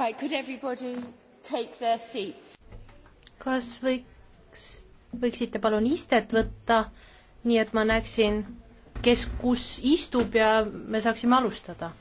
Right, could everybody take their seats? kas võiks, võiksite palun istet võtta, nii et ma näeksin, kes kus istub ja me saaksime alustada?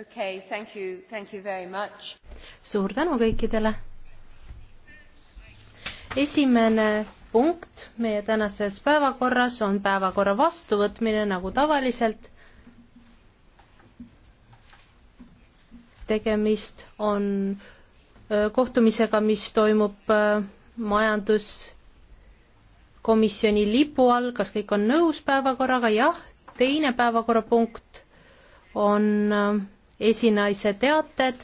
okay,. Thank you, thank you very much. suur tänu kõikidele. esimene punkt meie tänases päevakorras on päevakorra vastuvõtmine nagu tavaliselt. tegemist on kohtumisega, mis toimub majanduskomisjoni lipu all, kas kõik on nõus päevakorraga, jah, teine päevakorrapunkt on esinaise teated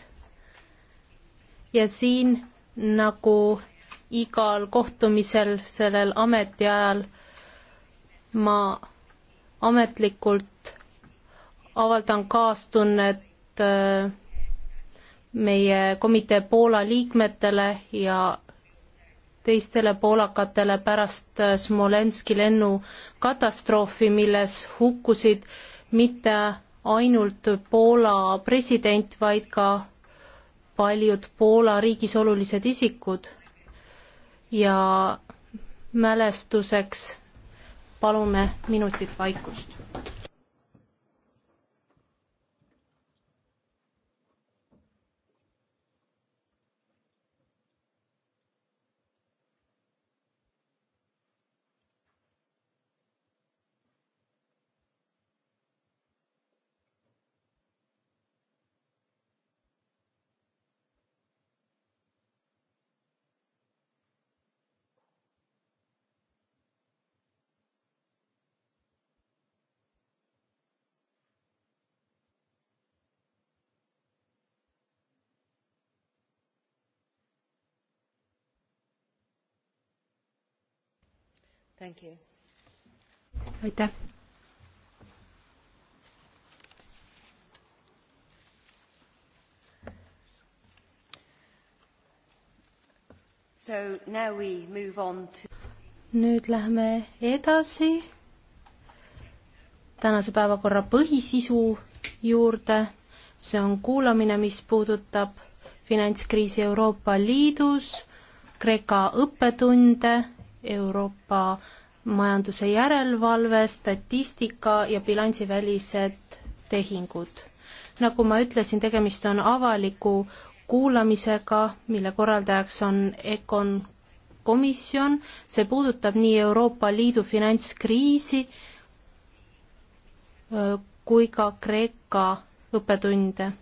ja siin nagu igal kohtumisel sellel ametiajal ma ametlikult avaldan kaastunnet äh, meie komitee Poola liikmetele ja teistele poolakatele pärast äh, Smolenski lennukatastroofi, milles hukkusid mitte ainult Poola president, vaid ka paljud Poola riigis olulised isikud. ja mälestuseks palume minutit vaikust aitäh! nüüd lähme edasi tänase päevakorra põhisisu juurde. see on kuulamine, mis puudutab finantskriisi Euroopa Liidus, Kreeka õppetunde Euroopa majanduse järelevalve, statistika ja bilansivälised tehingud. nagu ma ütlesin, tegemist on avaliku kuulamisega, mille korraldajaks on Econ komisjon, see puudutab nii Euroopa Liidu finantskriisi äh, kui ka Kreeka õppetunde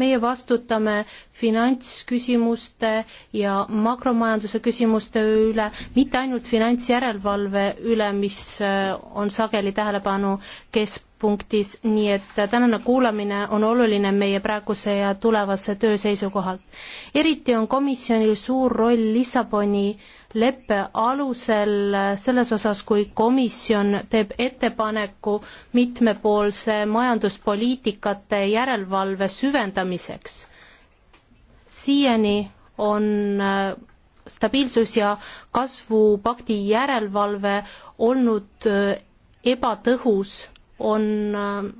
meie vastutame finantsküsimuste ja makromajanduse küsimuste üle, mitte ainult finantsjärelevalve üle, mis äh, on sageli tähelepanu keskpunktis, nii et äh, tänane kuulamine on oluline meie praeguse ja tulevase töö seisukohalt. eriti on komisjonil suur roll Lissaboni leppe alusel selles osas, kui komisjon teeb ettepaneku mitmepoolse majanduspoliitikate järelevalve süvendamiseks. siiani on äh, stabiilsus- ja kasvupakti järelevalve olnud äh, ebatõhus, on äh,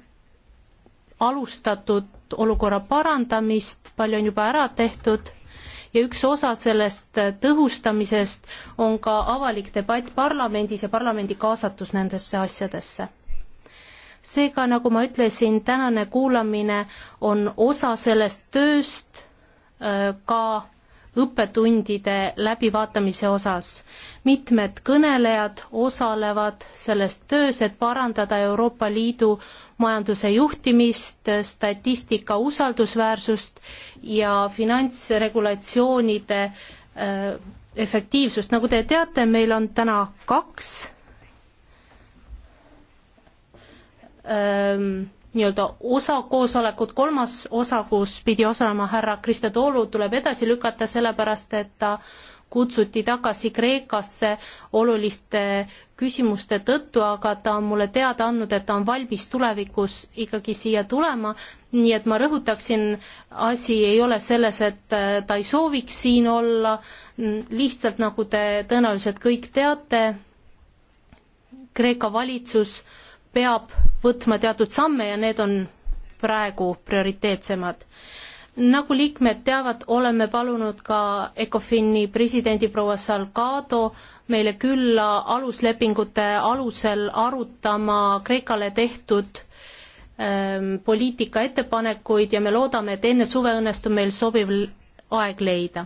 alustatud olukorra parandamist, palju on juba ära tehtud ja üks osa sellest äh, tõhustamisest on ka avalik debatt parlamendis ja parlamendi kaasatus nendesse asjadesse. seega, nagu ma ütlesin, tänane kuulamine on osa sellest tööst äh, ka õppetundide läbivaatamise osas. mitmed kõnelejad osalevad selles töös, et parandada Euroopa Liidu majanduse juhtimist, statistika usaldusväärsust ja finantsregulatsioonide äh, efektiivsust, nagu te teate, meil on täna kaks ähm, nii-öelda osakoosolekut, kolmas osa, kus pidi osalema härra Krista Toolu, tuleb edasi lükata, sellepärast et ta kutsuti tagasi Kreekasse oluliste küsimuste tõttu, aga ta on mulle teada andnud, et ta on valmis tulevikus ikkagi siia tulema nii et ma rõhutaksin, asi ei ole selles, et äh, ta ei sooviks siin olla, lihtsalt nagu te tõenäoliselt kõik teate, Kreeka valitsus peab võtma teatud samme ja need on praegu prioriteetsemad. nagu liikmed teavad, oleme palunud ka ECOFIN-i presidendi proua Salgado meile külla aluslepingute alusel arutama Kreekale tehtud Ähm, poliitika ettepanekuid ja me loodame, et enne suve õnnestub meil sobiv aeg leida.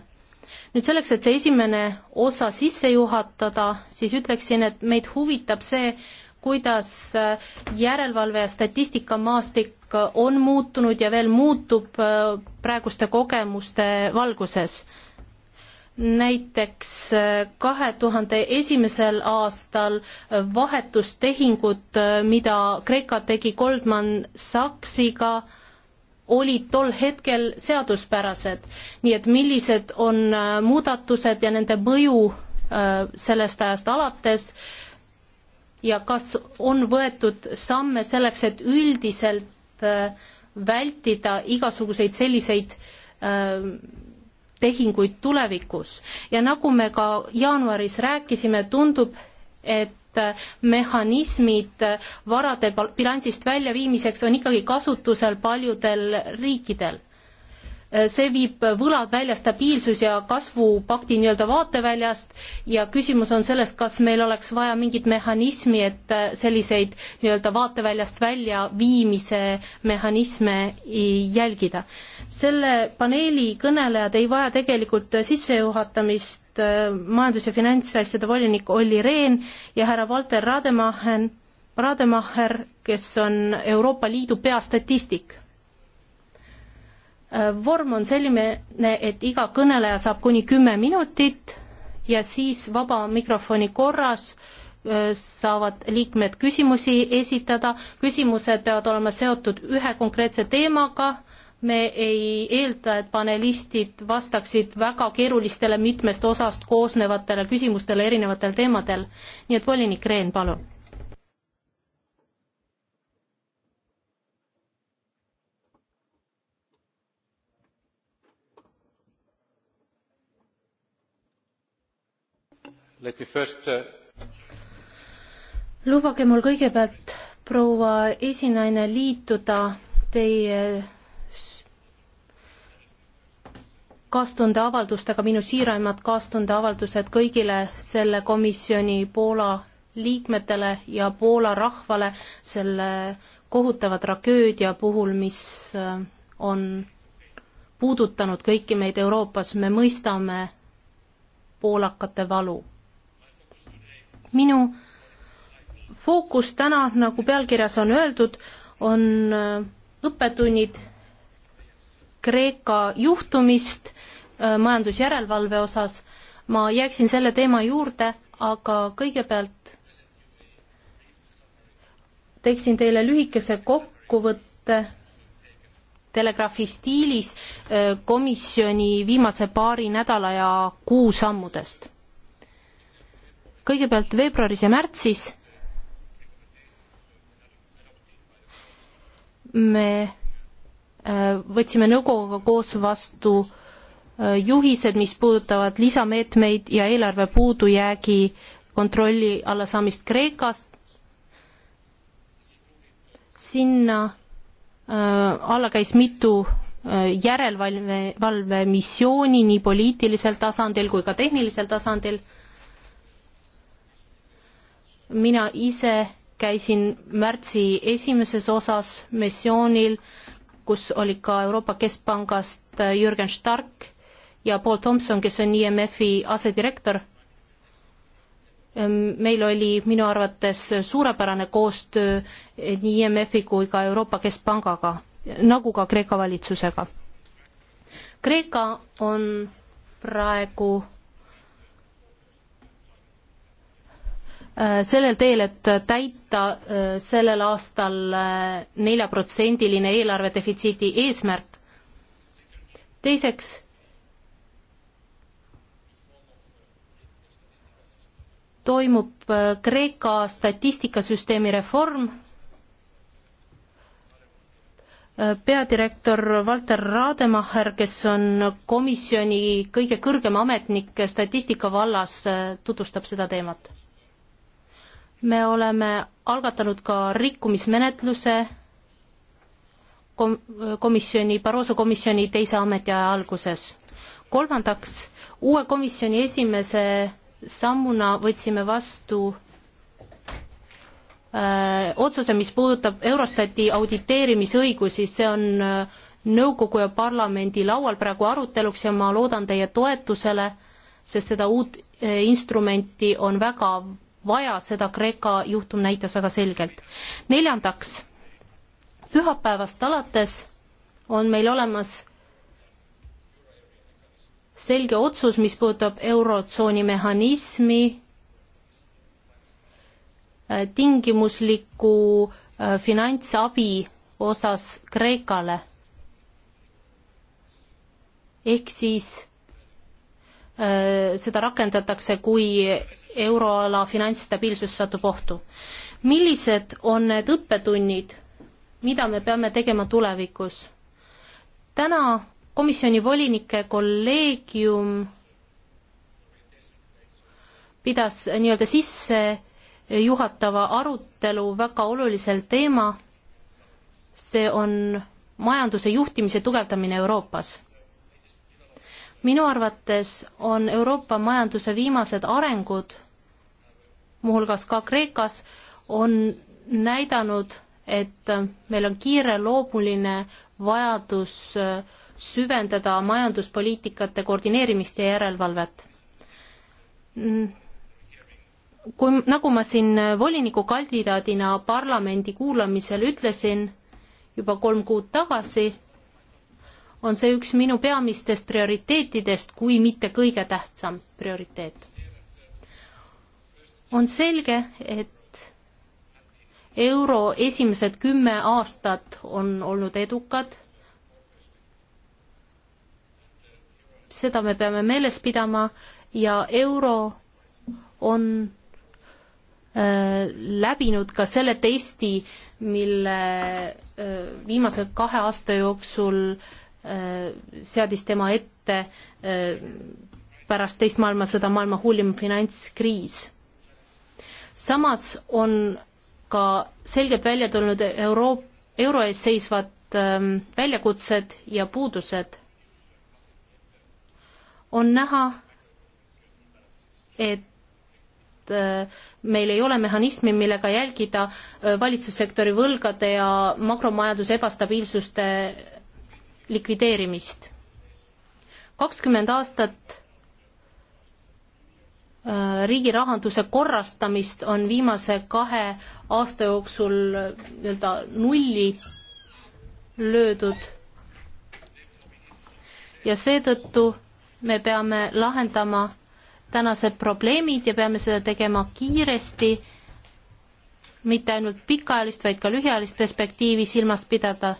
nüüd selleks, et see esimene osa sisse juhatada, siis ütleksin, et meid huvitab see, kuidas äh, järelevalve ja statistikamaastik äh, on muutunud ja veel muutub äh, praeguste kogemuste valguses näiteks äh, kahe tuhande esimesel aastal äh, vahetustehingud, äh, mida Kreeka tegi Goldman Sachsiga, olid tol hetkel seaduspärased. nii et millised on muudatused ja nende mõju sellest ajast alates ja kas on võetud samme selleks, et üldiselt vältida igasuguseid selliseid tehinguid tulevikus ja nagu me ka jaanuaris rääkisime, tundub, et mehhanismid varade bilansist väljaviimiseks on ikkagi kasutusel paljudel riikidel. Äh, see viib võlad välja stabiilsus- ja kasvupakti nii-öelda vaateväljast ja küsimus on selles, kas meil oleks vaja mingit mehhanismi, et äh, selliseid nii-öelda vaateväljast välja viimise mehhanisme jälgida. selle paneeli kõnelejad ei vaja tegelikult äh, sissejuhatamist, majandus- ja finantsasjade volinik Olli Rehn ja härra Walter Rademacher, Rademacher, kes on Euroopa Liidu peastatistik Äh, vorm on selline, et iga kõneleja saab kuni kümme minutit ja siis vaba mikrofoni korras äh, saavad liikmed küsimusi esitada, küsimused peavad olema seotud ühe konkreetse teemaga, me ei eelda, et panelistid vastaksid väga keerulistele mitmest osast koosnevatele küsimustele erinevatel teemadel. nii et volinik Rehn, palun First... Uh, lubage mul kõigepealt, proua esinaine, liituda teie kaastundeavaldustega, minu siiramad kaastundeavaldused kõigile selle komisjoni Poola liikmetele ja Poola rahvale selle kohutava tragöödia puhul, mis äh, on puudutanud kõiki meid Euroopas, me mõistame poolakate valu minu fookus täna, nagu pealkirjas on öeldud, on äh, õppetunnid Kreeka juhtumist äh, majandusjärelevalve osas. ma jääksin selle teema juurde, aga kõigepealt teeksin teile lühikese kokkuvõtte Telegraafi stiilis äh, komisjoni viimase paari nädala ja kuu sammudest kõigepealt veebruaris ja märtsis me äh, võtsime nõukoguga koos vastu äh, juhised, mis puudutavad lisameetmeid ja eelarve puudujäägi kontrolli alla saamist Kreekast. sinna äh, alla käis mitu järelevalve, valvemissiooni nii poliitilisel tasandil kui ka tehnilisel tasandil mina ise käisin märtsi esimeses osas missioonil, kus oli ka Euroopa Keskpangast äh, Jürgen Stark ja Paul Thompson, kes on IMF-i asedirektor. Ehm, meil oli minu arvates suurepärane koostöö eh, nii IMF-i kui ka Euroopa Keskpangaga, nagu ka Kreeka valitsusega. Kreeka on praegu Äh, sellel teel, et täita äh, sellel aastal äh, neljaprotsendiline eelarvedefitsiidi eesmärk. teiseks, toimub Kreeka statistikasüsteemi reform, peadirektor Valter Rademacher, kes on komisjoni kõige kõrgem ametnik statistika vallas, tutvustab seda teemat me oleme algatanud ka rikkumismenetluse kom-, komisjoni, Barroso komisjoni teise ametiaja alguses. kolmandaks, uue komisjoni esimese sammuna võtsime vastu öö, äh, otsuse, mis puudutab Eurostati auditeerimisõigusi, see on öö, äh, nõukogu ja parlamendi laual praegu aruteluks ja ma loodan teie toetusele, sest seda uut öö, äh, instrumenti on väga vaja, seda Kreeka juhtum näitas väga selgelt. neljandaks, pühapäevast alates on meil olemas selge otsus, mis puudutab Eurotsooni mehhanismi äh, tingimusliku äh, finantsabi osas Kreekale. ehk siis Äh, seda rakendatakse, kui euroala finantsstabiilsus satub ohtu. millised on need õppetunnid, mida me peame tegema tulevikus? täna komisjoni volinike kolleegium pidas nii-öelda sisse juhatava arutelu väga olulisel teema, see on majanduse juhtimise tugevdamine Euroopas minu arvates on Euroopa majanduse viimased arengud, muuhulgas ka Kreekas, on näidanud, et meil on kiireloomuline vajadus süvendada majanduspoliitikate koordineerimist ja järelevalvet. kui, nagu ma siin volinikukandidaadina parlamendi kuulamisel ütlesin juba kolm kuud tagasi, on see üks minu peamistest prioriteetidest, kui mitte kõige tähtsam prioriteet. on selge, et euro esimesed kümme aastat on olnud edukad. seda me peame meeles pidama ja euro on äh, läbinud ka selle testi, mille äh, viimase kahe aasta jooksul äh, Äh, seadis tema ette äh, pärast teist maailmasõda maailma hullim finantskriis. samas on ka selgelt välja tulnud euro, euro ees seisvad ähm, väljakutsed ja puudused. on näha, et äh, meil ei ole mehhanismi, millega jälgida äh, valitsussektori võlgade ja makromajanduse ebastabiilsuste likvideerimist. kakskümmend aastat äh, riigi rahanduse korrastamist on viimase kahe aasta jooksul äh, nii-öelda nulli löödud. ja seetõttu me peame lahendama tänased probleemid ja peame seda tegema kiiresti, mitte ainult pikaajalist, vaid ka lühiajalist perspektiivi silmas pidada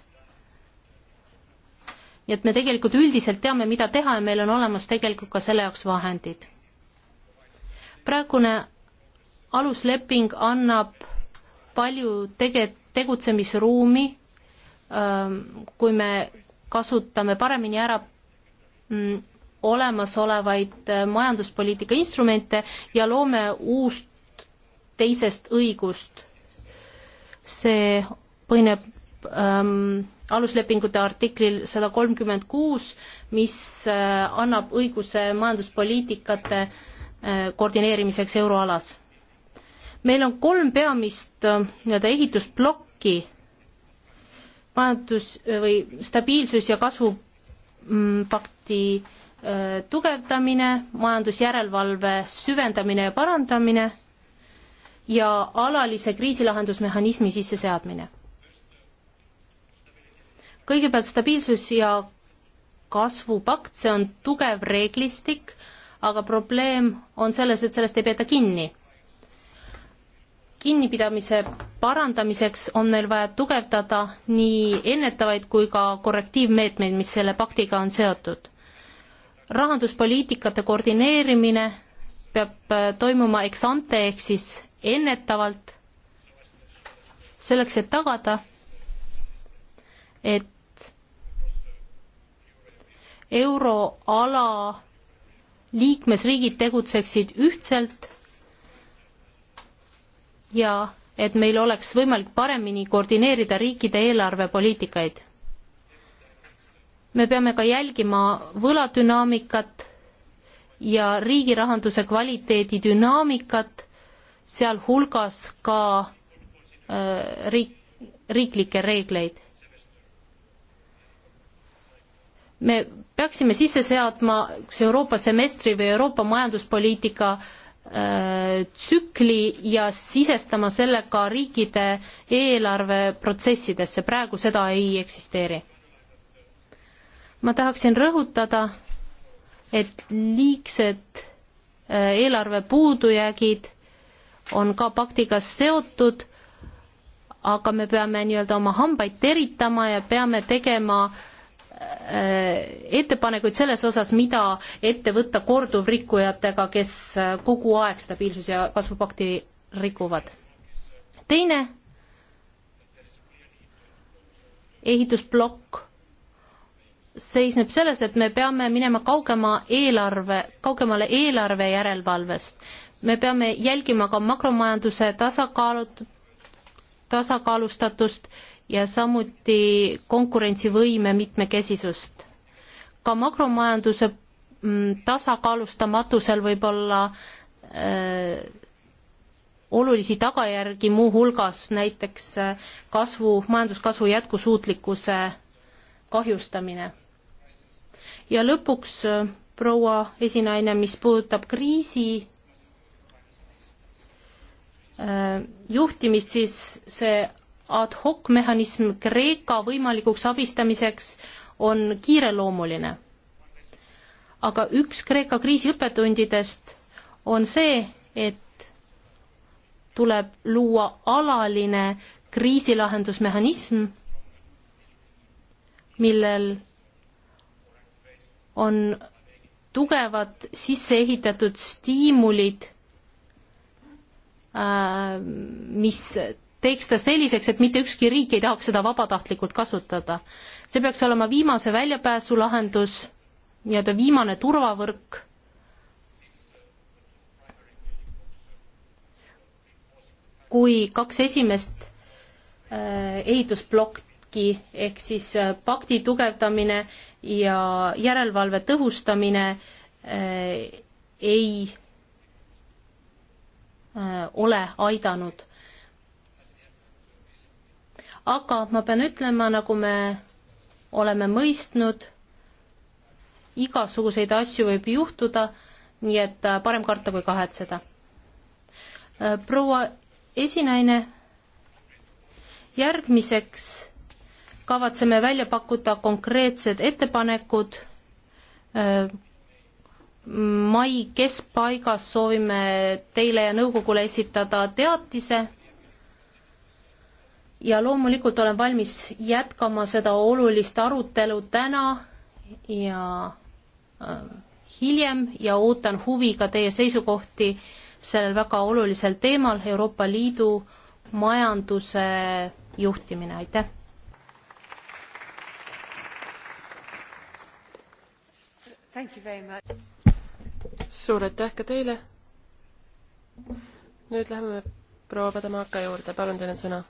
nii et me tegelikult üldiselt teame, mida teha ja meil on olemas tegelikult ka selle jaoks vahendid. praegune alusleping annab palju tege-, tegutsemisruumi, ähm, kui me kasutame paremini ära mm, olemasolevaid äh, majanduspoliitika instrumente ja loome uust teisest õigust. see põhineb ähm, aluslepingute artiklil sada kolmkümmend kuus, mis äh, annab õiguse majanduspoliitikate äh, koordineerimiseks euroalas. meil on kolm peamist äh, nii-öelda ehitusplokki, majandus või stabiilsus ja kasvupakti tugevdamine, majandusjärelevalve süvendamine ja parandamine ja alalise kriisilahendusmehhanismi sisseseadmine kõigepealt stabiilsus ja kasvupakt, see on tugev reeglistik, aga probleem on selles, et sellest ei peeta kinni. kinnipidamise parandamiseks on meil vaja tugevdada nii ennetavaid kui ka korrektiivmeetmeid, mis selle paktiga on seotud. rahanduspoliitikate koordineerimine peab äh, toimuma ex ante ehk siis ennetavalt, selleks et tagada, et euroala liikmesriigid tegutseksid ühtselt ja et meil oleks võimalik paremini koordineerida riikide eelarvepoliitikaid. me peame ka jälgima võladünaamikat ja riigi rahanduse kvaliteedi dünaamikat, sealhulgas ka äh, riik, riiklikke reegleid. me peaksime sisse seadma üks Euroopa semestri või Euroopa majanduspoliitika äh, tsükli ja sisestama selle ka riikide eelarveprotsessidesse, praegu seda ei eksisteeri. ma tahaksin rõhutada, et liigsed äh, eelarve puudujäägid on ka paktiga seotud, aga me peame nii-öelda oma hambaid teritama ja peame tegema äh, Äh, ettepanekuid selles osas, mida ette võtta korduvrikkujatega, kes äh, kogu aeg stabiilsus- ja kasvupakti rikuvad. teine ehitusplokk seisneb selles, et me peame minema kaugema eelarve, kaugemale eelarve järelevalvest. me peame jälgima ka makromajanduse tasakaalu, tasakaalustatust äh, ja samuti konkurentsivõime mitmekesisust. ka makromajanduse mm, tasakaalustamatusel võib olla äh, olulisi tagajärgi, muuhulgas näiteks äh, kasvu, majanduskasvu jätkusuutlikkuse kahjustamine. ja lõpuks äh, proua esinaine, mis puudutab kriisi äh, juhtimist, siis see ad hoc mehhanism Kreeka võimalikuks abistamiseks on kiireloomuline. aga üks Kreeka kriisi õppetundidest on see, et tuleb luua alaline kriisilahendusmehhanism, millel on tugevad sisse ehitatud stiimulid, äh, mis teksta selliseks, et mitte ükski riik ei tahaks seda vabatahtlikult kasutada. see peaks olema viimase väljapääsu lahendus, nii-öelda viimane turvavõrk. kui kaks esimest äh, ehitusplokki ehk siis äh, pakti tugevdamine ja järelevalve tõhustamine äh, ei ole aidanud aga ma pean ütlema, nagu me oleme mõistnud, igasuguseid asju võib juhtuda, nii et äh, parem karta kui kahetseda. Äh, proua esinaine, järgmiseks kavatseme välja pakkuda konkreetsed ettepanekud. Äh, mai keskpaigas soovime teile ja nõukogule esitada teatise ja loomulikult olen valmis jätkama seda olulist arutelu täna ja äh, hiljem ja ootan huviga teie seisukohti sellel väga olulisel teemal Euroopa Liidu majanduse juhtimine, aitäh! suur aitäh ka teile! nüüd läheme proua Padamaka juurde, palun, teil on sõna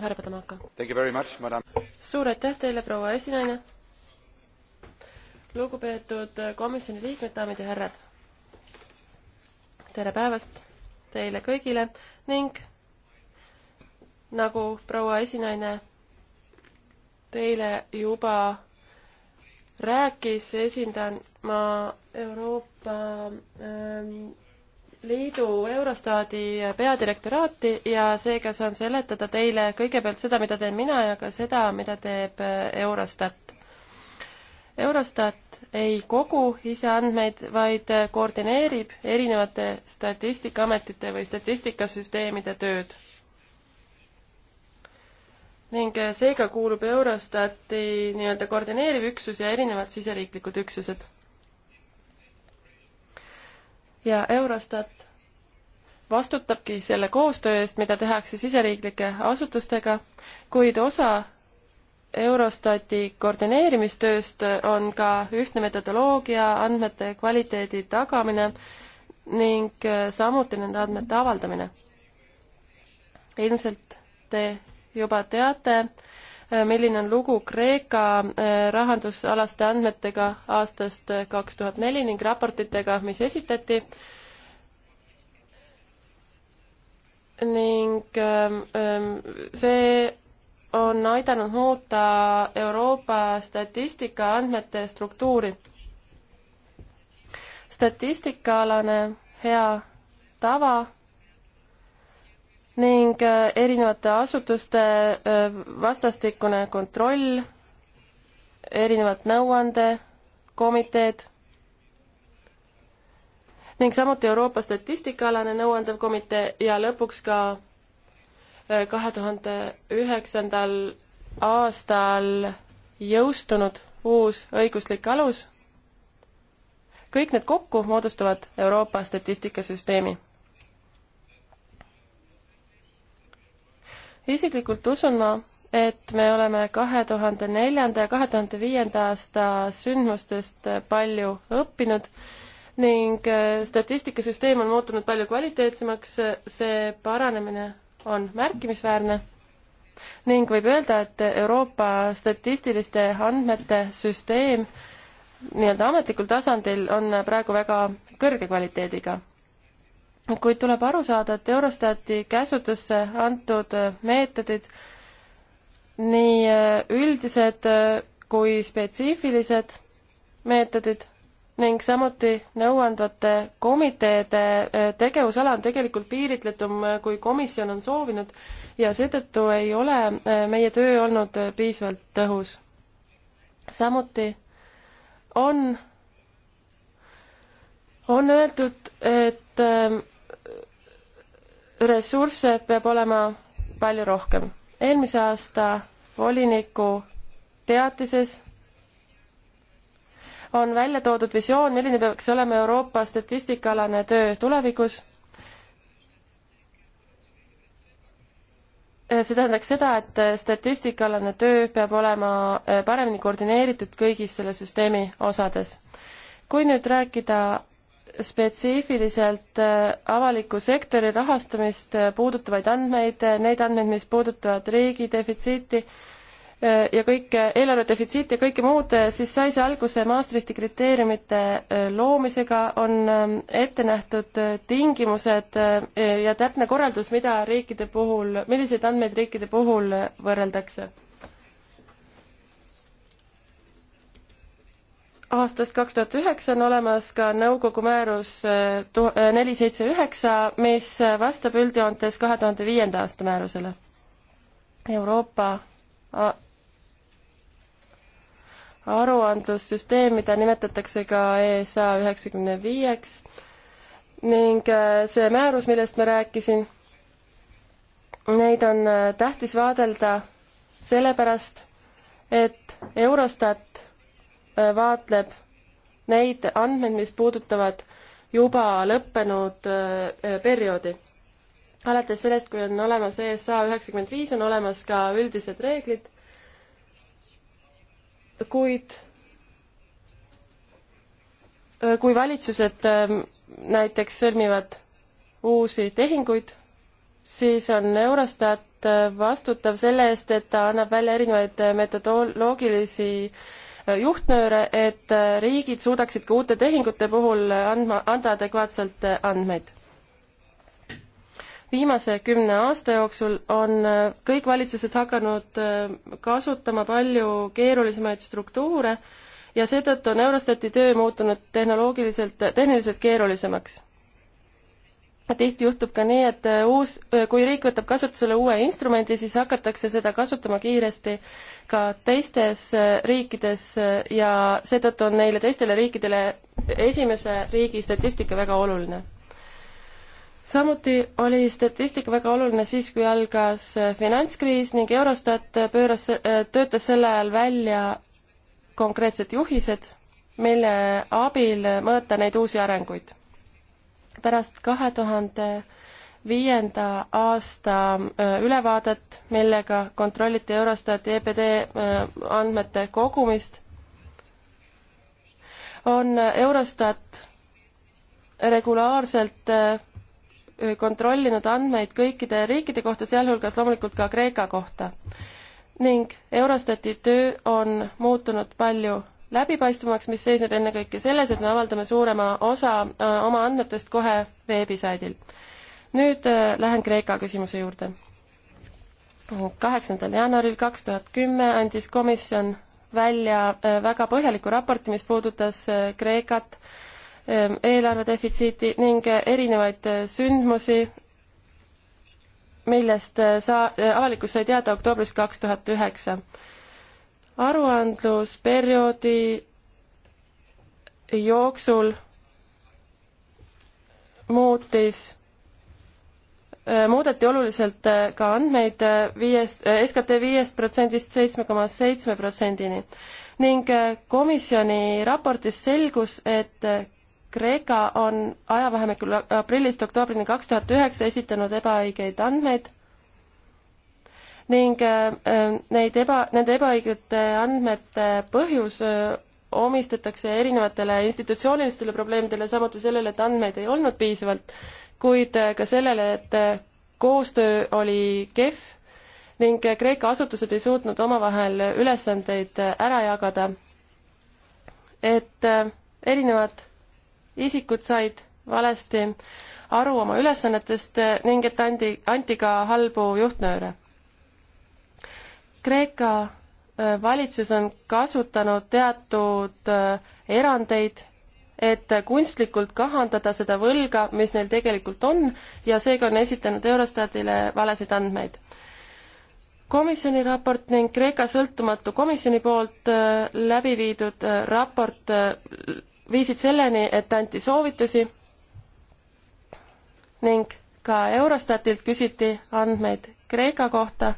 härra Padamaka. suur aitäh teile, proua esinaine. lugupeetud komisjoni liikmed, daamid ja härrad. tere päevast teile kõigile ning nagu proua esinaine teile juba rääkis, esindan ma Euroopa ähm, Liidu Eurostaadi peadirektoraati ja seega saan seletada teile kõigepealt seda, mida teen mina ja ka seda, mida teeb äh, Eurostat. Eurostat ei kogu ise andmeid, vaid äh, koordineerib erinevate statistikaametite või statistikasüsteemide tööd. ning äh, seega kuulub Eurostati nii-öelda koordineeriv üksus ja erinevad siseriiklikud üksused ja Eurostat vastutabki selle koostöö eest, mida tehakse siseriiklike asutustega, kuid osa Eurostati koordineerimistööst on ka ühtne metodoloogia, andmete kvaliteedi tagamine ning samuti nende andmete avaldamine. ilmselt te juba teate, Äh, milline on lugu Kreeka äh, rahandusalaste andmetega aastast äh, kaks tuhat neli ning raportitega, mis esitati ning ähm, ähm, see on aidanud muuta Euroopa statistika andmete struktuuri. statistikaalane hea tava ning äh, erinevate asutuste äh, vastastikune kontroll, erinevad nõuandekomiteed ning samuti Euroopa statistikaalane nõuandev komitee ja lõpuks ka äh, kahe tuhande üheksandal aastal jõustunud uus õiguslik alus. kõik need kokku moodustavad Euroopa statistikasüsteemi isiklikult usun ma, et me oleme kahe tuhande neljanda ja kahe tuhande viienda aasta sündmustest palju õppinud ning äh, statistikasüsteem on muutunud palju kvaliteetsemaks, see paranemine on märkimisväärne ning võib öelda, et Euroopa statistiliste andmete süsteem nii-öelda ametlikul tasandil on praegu väga kõrge kvaliteediga kuid tuleb aru saada, et Eurostati käsutusse antud äh, meetodid, nii äh, üldised äh, kui spetsiifilised meetodid ning samuti nõuandvate komiteede tegevusala on tegelikult piiritletum, kui komisjon on soovinud ja seetõttu ei ole meie töö olnud piisavalt tõhus. samuti on, on öeldud, et ressursse peab olema palju rohkem. eelmise aasta voliniku teatises on välja toodud visioon, milline peaks olema Euroopa statistikaalane töö tulevikus. see tähendaks seda, et statistikaalane töö peab olema paremini koordineeritud kõigis selle süsteemi osades. kui nüüd rääkida spetsiifiliselt äh, avaliku sektori rahastamist äh, puudutavaid andmeid, äh, neid andmeid, mis puudutavad riigi defitsiiti ja kõike, eelarve defitsiiti ja kõike muud, siis sai see alguse Maastrichti kriteeriumite loomisega, on ähm, ette nähtud tingimused ja täpne korraldus, mida riikide puhul, milliseid andmeid riikide puhul võrreldakse aastast kaks tuhat üheksa on olemas ka nõukogu määrus eh, eh, neli seitse üheksa, mis vastab üldjoontes kahe tuhande viienda aasta määrusele. Euroopa aruandlussüsteem, mida nimetatakse ka ESA üheksakümne viieks ning eh, see määrus, millest ma rääkisin, neid on tähtis vaadelda sellepärast, et Eurostat vaatleb neid andmeid, mis puudutavad juba lõppenud äh, perioodi. alates sellest, kui on olemas ESA üheksakümmend viis, on olemas ka üldised reeglid, kuid äh, kui valitsused äh, näiteks sõlmivad uusi tehinguid, siis on Eurostat vastutav selle eest, et ta annab välja erinevaid metodoloogilisi äh, juhtnööre, et riigid suudaksid ka uute tehingute puhul andma, anda adekvaatselt andmeid. viimase kümne aasta jooksul on kõik valitsused hakanud kasutama palju keerulisemaid struktuure ja seetõttu on Eurostati töö muutunud tehnoloogiliselt, tehniliselt keerulisemaks tihti juhtub ka nii, et äh, uus, äh, kui riik võtab kasutusele uue instrumendi, siis hakatakse seda kasutama kiiresti ka teistes äh, riikides ja seetõttu on neile teistele riikidele esimese riigi statistika väga oluline. samuti oli statistika väga oluline siis, kui algas finantskriis ning Eurostat pööras, töötas sel ajal välja konkreetsed juhised, mille abil mõõta neid uusi arenguid pärast kahe tuhande viienda aasta äh, ülevaadet, millega kontrolliti Eurostati EPD äh, andmete kogumist, on Eurostat regulaarselt äh, kontrollinud andmeid kõikide riikide kohta, sealhulgas loomulikult ka Kreeka kohta. ning Eurostati töö on muutunud palju läbipaistvamaks, mis seisneb ennekõike selles, et me avaldame suurema osa äh, oma andmetest kohe veebisaidil. nüüd äh, lähen Kreeka küsimuse juurde. kaheksandal jaanuaril kaks tuhat kümme andis komisjon välja äh, väga põhjaliku raporti, mis puudutas Kreekat, ähm, eelarvedefitsiiti ning erinevaid sündmusi, millest sa-, avalikkus sai teada oktoobris kaks tuhat üheksa aruandlusperioodi jooksul muutis äh, muudeti oluliselt äh, ka andmeid äh, viiest, SKT viiest protsendist seitsme koma seitsme protsendini ning komisjoni raportis selgus, et Kreeka on ajavahemikul aprillist oktoobrini kaks tuhat üheksa esitanud ebaõigeid andmeid ning äh, äh, neid eba, nende ebaõigete andmete põhjus äh, omistatakse erinevatele institutsioonilistele probleemidele, samuti sellele, et andmeid ei olnud piisavalt, kuid ka sellele, et koostöö oli kehv ning Kreeka asutused ei suutnud omavahel ülesandeid ära jagada. et erinevad isikud said valesti aru oma ülesannetest ning et andi, anti ka halbu juhtnööre Kreeka äh, valitsus on kasutanud teatud äh, erandeid, et kunstlikult kahandada seda võlga, mis neil tegelikult on ja seega on esitanud Eurostatile valesid andmeid. komisjoni raport ning Kreeka sõltumatu komisjoni poolt äh, läbi viidud raport viisid selleni, et anti soovitusi ning ka Eurostatilt küsiti andmeid Kreeka kohta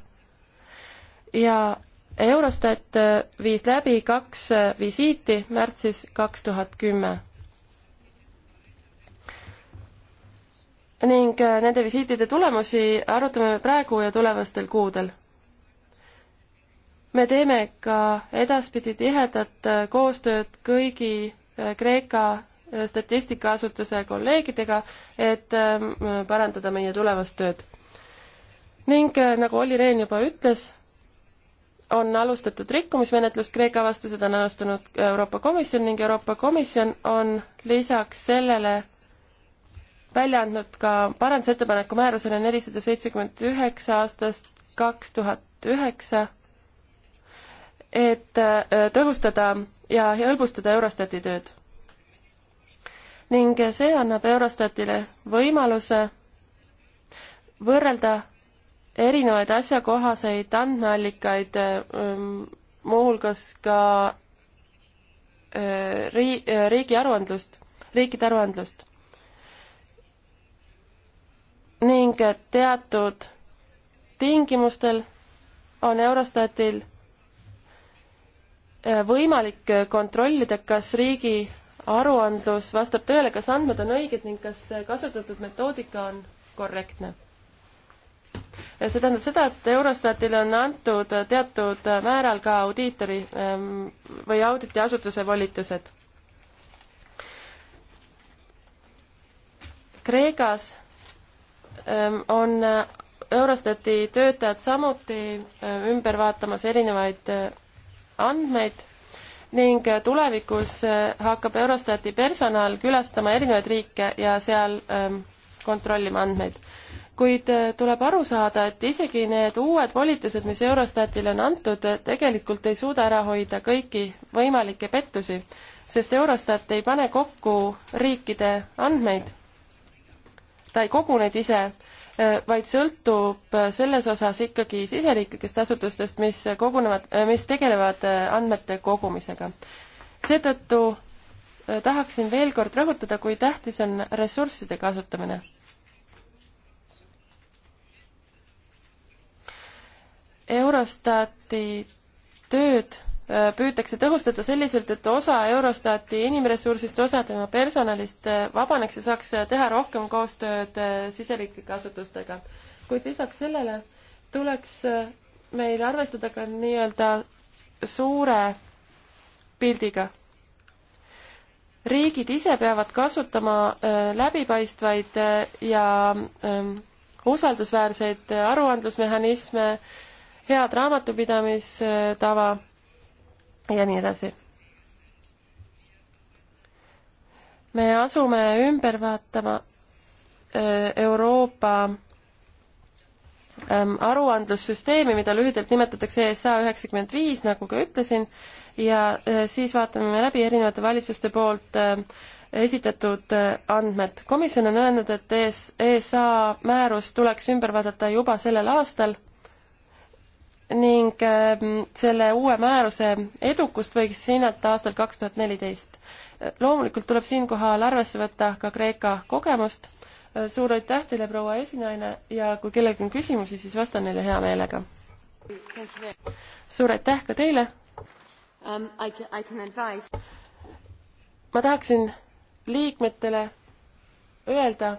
ja Eurostat äh, viis läbi kaks äh, visiiti märtsis kaks tuhat kümme. ning äh, nende visiitide tulemusi arutame praegu ja tulevastel kuudel. me teeme ka edaspidi tihedat koostööd kõigi Kreeka statistikaasutuse kolleegidega, et ähm, parandada meie tulevast tööd. ning nagu Olli Rehn juba ütles, on alustatud rikkumismenetlust Kreeka vastu, seda on alustanud Euroopa Komisjon ning Euroopa Komisjon on lisaks sellele välja andnud ka parandusettepaneku määrusele nelisada seitsekümmend üheksa aastast kaks tuhat üheksa, et äh, tõhustada ja hõlbustada Eurostati tööd. ning see annab Eurostatile võimaluse võrrelda erinevaid asjakohaseid andmeallikaid, ähm, muuhulgas ka äh, rii-, äh, riigi aruandlust, riikide aruandlust. ning teatud tingimustel on Eurostatil äh, võimalik kontrollida, kas riigi aruandlus vastab tõele, kas andmed on õiged ning kas kasutatud metoodika on korrektne see tähendab seda, et Eurostatile on antud teatud määral ka audiitori ehm, või auditiasutuse volitused. Kreekas ehm, on Eurostati töötajad samuti ehm, ümber vaatamas erinevaid andmeid ning tulevikus hakkab Eurostati personal külastama erinevaid riike ja seal kontrollima andmeid kuid äh, tuleb aru saada, et isegi need uued volitused, mis Eurostatile on antud, äh, tegelikult ei suuda ära hoida kõiki võimalikke pettusi, sest Eurostat ei pane kokku riikide andmeid. ta ei kogu neid ise, äh, vaid sõltub selles osas ikkagi siseriiklikest asutustest, mis kogunevad, mis tegelevad andmete kogumisega. seetõttu tahaksin veel kord rõhutada, kui tähtis on ressursside kasutamine Eurostati tööd äh, püütakse tõhustada selliselt, et osa Eurostati inimressursist, osa tema personalist äh, vabaneks ja saaks äh, teha rohkem koostööd siseriiklike asutustega. kuid lisaks sellele tuleks meil arvestada ka nii-öelda suure pildiga. riigid ise peavad kasutama läbipaistvaid ja ähm, usaldusväärseid aruandlusmehhanisme, head raamatupidamistava ja nii edasi. me asume ümber vaatama äh, Euroopa ähm, aruandlussüsteemi, mida lühidalt nimetatakse ESA üheksakümmend viis, nagu ka ütlesin, ja äh, siis vaatame me läbi erinevate valitsuste poolt äh, esitatud andmed. komisjon on öelnud, et ES-, ESA määrus tuleks ümber vaadata juba sellel aastal ning ähm, selle uue määruse edukust võiks hinnata aastal kaks tuhat neliteist. loomulikult tuleb siinkohal arvesse võtta ka Kreeka kogemust. suur aitäh teile, proua esinaine, ja kui kellelgi on küsimusi, siis vastan neile hea meelega. suur aitäh ka teile um,! ma tahaksin liikmetele öelda,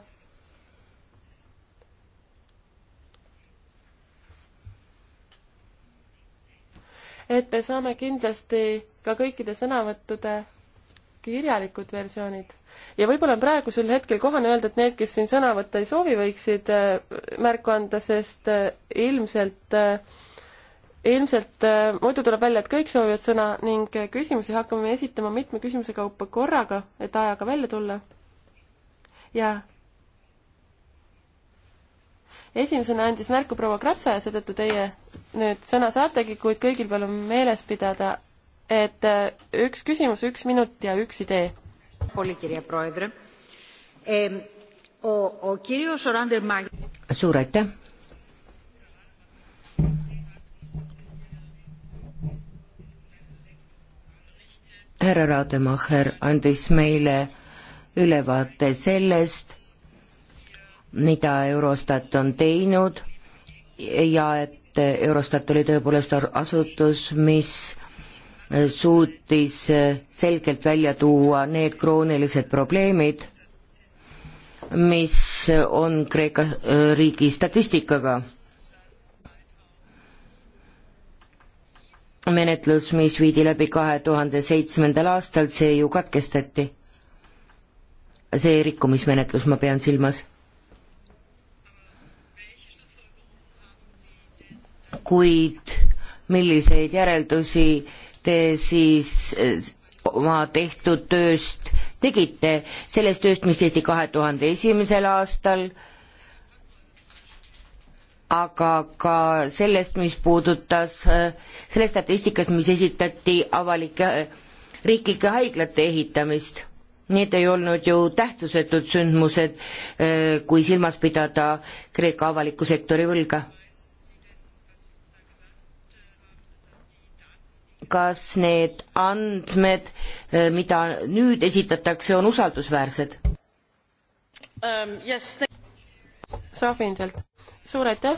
et me saame kindlasti ka kõikide sõnavõttude kirjalikud versioonid. ja võib-olla on praegusel hetkel kohane öelda, et need, kes siin sõna võtta ei soovi, võiksid äh, märku anda, sest äh, ilmselt, äh, ilmselt muidu tuleb välja, et kõik soovivad sõna ning küsimusi hakkame esitama mitme küsimuse kaupa korraga, et ajaga välja tulla. ja esimesena andis märku proua Kratsa ja seetõttu teie nüüd sõna saategi, kuid kõigil palun meeles pidada, et äh, üks küsimus, üks minut ja üks idee. suur aitäh. härra Rademacher andis meile ülevaate sellest mida Eurostat on teinud ja et Eurostat oli tõepoolest asutus, mis suutis selgelt välja tuua need kroonilised probleemid, mis on Kreeka äh, riigi statistikaga. menetlus, mis viidi läbi kahe tuhande seitsmendal aastal, see ju katkestati. see rikkumismenetlus, ma pean silmas kuid milliseid järeldusi te siis eh, oma tehtud tööst tegite, sellest tööst, mis tehti kahe tuhande esimesel aastal, aga ka sellest, mis puudutas, eh, selles statistikas, mis esitati avalike eh, riiklike haiglate ehitamist. Need ei olnud ju tähtsusetud sündmused, kui silmas pidada Kreeka avaliku sektori võlga kas need andmed, eh, mida nüüd esitatakse, on usaldusväärsed um,? Yes, Sofiindelt, suur aitäh!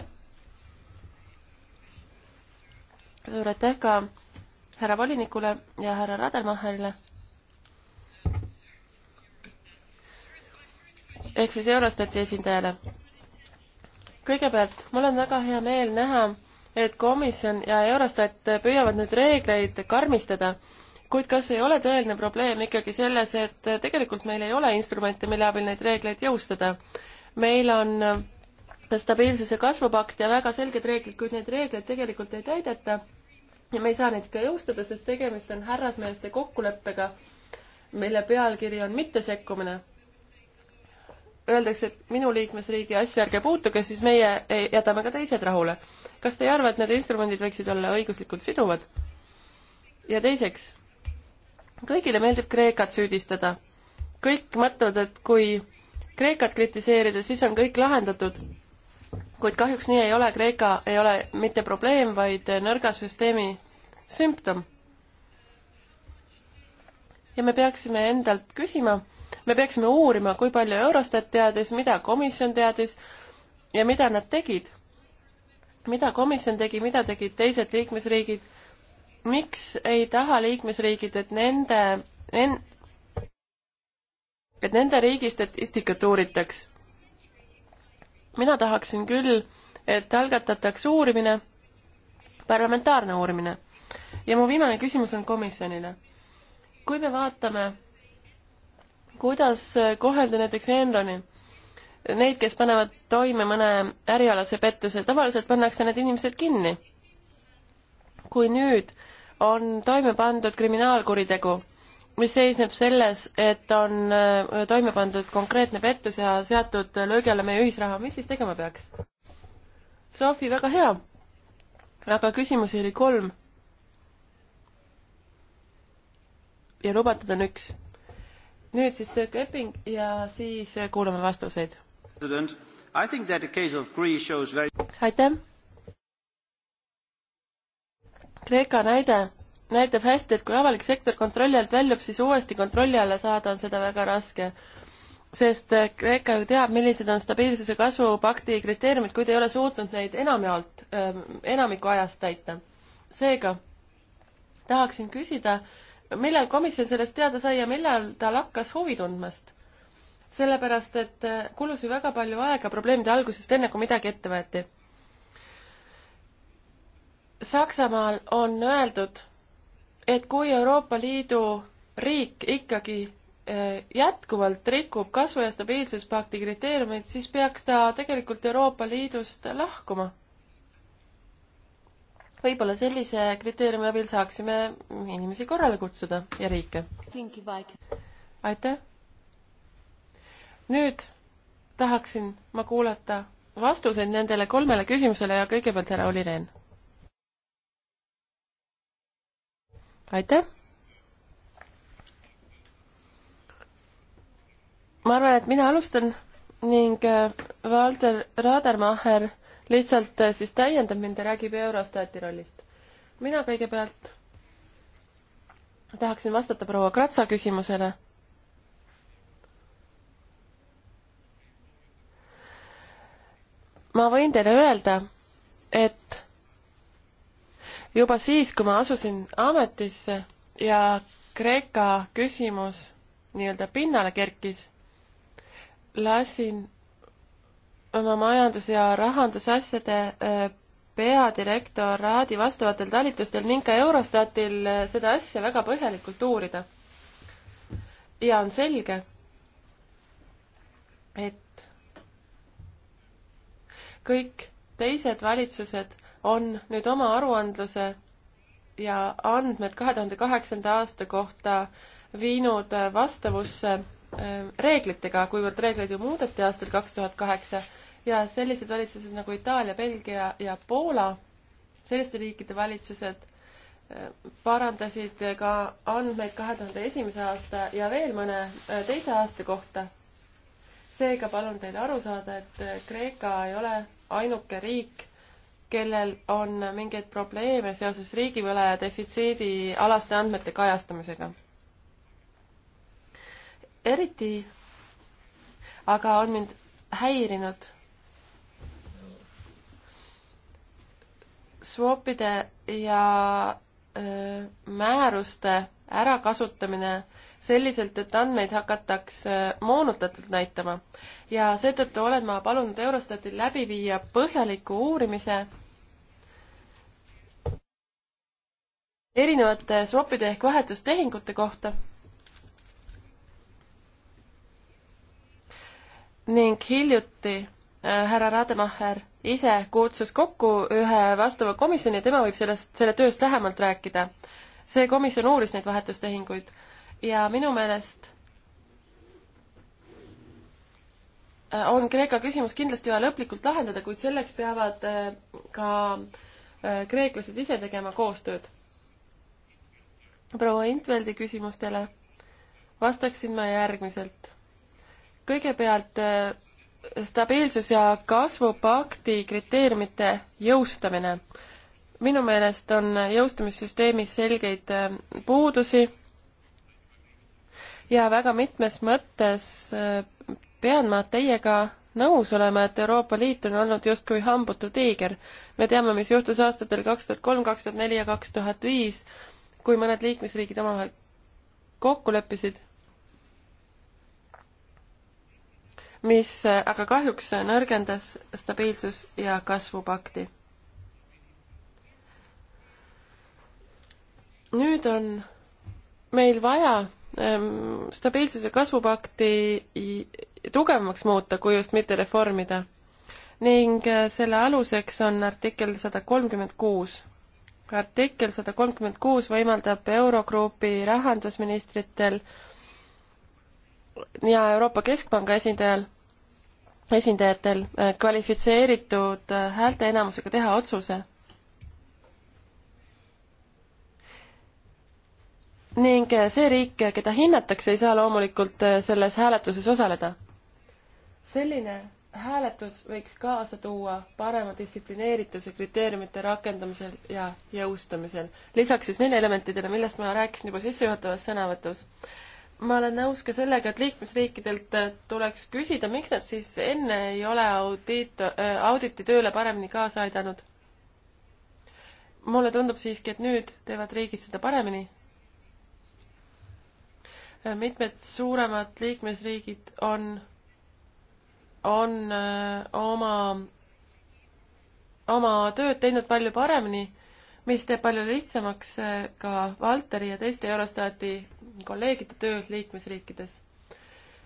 suur aitäh ka härra volinikule ja härra Radermacherile. ehk siis Eurostati esindajale. kõigepealt, mul on väga hea meel näha, et komisjon ja Eurostat püüavad nüüd reegleid karmistada, kuid kas ei ole tõeline probleem ikkagi selles, et tegelikult meil ei ole instrumente, mille abil neid reegleid jõustada? meil on stabiilsuse kasvupakt ja väga selged reeglid, kuid neid reegleid tegelikult ei täideta ja me ei saa neid ka jõustada, sest tegemist on härrasmeeste kokkuleppega, mille pealkiri on mittesekkumine öeldakse, et minu liikmesriigi asja ärge puutuge, siis meie jätame ka teised rahule. kas te ei arva, et need instrumendid võiksid olla õiguslikult siduvad? ja teiseks, kõigile meeldib Kreekat süüdistada. kõik mõtlevad, et kui Kreekat kritiseerida, siis on kõik lahendatud. kuid kahjuks nii ei ole, Kreeka ei ole mitte probleem, vaid nõrga süsteemi sümptom. ja me peaksime endalt küsima, me peaksime uurima, kui palju Eurostat teadis, mida komisjon teadis ja mida nad tegid. mida komisjon tegi, mida tegid teised liikmesriigid, miks ei taha liikmesriigid, et nende en,, et nende riigi statistikat uuritaks? mina tahaksin küll, et algatataks uurimine, parlamentaarne uurimine. ja mu viimane küsimus on komisjonile. kui me vaatame kuidas kohelda näiteks Enroni? Neid, kes panevad toime mõne ärialase pettuse, tavaliselt pannakse need inimesed kinni. kui nüüd on toime pandud kriminaalkuritegu, mis seisneb selles, et on äh, toime pandud konkreetne pettus ja seatud löögi alla meie ühisraha, mis siis tegema peaks? Sofi, väga hea. aga küsimusi oli kolm. ja lubatud on üks nüüd siis Dirk Epping ja siis kuulame vastuseid. Very... aitäh. Kreeka näide näitab hästi, et kui avalik sektor kontrolli alt väljub, siis uuesti kontrolli alla saada on seda väga raske. sest eh, Kreeka ju teab, millised on stabiilsuse kasvupakti kriteeriumid, kuid ei ole suutnud neid enamjaolt, eh, enamiku ajast täita. seega tahaksin küsida äh, millal komisjon sellest teada sai ja millal ta lakkas huvi tundmast? sellepärast, et äh, kulus ju väga palju aega probleemide algusest, enne kui midagi ette võeti. Saksamaal on öeldud, et kui Euroopa Liidu riik ikkagi äh, jätkuvalt rikub kasvu- ja stabiilsuspakti kriteeriumeid, siis peaks ta tegelikult Euroopa Liidust lahkuma võib-olla sellise kriteeriumi abil saaksime inimesi korrale kutsuda ja riike. aitäh! nüüd tahaksin ma kuulata vastuseid nendele kolmele küsimusele ja kõigepealt härra Olli Rehn. aitäh! ma arvan, et mina alustan ning Valter äh, Radermacher lihtsalt äh, siis täiendab mind ja räägib Eurostati rollist. mina kõigepealt tahaksin vastata proua Kratsa küsimusele. ma võin teile öelda, et juba siis, kui ma asusin ametisse ja Kreeka küsimus nii-öelda pinnale kerkis, lasin oma majandus- ja rahandusasjade äh, peadirektoraadi vastavatel talitustel ning ka Eurostatil äh, seda asja väga põhjalikult uurida. ja on selge, et kõik teised valitsused on nüüd oma aruandluse ja andmed kahe tuhande kaheksanda aasta kohta viinud äh, vastavusse Äh, reeglitega, kuivõrd reegleid ju muudeti aastal kaks tuhat kaheksa ja sellised valitsused nagu Itaalia, Belgia ja Poola, selliste riikide valitsused äh, parandasid ka andmeid kahe tuhande esimese aasta ja veel mõne äh, teise aasta kohta. seega palun teil aru saada, et Kreeka ei ole ainuke riik, kellel on mingeid probleeme seoses riigivõla ja defitsiidi alaste andmete kajastamisega eriti aga on mind häirinud swapide ja öö, määruste ärakasutamine selliselt, et andmeid hakatakse moonutatult näitama. ja seetõttu olen ma palunud Eurostatil läbi viia põhjaliku uurimise erinevate swapide ehk vahetustehingute kohta ning hiljuti äh, härra Rademacher ise kutsus kokku ühe vastava komisjoni ja tema võib sellest, selle tööst lähemalt rääkida. see komisjon uuris neid vahetustehinguid ja minu meelest äh, on Kreeka küsimus kindlasti vaja lõplikult lahendada, kuid selleks peavad äh, ka kreeklased ise tegema koostööd. proua Intveldi küsimustele vastaksin ma järgmiselt kõigepealt äh, stabiilsus- ja kasvupakti kriteeriumite jõustamine. minu meelest on jõustamissüsteemis selgeid äh, puudusi ja väga mitmes mõttes äh, pean ma teiega nõus olema, et Euroopa Liit on olnud justkui hambutu tiiger. me teame, mis juhtus aastatel kaks tuhat kolm, kaks tuhat neli ja kaks tuhat viis, kui mõned liikmesriigid omavahel kokku leppisid mis aga kahjuks nõrgendas stabiilsus- ja kasvupakti. nüüd on meil vaja ehm, stabiilsuse kasvupakti tugevamaks muuta, kui just mitte reformida. ning eh, selle aluseks on artikkel sada kolmkümmend kuus. artikkel sada kolmkümmend kuus võimaldab Eurogrupi rahandusministritel ja Euroopa Keskpanga esindajal, esindajatel äh, kvalifitseeritud äh, häälteenamusega teha otsuse ning äh, see riik, keda hinnatakse, ei saa loomulikult selles hääletuses osaleda. selline hääletus võiks kaasa tuua parema distsiplineerituse kriteeriumite rakendamisel ja jõustamisel. lisaks siis neile elementidele, millest ma rääkisin juba sissejuhatavas sõnavõtus ma olen nõus ka sellega, et liikmesriikidelt äh, tuleks küsida, miks nad siis enne ei ole audiit, äh, auditi tööle paremini kaasa aidanud. mulle tundub siiski, et nüüd teevad riigid seda paremini. Äh, mitmed suuremad liikmesriigid on, on öö, oma, oma tööd teinud palju paremini mis teeb palju lihtsamaks äh, ka Valteri ja teiste Eurostaati kolleegide töö liikmesriikides.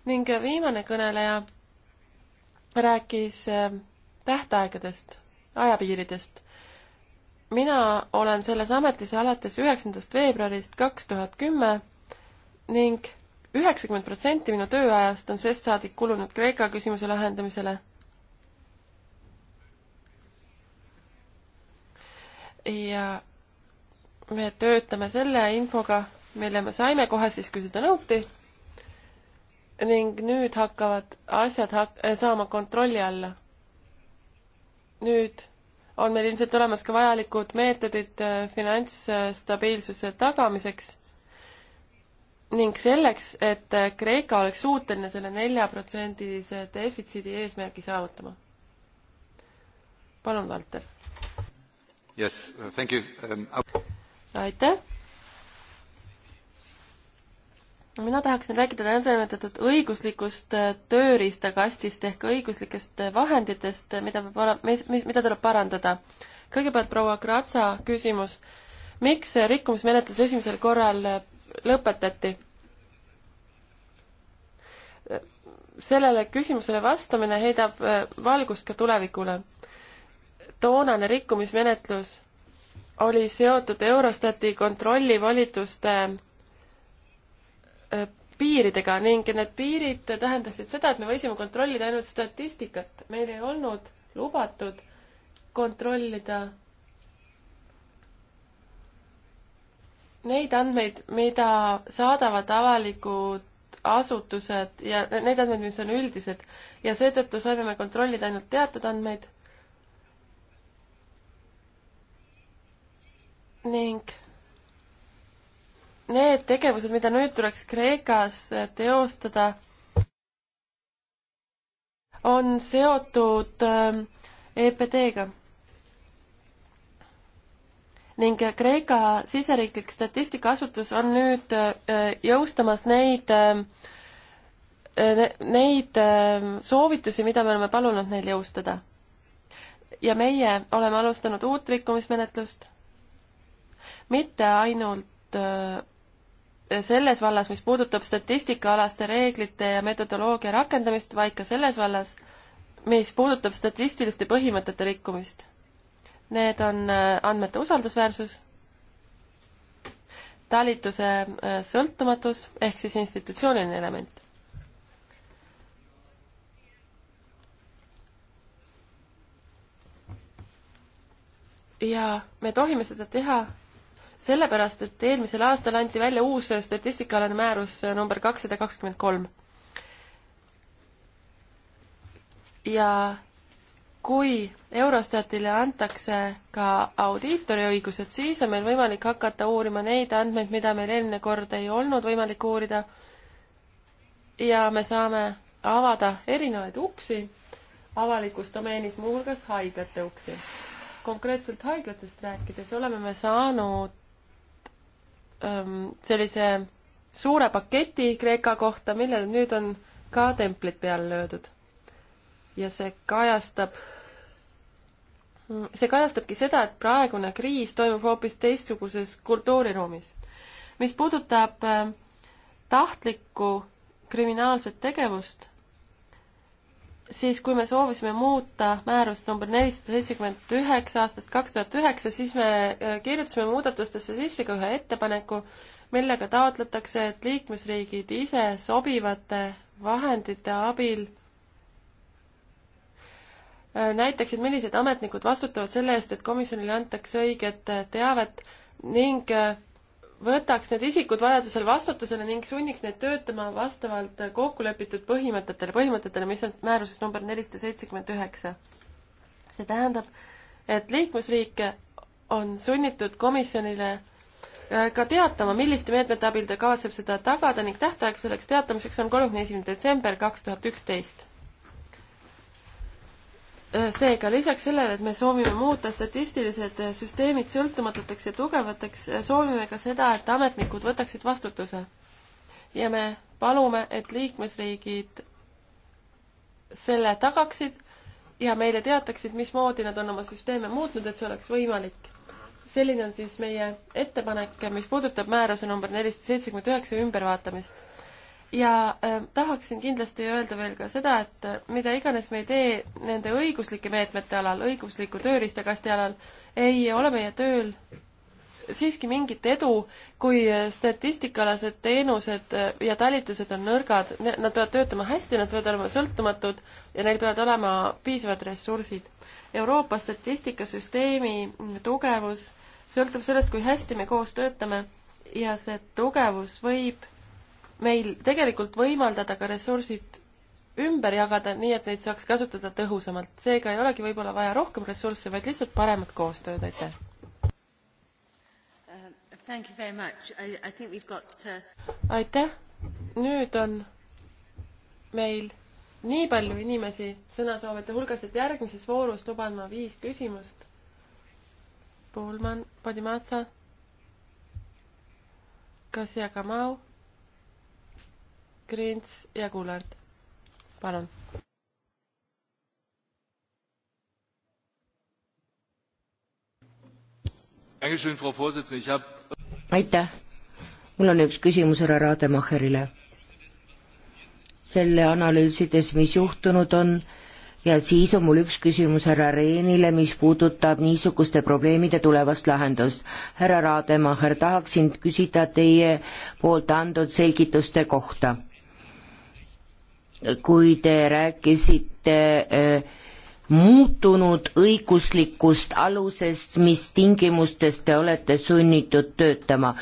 ning viimane kõneleja rääkis äh, tähtaegadest, ajapiiridest. mina olen selles ametis alates üheksandast veebruarist kaks tuhat kümme ning üheksakümmend protsenti minu tööajast on sest saadik kulunud Kreeka küsimuse lahendamisele ja me töötame selle infoga, mille me saime kohe siis, kui seda nõuti. ning nüüd hakkavad asjad hak-, äh, saama kontrolli alla. nüüd on meil ilmselt olemas ka vajalikud meetodid äh, finantsstabiilsuse tagamiseks ning selleks, et äh, Kreeka oleks suuteline selle neljaprotsendilise defitsiidi eesmärgi saavutama. palun, Valter Yes, thank you um,. aitäh. mina tahaksin rääkida nõndanimetatud õiguslikust tööriistakastist ehk õiguslikest vahenditest, mida peab olema, mis, mida tuleb parandada. kõigepealt proua Kratsa küsimus. miks rikkumismenetlus esimesel korral lõpetati? sellele küsimusele vastamine heidab valgust ka tulevikule toonane rikkumismenetlus oli seotud Eurostati kontrollivolituste äh, piiridega ning need piirid tähendasid seda, et me võisime kontrollida ainult statistikat, meil ei olnud lubatud kontrollida neid andmeid, mida saadavad avalikud asutused ja neid andmeid, mis on üldised ja seetõttu saime me kontrollida ainult teatud andmeid ning need tegevused, mida nüüd tuleks Kreekas teostada, on seotud ähm, EPD-ga. ning Kreeka siseriiklik statistikaasutus on nüüd äh, jõustamas neid, ähm, äh, neid ähm, soovitusi, mida me oleme palunud neil jõustada. ja meie oleme alustanud uut rikkumismenetlust mitte ainult äh, selles vallas, mis puudutab statistikaalaste reeglite ja metodoloogia rakendamist, vaid ka selles vallas, mis puudutab statistiliste põhimõtete rikkumist. Need on äh, andmete usaldusväärsus, talituse äh, sõltumatus ehk siis institutsiooniline element ja me tohime seda teha sellepärast, et eelmisel aastal anti välja uus statistikaalane määrus eh, number kakssada kakskümmend kolm. ja kui Eurostatile antakse ka audiitori õigused, siis on meil võimalik hakata uurima neid andmeid, mida meil eelmine kord ei olnud võimalik uurida. ja me saame avada erinevaid uksi avalikus domeenis, muuhulgas haiglate uksi. konkreetselt haiglatest rääkides oleme me saanud Ähm, sellise suure paketi Kreeka kohta, millele nüüd on ka templid peale löödud. ja see kajastab, see kajastabki seda, et praegune kriis toimub hoopis teistsuguses kultuuriruumis. mis puudutab äh, tahtlikku kriminaalset tegevust, siis kui me soovisime muuta määrust number nelisada seitsekümmend üheksa aastast kaks tuhat üheksa, siis me äh, kirjutasime muudatustesse sisse ka ühe ettepaneku, millega taotletakse, et liikmesriigid ise sobivate vahendite abil äh, näitaksid, millised ametnikud vastutavad selle eest, et komisjonile antakse õiget äh, teavet ning võtaks need isikud vajadusel vastutusele ning sunniks neid töötama vastavalt kokkulepitud põhimõtetele, põhimõtetele, mis on määruses number nelisada seitsekümmend üheksa. see tähendab, et liikmesriike on sunnitud komisjonile äh, ka teatama, milliste meetmete abil ta kavatseb seda tagada ning tähtaeg selleks teatamiseks on kolmekümne esimene detsember kaks tuhat üksteist. Äh, seega lisaks sellele, et me soovime muuta statistilised äh, süsteemid sõltumatuteks ja tugevateks, äh, soovime ka seda, et ametnikud võtaksid vastutuse. ja me palume, et liikmesriigid selle tagaksid ja meile teataksid, mismoodi nad on oma süsteeme muutnud, et see oleks võimalik. selline on siis meie ettepanek, mis puudutab määruse number nelisada seitsekümmend üheksa ümbervaatamist ja äh, tahaksin kindlasti öelda veel ka seda, et äh, mida iganes me ei tee nende õiguslike meetmete alal, õigusliku tööriistakasti alal, ei ole meie tööl siiski mingit edu, kui äh, statistikaalased teenused äh, ja talitused on nõrgad, nad peavad töötama hästi, nad peavad olema sõltumatud ja neil peavad olema piisavad ressursid. Euroopa statistikasüsteemi mm, tugevus sõltub sellest, kui hästi me koos töötame ja see tugevus võib meil tegelikult võimaldada ka ressursid ümber jagada, nii et neid saaks kasutada tõhusamalt. seega ei olegi võib-olla vaja rohkem ressursse, vaid lihtsalt paremat koostööd, aitäh! Uh, uh, aitäh! nüüd on meil nii palju inimesi sõnasoovijate hulgas, et järgmises voorus luban ma viis küsimust. Pullman, Padimatsa, Kasia Kamau Grints ja Kullard, palun. aitäh, mul on üks küsimus härra Rademacherile. selle analüüsides, mis juhtunud on, ja siis on mul üks küsimus härra Reenile, mis puudutab niisuguste probleemide tulevast lahendust. härra Rademacher, tahaksin küsida teie poolt antud selgituste kohta kui te rääkisite äh, muutunud õiguslikust alusest, mis tingimustes te olete sunnitud töötama.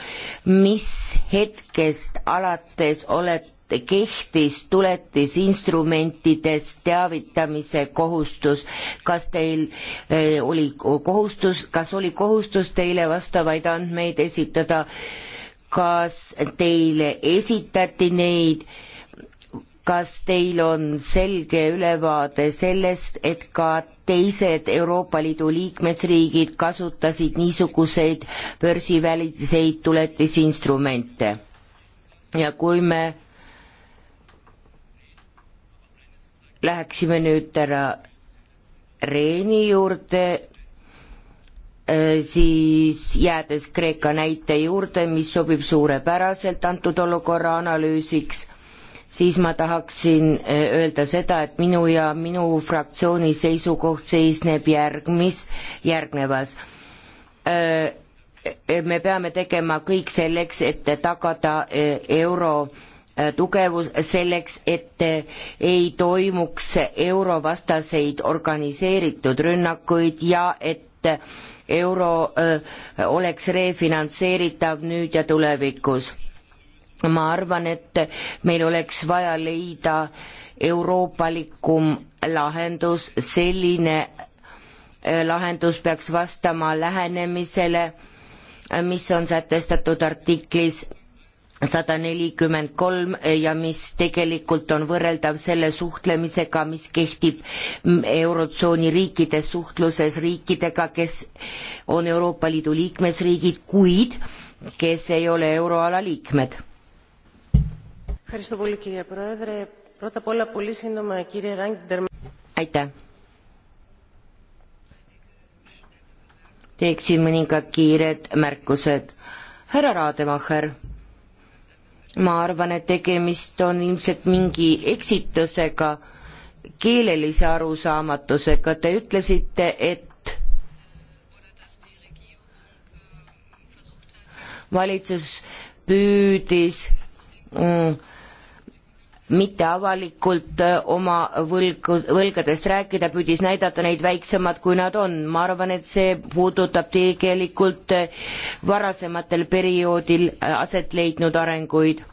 mis hetkest alates olete, kehtis tuletisinstrumentidest teavitamise kohustus, kas teil eh, oli kohustus, kas oli kohustus teile vastavaid andmeid esitada, kas teile esitati neid eh, kas teil on selge ülevaade sellest, et ka teised Euroopa Liidu liikmesriigid kasutasid niisuguseid börsiväliseid tuletisinstrumente? ja kui me läheksime nüüd härra Reeni juurde, äh, siis jäädes Kreeka näite juurde, mis sobib suurepäraselt antud olukorra analüüsiks siis ma tahaksin eh, öelda seda, et minu ja minu fraktsiooni seisukoht seisneb järgmis, järgnevas. Eh, eh, me peame tegema kõik selleks, et tagada euro tugevus selleks, et ei toimuks eurovastaseid organiseeritud rünnakuid ja et euro oleks refinantseeritav nüüd ja tulevikus ma arvan, et meil oleks vaja leida euroopalikum lahendus, selline äh, lahendus peaks vastama lähenemisele, äh, mis on sätestatud artiklis sada nelikümmend kolm äh, ja mis tegelikult on võrreldav selle suhtlemisega, mis kehtib mm, Eurotsooni riikides suhtluses riikidega, kes on Euroopa Liidu liikmesriigid, kuid kes ei ole euroala liikmed aitäh. teeksin mõningad kiired märkused. härra Rademacher, ma arvan, et tegemist on ilmselt mingi eksitusega, keelelise arusaamatusega, te ütlesite, et valitsus püüdis mm, mitte avalikult äh, oma võlgu, võlgadest rääkida, püüdis näidata neid väiksemad, kui nad on. ma arvan, et see puudutab tegelikult äh, varasematel perioodil äh, aset leidnud arenguid.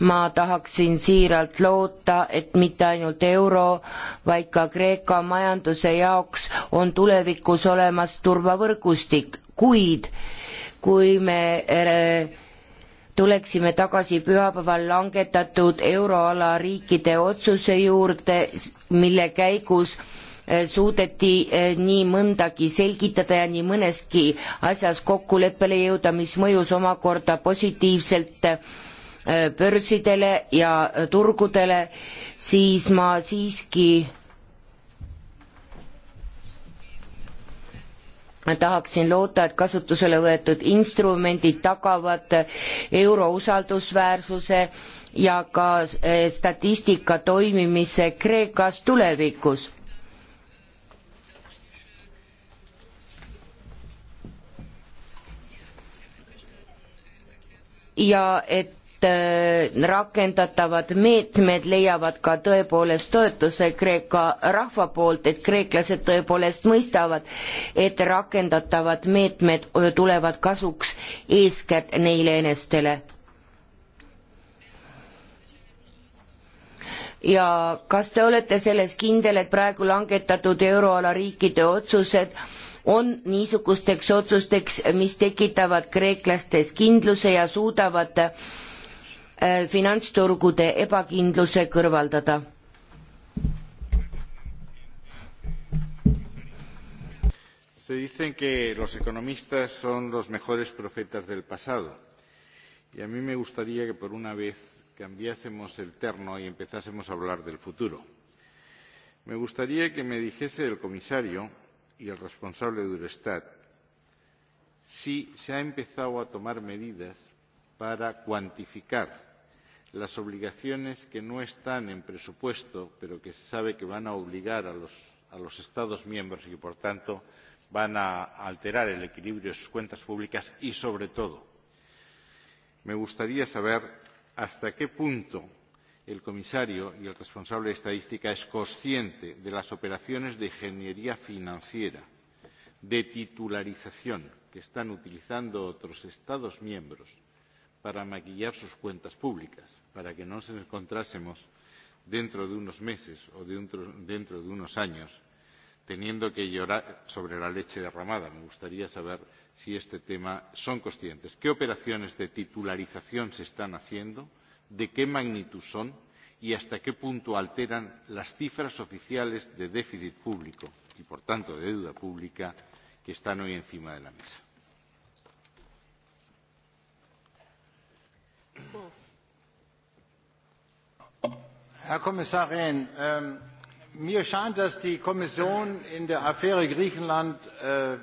ma tahaksin siiralt loota, et mitte ainult euro, vaid ka Kreeka majanduse jaoks on tulevikus olemas turvavõrgustik, kuid kui me äh, tuleksime tagasi pühapäeval langetatud euroala riikide otsuse juurde, mille käigus eh, suudeti eh, nii mõndagi selgitada ja nii mõneski asjas kokkuleppele jõuda, mis mõjus omakorda positiivselt eh, börsidele ja turgudele, siis ma siiski tahaksin loota, et kasutusele võetud instrumendid tagavad euro usaldusväärsuse ja ka eh, statistika toimimise Kreekas tulevikus. ja et Äh, rakendatavad meetmed leiavad ka tõepoolest toetuse Kreeka rahva poolt, et kreeklased tõepoolest mõistavad, et rakendatavad meetmed tulevad kasuks eeskätt neile enestele. ja kas te olete selles kindel, et praegu langetatud euroala riikide otsused on niisugusteks otsusteks, mis tekitavad kreeklastes kindluse ja suudavad äh, Äh, finantsturgude ebakindluse kõrvaldada. Se dicen que los economistas son los mejores profetas del pasado. Y a mí me gustaría que por una vez cambiásemos el terno y empezásemos a hablar del futuro. Me gustaría que me dijese el comisario y el responsable de Eurostat si se ha empezado a tomar medidas para cuantificar las obligaciones que no están en presupuesto pero que se sabe que van a obligar a los, a los Estados miembros y que, por tanto, van a alterar el equilibrio de sus cuentas públicas y, sobre todo, me gustaría saber hasta qué punto el comisario y el responsable de estadística es consciente de las operaciones de ingeniería financiera de titularización que están utilizando otros Estados miembros para maquillar sus cuentas públicas, para que no nos encontrásemos dentro de unos meses o dentro, dentro de unos años teniendo que llorar sobre la leche derramada. Me gustaría saber si este tema son conscientes. ¿Qué operaciones de titularización se están haciendo? ¿De qué magnitud son? ¿Y hasta qué punto alteran las cifras oficiales de déficit público y, por tanto, de deuda pública que están hoy encima de la mesa? Herr Kommissarin, ähm, mir scheint, dass die Kommission in der Affäre Griechenland äh,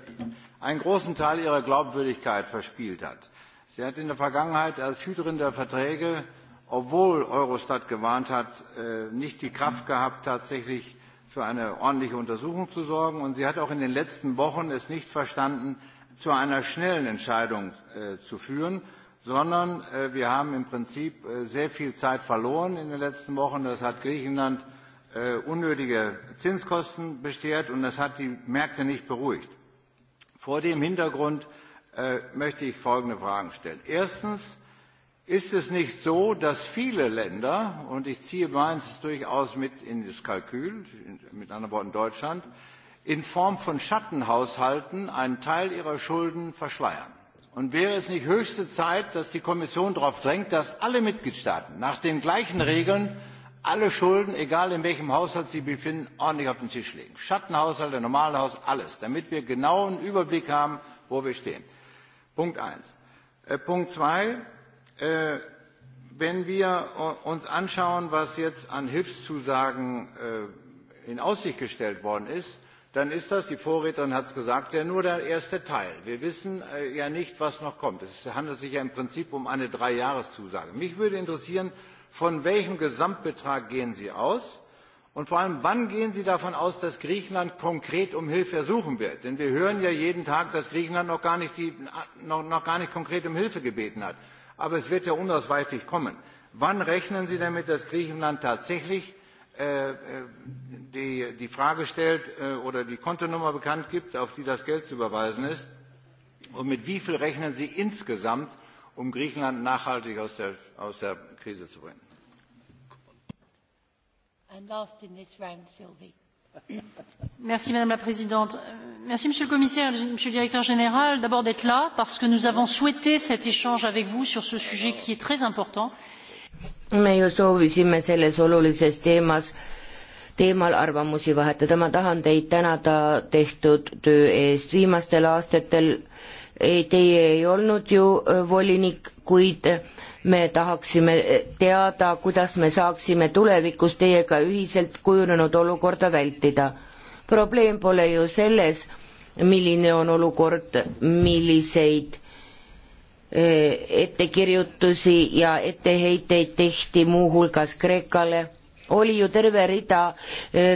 einen großen Teil ihrer Glaubwürdigkeit verspielt hat. Sie hat in der Vergangenheit als Hüterin der Verträge, obwohl Eurostat gewarnt hat, äh, nicht die Kraft gehabt, tatsächlich für eine ordentliche Untersuchung zu sorgen. Und sie hat auch in den letzten Wochen es nicht verstanden, zu einer schnellen Entscheidung äh, zu führen sondern äh, wir haben im Prinzip äh, sehr viel Zeit verloren in den letzten Wochen. Das hat Griechenland äh, unnötige Zinskosten beschert und das hat die Märkte nicht beruhigt. Vor dem Hintergrund möchte ich folgende Fragen stellen. Erstens, ist es nicht so, dass viele Länder, und ich ziehe meins durchaus mit in das Kalkül, mit anderen Worten Deutschland, in Form von Schattenhaushalten einen Teil ihrer Schulden verschleiern? und wäre es nicht höchste zeit dass die kommission darauf drängt dass alle mitgliedstaaten nach den gleichen regeln alle schulden egal in welchem haushalt sie sich befinden ordentlich auf den tisch legen schattenhaushalte normale haushalte alles damit wir genau einen überblick haben wo wir stehen? punkt eins. Äh, punkt zwei äh, wenn wir uns anschauen was jetzt an hilfszusagen äh, in aussicht gestellt worden ist dann ist das die vorrednerin hat es gesagt ja nur der erste teil. wir wissen äh, ja nicht was noch kommt. es handelt sich ja im prinzip um eine dreijahreszusage. mich würde interessieren von welchem gesamtbetrag gehen sie aus? und vor allem wann gehen sie davon aus dass griechenland konkret um hilfe ersuchen wird? denn wir hören ja jeden tag dass griechenland noch gar nicht, die, noch, noch gar nicht konkret um hilfe gebeten hat. aber es wird ja unausweichlich kommen. wann rechnen sie damit dass griechenland tatsächlich Äh, die, die Frage stellt äh, oder die Kontonummer bekannt gibt, auf die das Geld zu überweisen ist? Und mit wie viel rechnen Sie insgesamt, um Griechenland nachhaltig aus der, aus der Krise zu bringen? Merci, madame la présidente euh, merci monsieur le commissaire monsieur le directeur général d'abord d'être là parce que nous avons souhaité cet échange avec vous sur ce sujet qui est très important et me ju soovisime selles olulises teemas, teemal arvamusi vahetada, ma tahan teid tänada tehtud töö eest, viimastel aastatel ei, teie ei olnud ju äh, volinik, kuid me tahaksime teada, kuidas me saaksime tulevikus teiega ühiselt kujunenud olukorda vältida. probleem pole ju selles, milline on olukord, milliseid ettekirjutusi ja etteheiteid tehti muuhulgas Kreekale, oli ju terve rida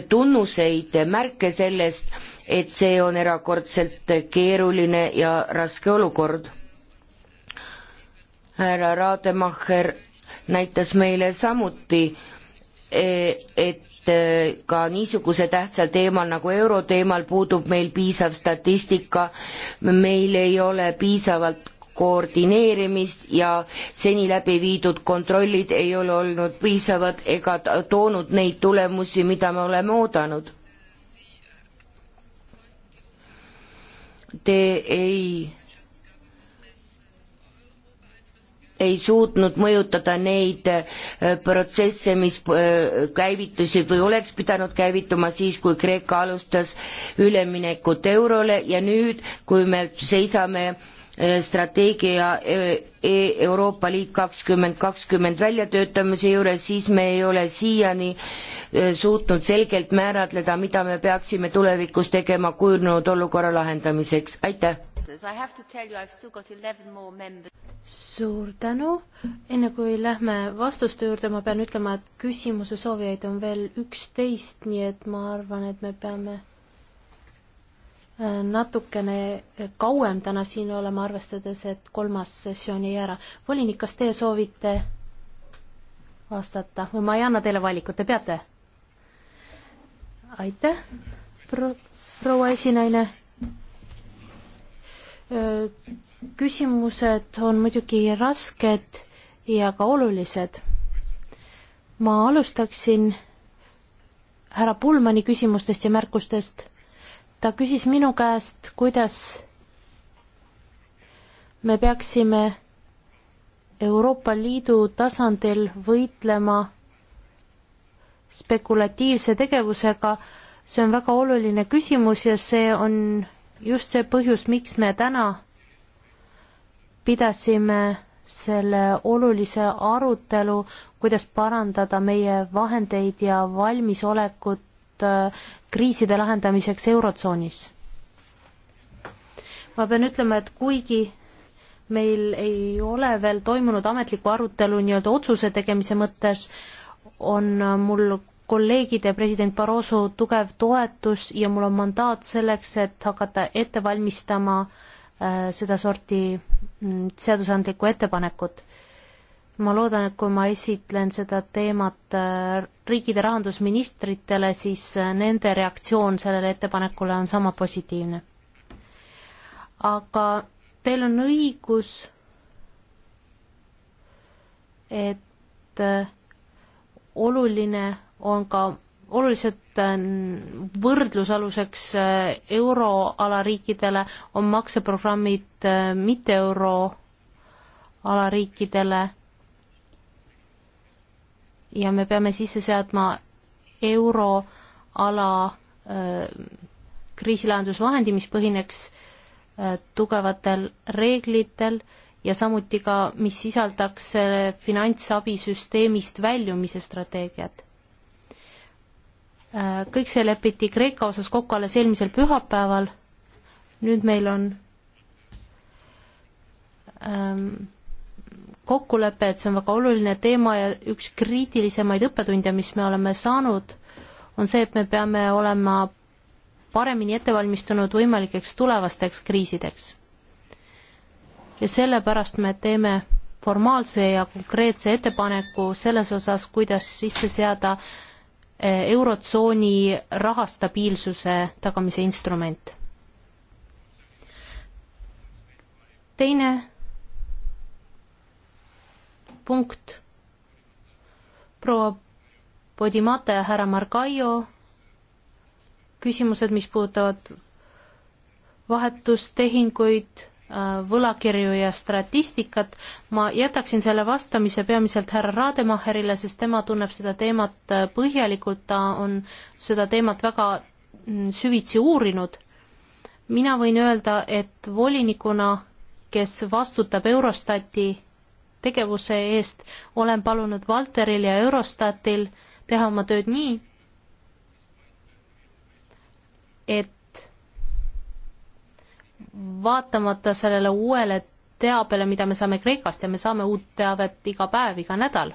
tunnuseid, märke sellest, et see on erakordselt keeruline ja raske olukord. härra Rademacher näitas meile samuti, et et ka niisuguse tähtsal teemal nagu euroteemal puudub meil piisav statistika, meil ei ole piisavalt koordineerimist ja seni läbi viidud kontrollid ei ole olnud piisavad ega toonud neid tulemusi, mida me oleme oodanud. Te ei, ei suutnud mõjutada neid äh, protsesse, mis äh, käivitusid või oleks pidanud käivituma siis, kui Kreeka alustas üleminekut eurole ja nüüd, kui me seisame äh, strateegia e, e Euroopa Liit kakskümmend kakskümmend väljatöötamise juures, siis me ei ole siiani e, suutnud selgelt määratleda, mida me peaksime tulevikus tegema kujunenud olukorra lahendamiseks, aitäh! suur tänu, enne kui lähme vastuste juurde, ma pean ütlema, et küsimuse soovijaid on veel üksteist, nii et ma arvan, et me peame natukene kauem täna siin olema, arvestades, et kolmas sessioon jäi ära. volinik, kas teie soovite vastata või ma ei anna teile valikut, te peate? aitäh Pro, proua esinaine. küsimused on muidugi rasked ja ka olulised. ma alustaksin härra Pulmani küsimustest ja märkustest ta küsis minu käest, kuidas me peaksime Euroopa Liidu tasandil võitlema spekulatiivse tegevusega, see on väga oluline küsimus ja see on just see põhjus, miks me täna pidasime selle olulise arutelu, kuidas parandada meie vahendeid ja valmisolekut tehtud äh, kriiside lahendamiseks Eurotsoonis. ma pean ütlema, et kuigi meil ei ole veel toimunud ametlikku arutelu nii-öelda otsuse tegemise mõttes, on äh, mul kolleegide president Barroso tugev toetus ja mul on mandaat selleks, et hakata ette valmistama äh, sedasorti mm, seadusandlikku ettepanekut ma loodan, et kui ma esitlen seda teemat äh, riikide rahandusministritele, siis äh, nende reaktsioon sellele ettepanekule on sama positiivne. aga teil on õigus, et äh, oluline on ka oluliselt võrdlusaluseks euroala riikidele on makseprogrammid mitte euroala riikidele ja me peame sisse seadma euroala kriisilahendusvahendi, mis põhineks tugevatel reeglitel ja samuti ka, mis sisaldaks finantsabisüsteemist väljumise strateegiat. kõik see lepiti Kreeka osas kokku alles eelmisel pühapäeval, nüüd meil on ähm, kokkulepe, et see on väga oluline teema ja üks kriitilisemaid õppetunde, mis me oleme saanud, on see, et me peame olema paremini ettevalmistunud võimalikeks tulevasteks kriisideks. ja sellepärast me teeme formaalse ja konkreetse ettepaneku selles osas, kuidas sisse seada eh, Eurotsooni rahastabiilsuse tagamise instrument. teine punkt. proua Podimata ja härra Margaio küsimused, mis puudutavad vahetustehinguid, äh, võlakirju ja statistikat, ma jätaksin selle vastamise peamiselt härra Rademacherile, sest tema tunneb seda teemat äh, põhjalikult, ta on seda teemat väga mm, süvitsi uurinud. mina võin öelda, et volinikuna, kes vastutab Eurostati tegevuse eest, olen palunud Valteril ja Eurostatil teha oma tööd nii, et vaatamata sellele uuele teabele, mida me saame Kreekast ja me saame uut teavet iga päev, iga nädal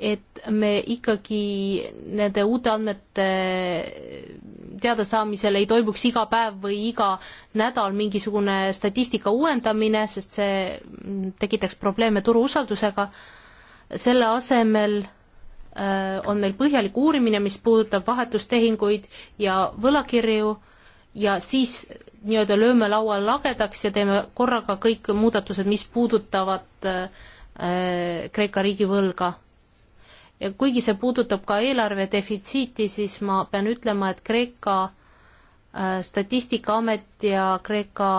et me ikkagi nende uute andmete teadasaamisel ei toimuks iga päev või iga nädal mingisugune statistika uuendamine, sest see tekitaks probleeme turu usaldusega. selle asemel äh, on meil põhjalik uurimine, mis puudutab vahetustehinguid ja võlakirju ja siis nii-öelda lööme laua lagedaks ja teeme korraga kõik muudatused, mis puudutavad äh, Kreeka riigivõlga ja kuigi see puudutab ka eelarve defitsiiti, siis ma pean ütlema, et Kreeka äh, statistikaamet ja Kreeka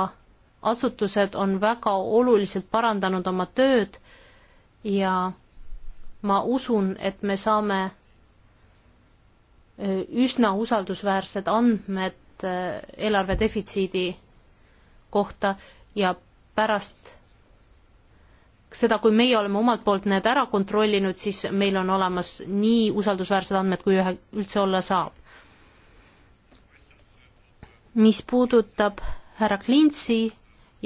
asutused on väga oluliselt parandanud oma tööd ja ma usun, et me saame äh, üsna usaldusväärsed andmed äh, eelarve defitsiidi kohta ja pärast seda, kui meie oleme omalt poolt need ära kontrollinud, siis meil on olemas nii usaldusväärsed andmed, kui ühe üldse olla saab. mis puudutab härra Klintsi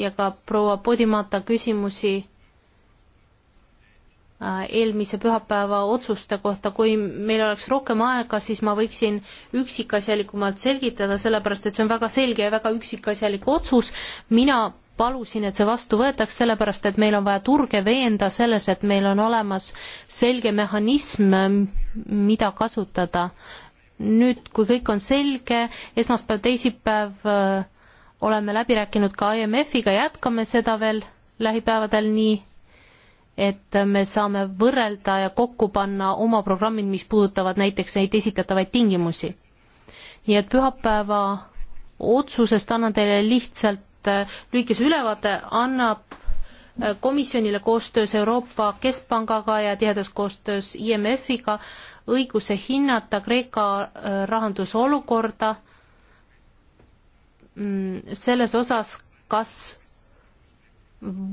ja ka proua Podimata küsimusi äh, eelmise pühapäeva otsuste kohta, kui meil oleks rohkem aega, siis ma võiksin üksikasjalikumalt selgitada, sellepärast et see on väga selge ja väga üksikasjalik otsus, mina palusin, et see vastu võetaks, sellepärast et meil on vaja turge veenda selles, et meil on olemas selge mehhanism, mida kasutada. nüüd, kui kõik on selge, esmaspäev, teisipäev äh, oleme läbi rääkinud ka IMF-iga, jätkame seda veel lähipäevadel nii, et me saame võrrelda ja kokku panna oma programmid, mis puudutavad näiteks neid esitatavaid tingimusi. nii et pühapäeva otsusest annan teile lihtsalt et äh, lühikese ülevaate annab äh, komisjonile koostöös Euroopa Keskpangaga ja tihedas koostöös IMF-iga õiguse hinnata Kreeka äh, rahanduse olukorda mm, selles osas, kas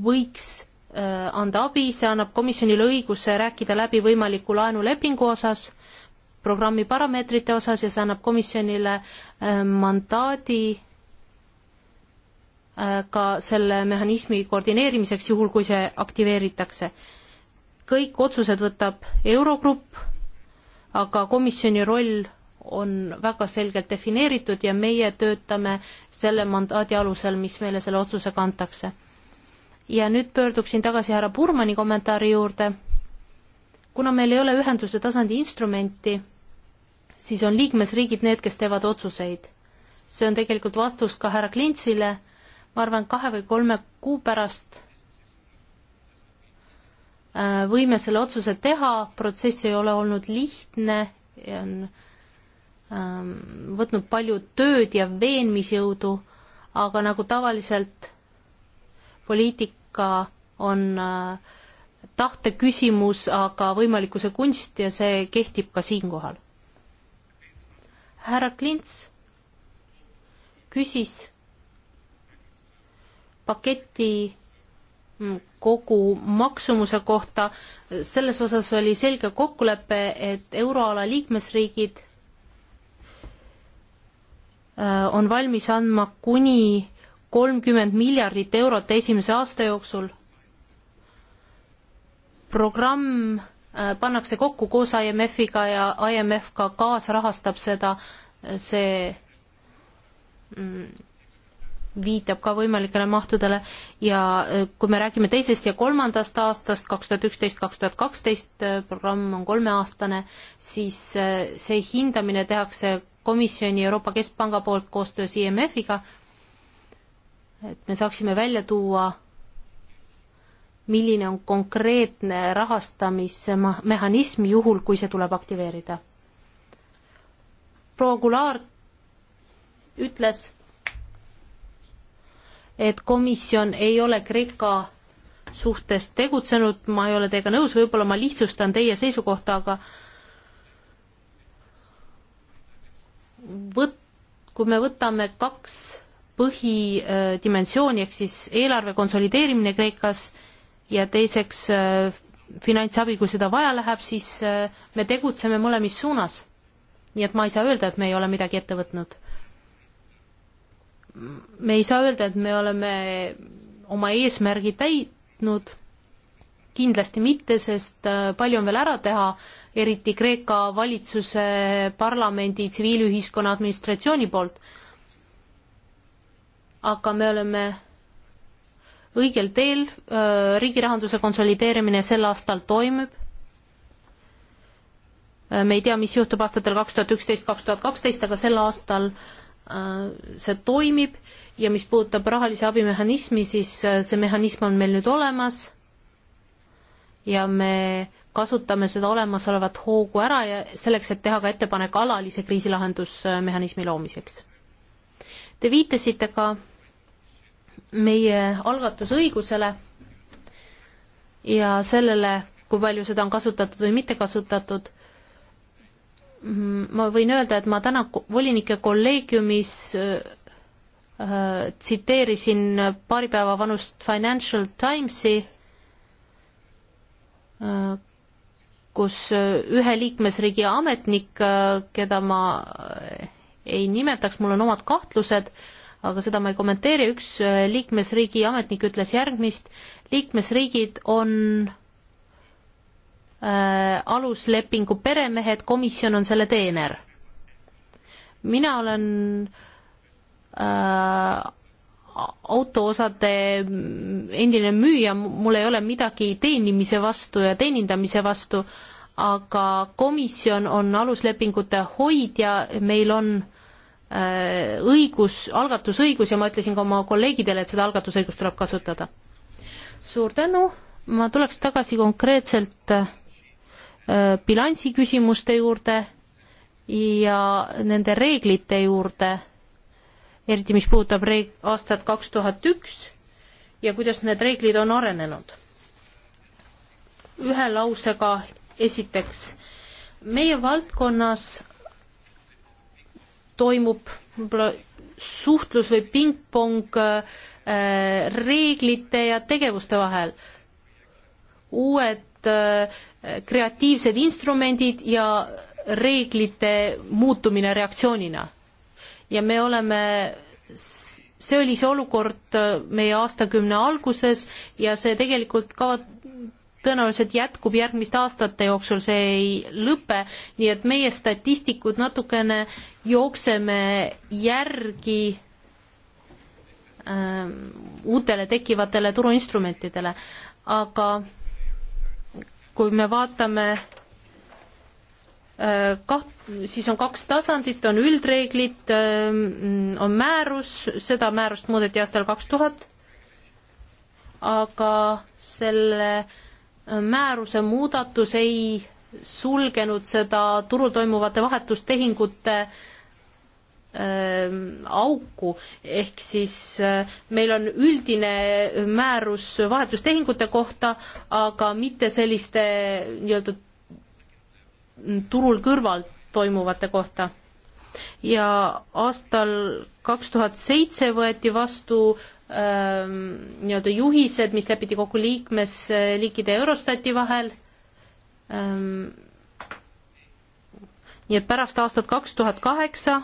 võiks anda abi, see annab komisjonile õiguse rääkida läbi võimaliku laenulepingu osas, programmi parameetrite osas ja see annab komisjonile mandaadi Äh, ka selle mehhanismi koordineerimiseks, juhul kui see aktiveeritakse. kõik otsused võtab Eurogrupp, aga komisjoni roll on väga selgelt defineeritud ja meie töötame selle mandaadi alusel, mis meile selle otsusega antakse. ja nüüd pöörduksin tagasi härra Burmani kommentaari juurde. kuna meil ei ole ühenduse tasandi instrumenti, siis on liikmesriigid need, kes teevad otsuseid. see on tegelikult vastus ka härra Klintsile ma arvan, kahe või kolme kuu pärast äh, võime selle otsuse teha, protsess ei ole olnud lihtne ja on ähm, võtnud palju tööd ja veenmisjõudu, aga nagu tavaliselt poliitika on äh, tahte küsimus, aga võimalikkuse kunst ja see kehtib ka siinkohal. härra Klints küsis paketi mm, kogu maksumuse kohta, selles osas oli selge kokkulepe, et euroala liikmesriigid äh, on valmis andma kuni kolmkümmend miljardit eurot esimese aasta jooksul. programm äh, pannakse kokku koos IMF-iga ja IMF ka kaasrahastab seda, äh, see mm, viitab ka võimalikele mahtudele ja äh, kui me räägime teisest ja kolmandast aastast, kaks tuhat üksteist, kaks tuhat kaksteist, äh, programm on kolmeaastane, siis äh, see hindamine tehakse komisjoni Euroopa Keskpanga poolt koostöös IMF-iga, et me saaksime välja tuua, milline on konkreetne rahastamismehhanism juhul, kui see tuleb aktiveerida. proua Goulart ütles, et komisjon ei ole Kreeka suhtes tegutsenud, ma ei ole teiega nõus, võib-olla ma lihtsustan teie seisukohta, aga võt-, kui me võtame kaks põhidimensiooni ehk siis eelarve konsolideerimine Kreekas ja teiseks äh, finantsabi, kui seda vaja läheb, siis äh, me tegutseme mõlemis suunas. nii et ma ei saa öelda, et me ei ole midagi ette võtnud me ei saa öelda, et me oleme oma eesmärgi täitnud, kindlasti mitte, sest äh, palju on veel ära teha, eriti Kreeka valitsuse, parlamendi, tsiviilühiskonna administratsiooni poolt. aga me oleme õigel teel, äh, riigi rahanduse konsolideerimine sel aastal toimub, äh, me ei tea, mis juhtub aastatel kaks tuhat üksteist, kaks tuhat kaksteist, aga sel aastal äh, Äh, see toimib ja mis puudutab rahalise abimehhanismi, siis äh, see mehhanism on meil nüüd olemas ja me kasutame seda olemasolevat hoogu ära ja selleks, et teha ka ettepanek alalise kriisilahendusmehhanismi loomiseks. Te viitasite ka meie algatusõigusele ja sellele, kui palju seda on kasutatud või mitte kasutatud Mm, ma võin öelda, et ma täna volinike kolleegiumis äh, äh, tsiteerisin paari päeva vanust Financial Timesi, äh, kus ühe liikmesriigi ametnik, keda ma ei nimetaks, mul on omad kahtlused, aga seda ma ei kommenteeri, üks liikmesriigi ametnik ütles järgmist, liikmesriigid on Äh, aluslepingu peremehed, komisjon on selle teener. mina olen äh, autoosade endine müüja, mul ei ole midagi teenimise vastu ja teenindamise vastu, aga komisjon on aluslepingute hoidja, meil on äh, õigus, algatusõigus ja ma ütlesin ka oma kolleegidele, et seda algatusõigust tuleb kasutada. suur tänu, ma tuleks tagasi konkreetselt äh, Äh, bilansi küsimuste juurde ja nende reeglite juurde, eriti mis puudutab reeg-, aastat kaks tuhat üks ja kuidas need reeglid on arenenud. ühe lausega esiteks, meie valdkonnas toimub võib-olla suhtlus või pingpong äh, reeglite ja tegevuste vahel. uued head äh, kreatiivsed instrumendid ja reeglite muutumine reaktsioonina. ja me oleme, see oli see olukord äh, meie aastakümne alguses ja see tegelikult ka tõenäoliselt jätkub järgmiste aastate jooksul, see ei lõpe, nii et meie statistikud natukene jookseme järgi ähm, uutele tekkivatele turuinstrumentidele, aga äh, kui me vaatame äh, kaht-, siis on kaks tasandit, on üldreeglid, ähm, on määrus, seda määrust muudeti aastal kaks tuhat, aga selle äh, määruse muudatus ei sulgenud seda turul toimuvate vahetustehingute äh, Ähm, auku, ehk siis äh, meil on üldine määrus vahetustehingute kohta, aga mitte selliste nii-öelda turul kõrval toimuvate kohta. ja aastal kaks tuhat seitse võeti vastu ähm, nii-öelda juhised, mis lepiti kokku liikmesliikide äh, ja Eurostati vahel ähm,. nii et pärast aastat kaks tuhat kaheksa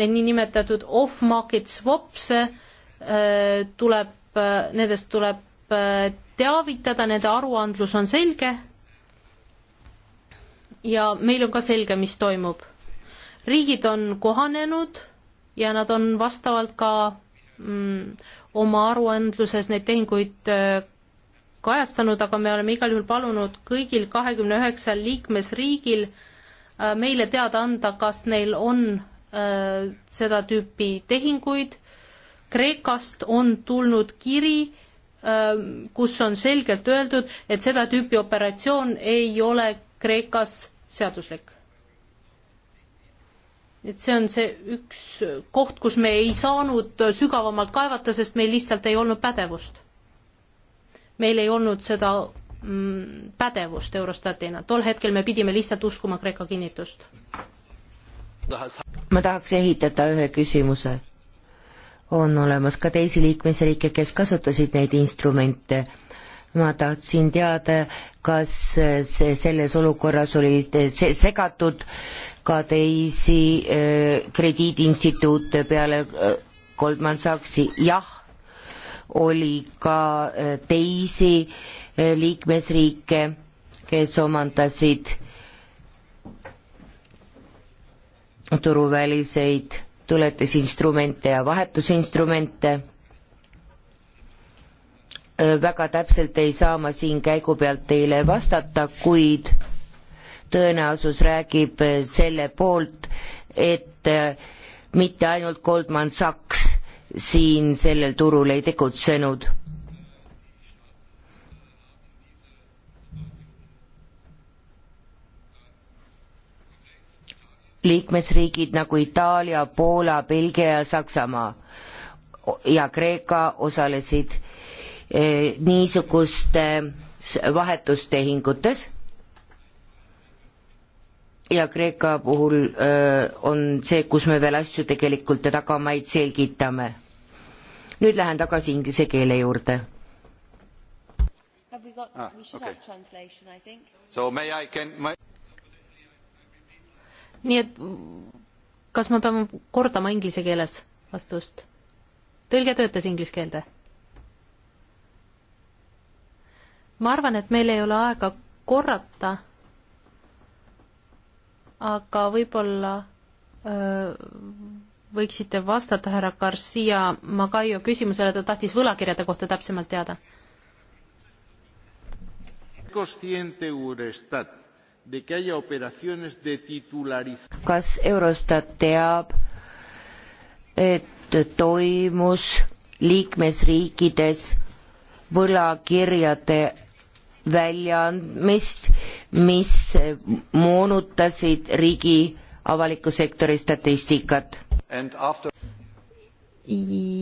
neid niinimetatud off-market swaps'e äh, tuleb, äh, nendest tuleb äh, teavitada, nende aruandlus on selge ja meil on ka selge, mis toimub. riigid on kohanenud ja nad on vastavalt ka mm, oma aruandluses neid tehinguid kajastanud, aga me oleme igal juhul palunud kõigil kahekümne üheksal liikmesriigil meile teada anda, kas neil on Äh, seda tüüpi tehinguid. Kreekast on tulnud kiri, äh, kus on selgelt öeldud, et seda tüüpi operatsioon ei ole Kreekas seaduslik. et see on see üks koht, kus me ei saanud sügavamalt kaevata, sest meil lihtsalt ei olnud pädevust. meil ei olnud seda mm, pädevust Eurostatina, tol hetkel me pidime lihtsalt uskuma Kreeka kinnitust ma tahaks ehitada ühe küsimuse. on olemas ka teisi liikmesriike, kes kasutasid neid instrumente. ma tahtsin teada, kas see selles olukorras oli segatud ka teisi äh, krediidiinstituute peale äh, Goldman Sachsi, jah, oli ka äh, teisi liikmesriike, kes omandasid turuväliseid tuletusinstrumente ja vahetusinstrumente. väga täpselt ei saa ma siin käigu pealt teile vastata, kuid tõenäosus räägib selle poolt, et mitte ainult Goldman Sachs siin sellel turul ei tegutsenud liikmesriigid nagu Itaalia, Poola, Belgia ja Saksamaa ja Kreeka osalesid eh, niisugustes vahetustehingutes ja Kreeka puhul öö, eh, on see, kus me veel asju tegelikult ja tagamaid selgitame. nüüd lähen tagasi inglise keele juurde. Ah, okay. So may I can my nii et kas me peame kordama inglise keeles vastust? tõlge töötas inglise keelde? ma arvan, et meil ei ole aega korrata, aga võib-olla võiksite vastata härra Garcia Magaio küsimusele, ta tahtis võlakirjade kohta täpsemalt teada. consciente Eurostat kas Eurostat teab, et toimus liikmesriikides võlakirjade väljaandmist, mis moonutasid riigi avaliku sektori statistikat?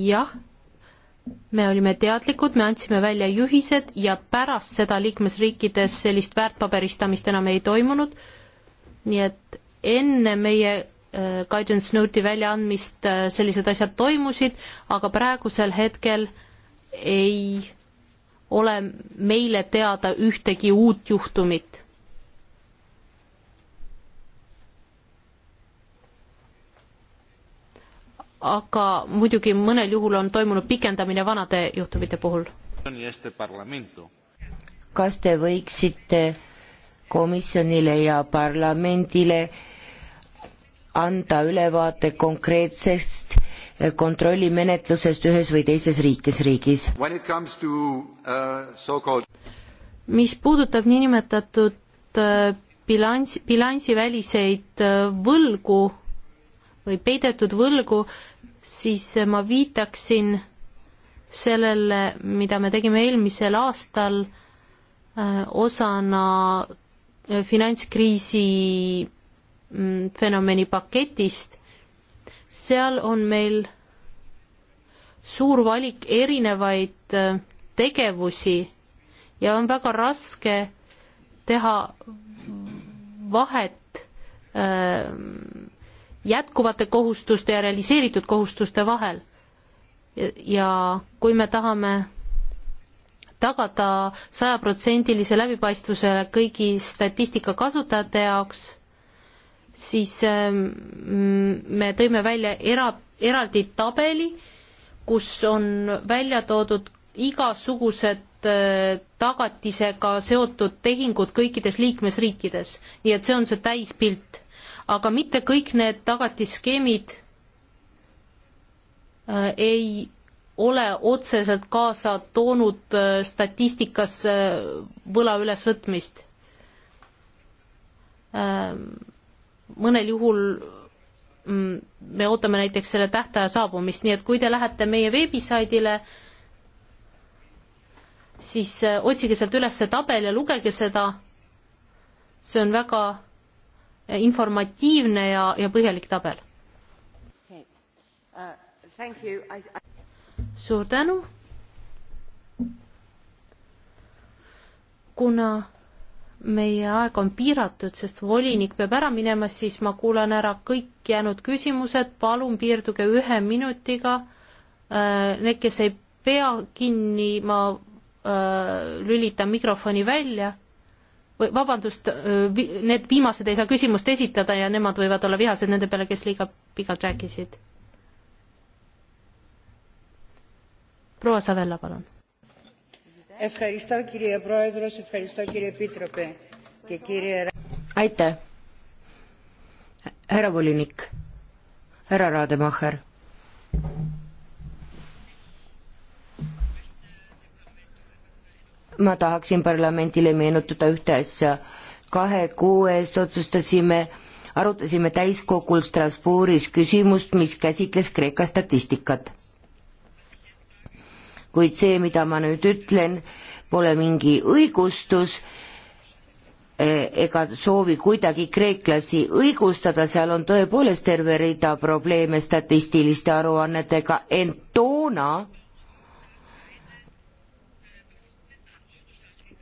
jah me olime teadlikud, me andsime välja juhised ja pärast seda liikmesriikides sellist väärtpaberistamist enam ei toimunud, nii et enne meie äh, guidance note'i väljaandmist äh, sellised asjad toimusid, aga praegusel hetkel ei ole meile teada ühtegi uut juhtumit aga muidugi mõnel juhul on toimunud pikendamine vanade juhtumite puhul. kas te võiksite komisjonile ja parlamendile anda ülevaate konkreetsest kontrollimenetlusest ühes või teises riikes, riigis? Uh, mis puudutab niinimetatud uh, bilansi, bilansiväliseid uh, võlgu, või peidetud võlgu, siis ma viitaksin sellele, mida me tegime eelmisel aastal äh, osana äh, finantskriisi mm, fenomeni paketist. seal on meil suur valik erinevaid äh, tegevusi ja on väga raske teha vahet jätkuvate kohustuste ja realiseeritud kohustuste vahel. ja kui me tahame tagada sajaprotsendilise läbipaistvuse kõigi statistika kasutajate jaoks, siis ähm, me tõime välja era, eraldi tabeli, kus on välja toodud igasugused äh, tagatisega seotud tehingud kõikides liikmesriikides, nii et see on see täispilt aga mitte kõik need tagatisskeemid äh, ei ole otseselt kaasa toonud äh, statistikas äh, võla ülesvõtmist. Ähm, mõnel juhul mm, me ootame näiteks selle tähtaja saabumist, nii et kui te lähete meie veebisaidile, siis otsige sealt üles see tabel ja lugege seda. see on väga informatiivne ja, ja põhjalik tabel okay.. Uh, I... suur tänu. kuna meie aeg on piiratud, sest volinik peab ära minema, siis ma kuulan ära kõik jäänud küsimused, palun piirduge ühe minutiga. Uh, need, kes ei pea kinni, ma uh, lülitan mikrofoni välja või vabandust, need viimased ei saa küsimust esitada ja nemad võivad olla vihased nende peale, kes liiga pikalt rääkisid. proua Savella, palun. aitäh, härra volinik, härra Rademacher ma tahaksin parlamendile meenutada ühte asja. kahe kuu eest otsustasime, arutasime täiskogul Strasbourgis küsimust, mis käsitles Kreeka statistikat. kuid see, mida ma nüüd ütlen, pole mingi õigustus e, ega soovi kuidagi kreeklasi õigustada, seal on tõepoolest terve rida probleeme statistiliste aruannetega, ent toona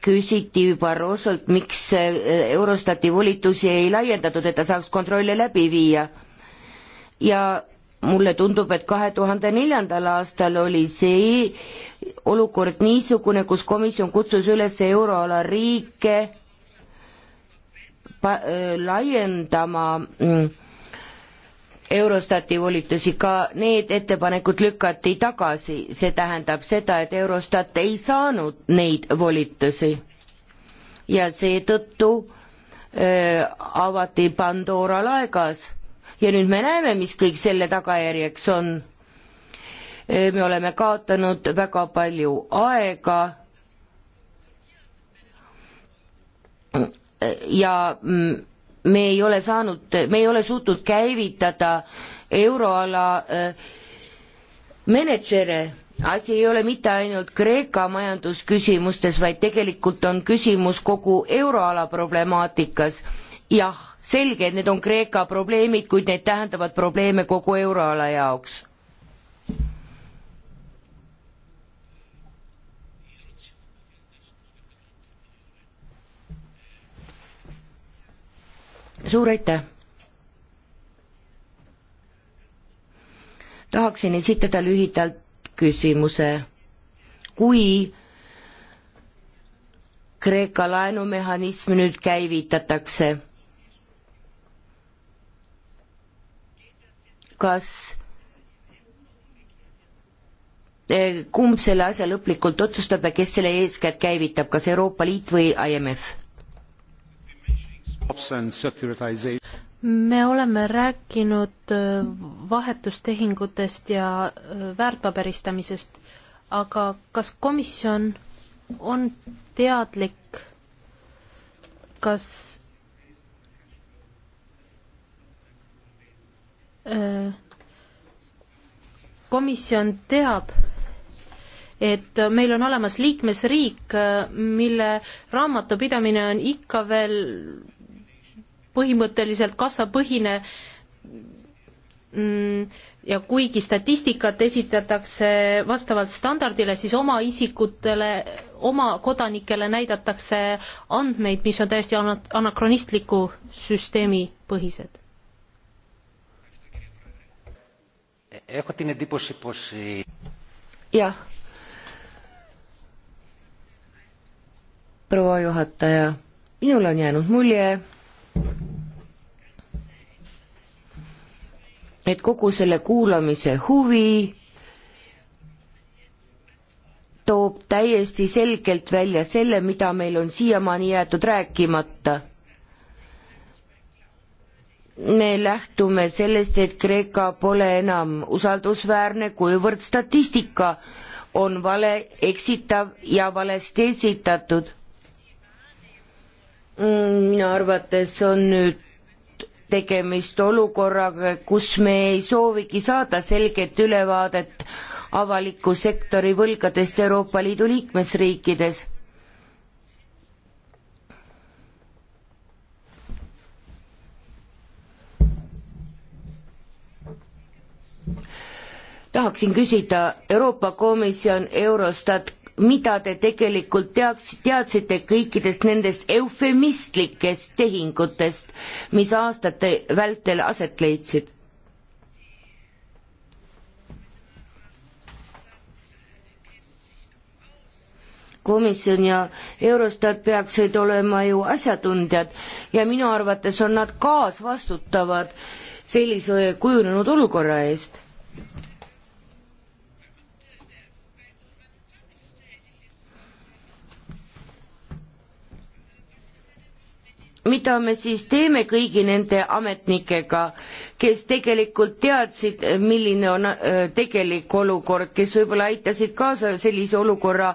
küsiti Barrosolt, miks Eurostati volitusi ei laiendatud, et ta saaks kontrolle läbi viia. ja mulle tundub, et kahe tuhande neljandal aastal oli see olukord niisugune, kus komisjon kutsus üles euroala riike äh, laiendama mm, Eurostati volitusi, ka need ettepanekud lükati tagasi, see tähendab seda, et Eurostat ei saanud neid volitusi. ja seetõttu äh, avati Pandora laegas ja nüüd me näeme, mis kõik selle tagajärjeks on äh,. me oleme kaotanud väga palju aega ja mm, me ei ole saanud, me ei ole suutnud käivitada euroala äh, mänedžere, asi ei ole mitte ainult Kreeka majandusküsimustes, vaid tegelikult on küsimus kogu euroala problemaatikas. jah, selge, et need on Kreeka probleemid, kuid need tähendavad probleeme kogu euroala jaoks suur aitäh! tahaksin esitada lühidalt küsimuse. kui Kreeka laenumehhanism nüüd käivitatakse, kas kumb selle asja lõplikult otsustab ja kes selle eeskätt käivitab, kas Euroopa Liit või IMF? me oleme rääkinud äh, vahetustehingutest ja äh, väärtpaberistamisest, aga kas komisjon on teadlik, kas äh, komisjon teab, et meil on olemas liikmesriik, mille raamatupidamine on ikka veel põhimõtteliselt kassapõhine mm, ja kuigi statistikat esitatakse vastavalt standardile, siis oma isikutele, oma kodanikele näidatakse andmeid, mis on täiesti anakronistliku süsteemi põhised. jah. proua juhataja, minul on jäänud mulje et kogu selle kuulamise huvi toob täiesti selgelt välja selle, mida meil on siiamaani jäetud rääkimata. me lähtume sellest, et Kreeka pole enam usaldusväärne, kuivõrd statistika on vale, eksitav ja valesti esitatud Mm, minu arvates on nüüd tegemist olukorraga, kus me ei soovigi saada selget ülevaadet avaliku sektori võlgadest Euroopa Liidu liikmesriikides. tahaksin küsida, Euroopa Komisjon, Eurostat, mida te tegelikult teaks, teadsite kõikidest nendest eufemistlikest tehingutest, mis aastate vältel aset leidsid? komisjon ja Eurostat peaksid olema ju asjatundjad ja minu arvates on nad kaasvastutavad sellise kujunenud olukorra eest mida me siis teeme kõigi nende ametnikega, kes tegelikult teadsid, milline on äh, tegelik olukord, kes võib-olla aitasid kaasa sellise olukorra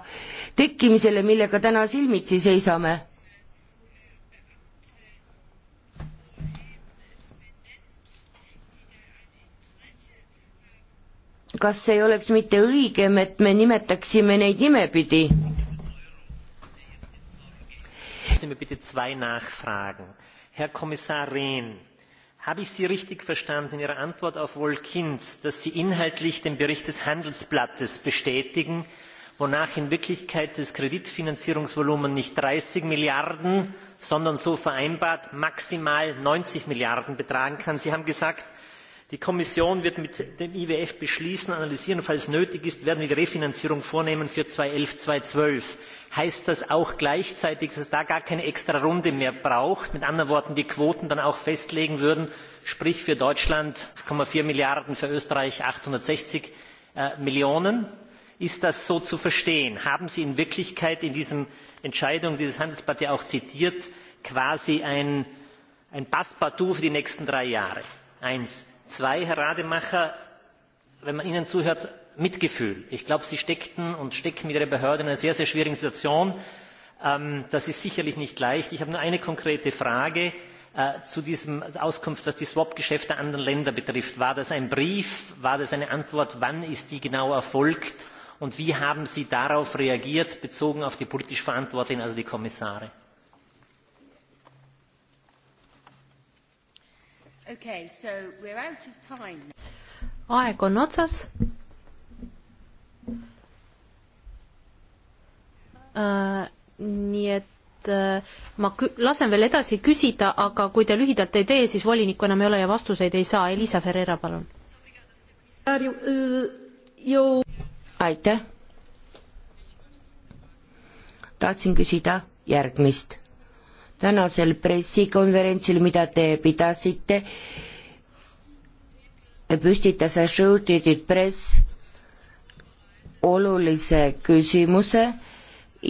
tekkimisele, millega täna silmitsi seisame? kas ei oleks mitte õigem, et me nimetaksime neid nimepidi? Sie mir bitte zwei Nachfragen. Herr Kommissar Rehn, habe ich Sie richtig verstanden in Ihrer Antwort auf Wolkins, dass Sie inhaltlich den Bericht des Handelsblattes bestätigen, wonach in Wirklichkeit das Kreditfinanzierungsvolumen nicht 30 Milliarden, sondern so vereinbart maximal 90 Milliarden betragen kann? Sie haben gesagt, die kommission wird mit dem iwf beschließen analysieren und falls nötig ist werden wir refinanzierung vornehmen für. zweitausendelf zweitausendzwölf heißt das auch gleichzeitig dass es da gar keine extrarunde mehr braucht mit anderen worten die quoten dann auch festlegen würden sprich für deutschland fünf vier milliarden für österreich achthundertsechzig äh, millionen? ist das so zu verstehen? haben sie in wirklichkeit in dieser entscheidung die das handelsblatt ja auch zitiert quasi ein ein passepartout für die nächsten drei jahre? eins. Zwei, Herr Rademacher, wenn man Ihnen zuhört, Mitgefühl. Ich glaube, Sie steckten und stecken mit Ihrer Behörde in einer sehr, sehr schwierigen Situation. Ähm, das ist sicherlich nicht leicht. Ich habe nur eine konkrete Frage äh, zu diesem Auskunft, was die Swap-Geschäfte anderen Länder betrifft. War das ein Brief? War das eine Antwort? Wann ist die genau erfolgt? Und wie haben Sie darauf reagiert, bezogen auf die politisch Verantwortlichen, also die Kommissare? Okay, so we're out of time. aeg on otsas. Äh, nii et äh, ma lasen veel edasi küsida, aga kui te lühidalt ei tee, siis volinikku enam ei ole ja vastuseid ei saa. Elisa Ferreira, palun. aitäh. tahtsin küsida järgmist tänasel pressikonverentsil, mida te pidasite, püstitas Associated Press olulise küsimuse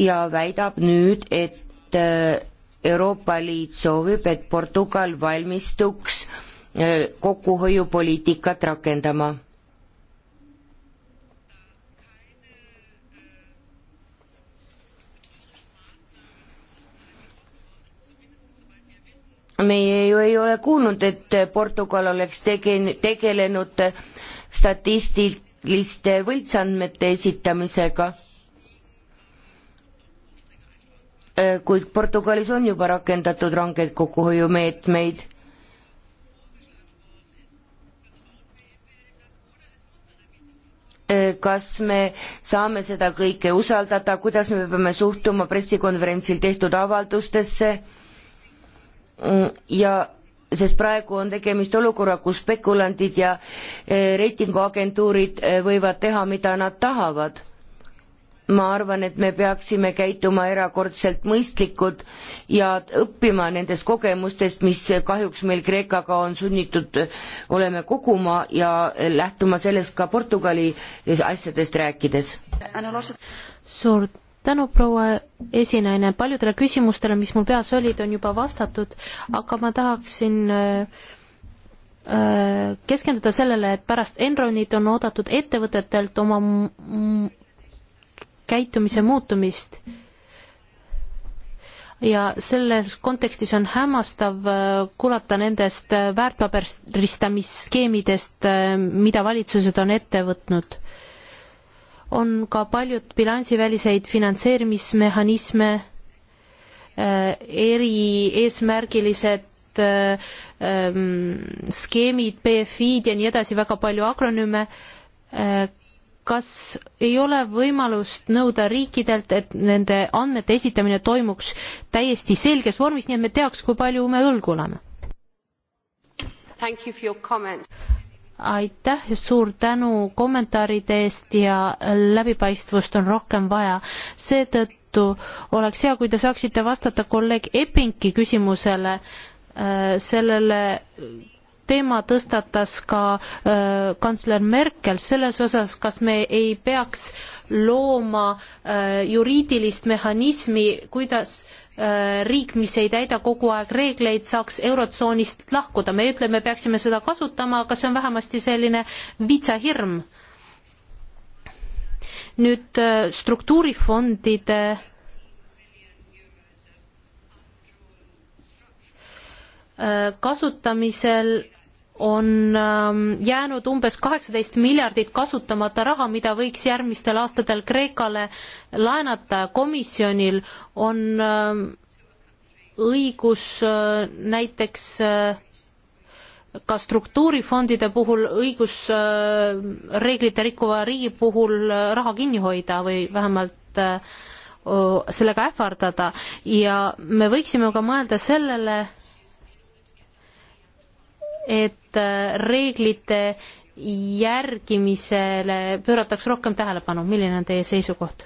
ja väidab nüüd, et äh, Euroopa Liit soovib, et Portugal valmistuks äh, kokkuhoiupoliitikat rakendama meie ju ei ole kuulnud, et Portugal oleks tege-, tegelenud statistiliste võltsandmete esitamisega. kuid Portugalis on juba rakendatud rangeid kokkuhoiumeetmeid. kas me saame seda kõike usaldada, kuidas me peame suhtuma pressikonverentsil tehtud avaldustesse Mm, ja sest praegu on tegemist olukorra, kus spekulandid ja eh, reitinguagentuurid eh, võivad teha, mida nad tahavad. ma arvan, et me peaksime käituma erakordselt mõistlikud ja õppima nendest kogemustest, mis kahjuks meil Kreekaga on sunnitud eh, oleme koguma ja lähtuma sellest ka Portugali asjadest rääkides. suur tänu, proua esinaine, paljudele küsimustele, mis mul peas olid, on juba vastatud, aga ma tahaksin äh, äh, keskenduda sellele, et pärast Enronit on oodatud ettevõtetelt oma käitumise muutumist. ja selles kontekstis on hämmastav äh, kuulata nendest väärtpaberistamisskeemidest, mida valitsused on ette võtnud on ka paljud bilansiväliseid finantseerimismehhanisme äh,, erieesmärgilised äh, ähm, skeemid, BFI-d ja nii edasi, väga palju akronüüme äh,. kas ei ole võimalust nõuda riikidelt, et nende andmete esitamine toimuks täiesti selges vormis, nii et me teaks, kui palju me õlgu oleme? aitäh ja suur tänu kommentaaride eest ja läbipaistvust on rohkem vaja. seetõttu oleks hea, kui te saaksite vastata kolleeg Eppinki küsimusele, äh, sellele teema tõstatas ka äh, kantsler Merkel selles osas, kas me ei peaks looma äh, juriidilist mehhanismi, kuidas äh, Äh, riik, mis ei täida kogu aeg reegleid, saaks Eurotsoonist lahkuda. me ei ütle, me peaksime seda kasutama, aga see on vähemasti selline vitsahirm. nüüd äh, struktuurifondide äh, kasutamisel on ähm, jäänud umbes kaheksateist miljardit kasutamata raha, mida võiks järgmistel aastatel Kreekale laenata. komisjonil on ähm, õigus äh, näiteks äh, ka struktuurifondide puhul õigus äh, reeglite rikkuva riigi puhul raha kinni hoida või vähemalt sellega ähvardada ja me võiksime ka mõelda sellele, et Äh, reeglite järgimisele pöörataks rohkem tähelepanu, milline on teie seisukoht?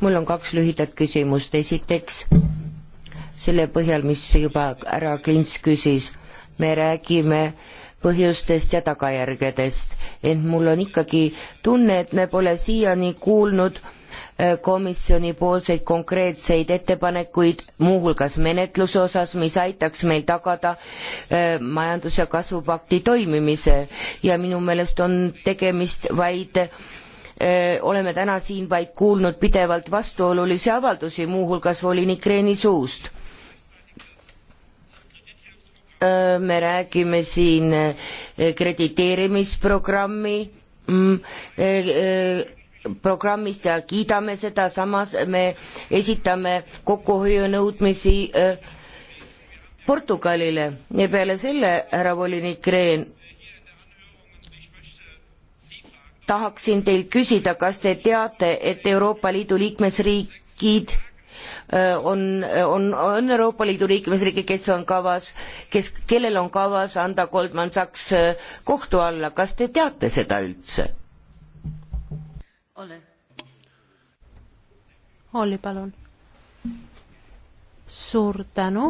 mul on kaks lühidat küsimust, esiteks selle põhjal, mis juba härra Klints küsis, me räägime põhjustest ja tagajärgedest, ent mul on ikkagi tunne, et me pole siiani kuulnud äh, komisjonipoolseid konkreetseid ettepanekuid, muuhulgas menetluse osas, mis aitaks meil tagada äh, majandus- ja kasvupakti toimimise ja minu meelest on tegemist vaid äh, oleme täna siin vaid kuulnud pidevalt vastuolulisi avaldusi, muuhulgas volinik Reeni suust äh, me räägime siin krediteerimisprogrammi mm, programmist ja kiidame seda, samas me esitame kokkuhoiunõudmisi äh, Portugalile ja peale selle, härra volinik Rehn, tahaksin teilt küsida, kas te teate, et Euroopa Liidu liikmesriigid äh, on, on, on Euroopa Liidu liikmesriike, kes on kavas, kes, kellel on kavas anda Goldman Sachs äh, kohtu alla, kas te teate seda üldse? Olle. Olli, palun. suur tänu.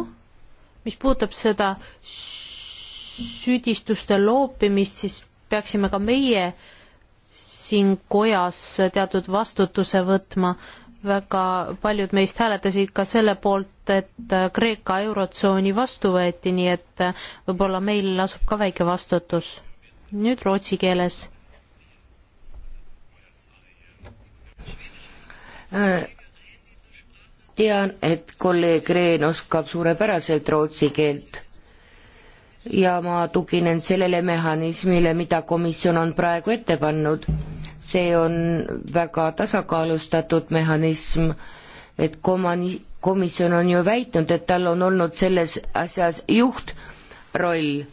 mis puudutab seda süüdistuste loopimist, siis peaksime ka meie siin kojas teatud vastutuse võtma. väga paljud meist hääletasid ka selle poolt, et Kreeka eurotsooni vastu võeti, nii et võib-olla meil lasub ka väike vastutus. nüüd rootsi keeles tean, et kolleeg Reen oskab suurepäraselt rootsi keelt ja ma tuginen sellele mehhanismile, mida komisjon on praegu ette pannud. see on väga tasakaalustatud mehhanism, et komani-, komisjon on ju väitnud, et tal on olnud selles asjas juhtroll,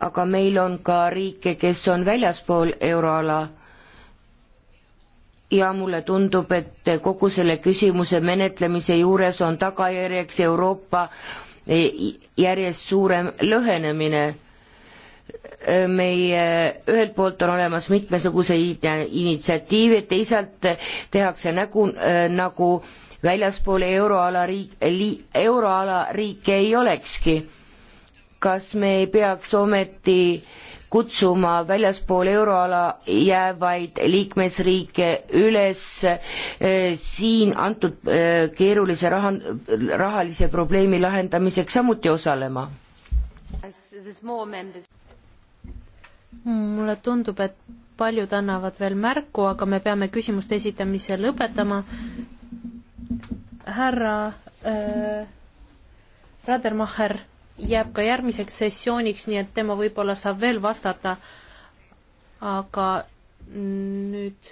aga meil on ka riike, kes on väljaspool euroala ja mulle tundub, et kogu selle küsimuse menetlemise juures on tagajärjeks Euroopa järjest suurem lõhenemine. meie ühelt poolt on olemas mitmesuguseid initsiatiive, teisalt tehakse nägu, äh, nagu väljaspool euroala riik, euroala riike ei olekski. kas me ei peaks ometi äh, kutsuma väljaspool euroala jäävaid liikmesriike üles eh, siin antud eh, keerulise raha, rahalise probleemi lahendamiseks samuti osalema? mulle tundub, et paljud annavad veel märku, aga me peame küsimuste esitamise lõpetama. härra äh, Radermacher jääb ka järgmiseks sessiooniks, nii et tema võib-olla saab veel vastata. aga nüüd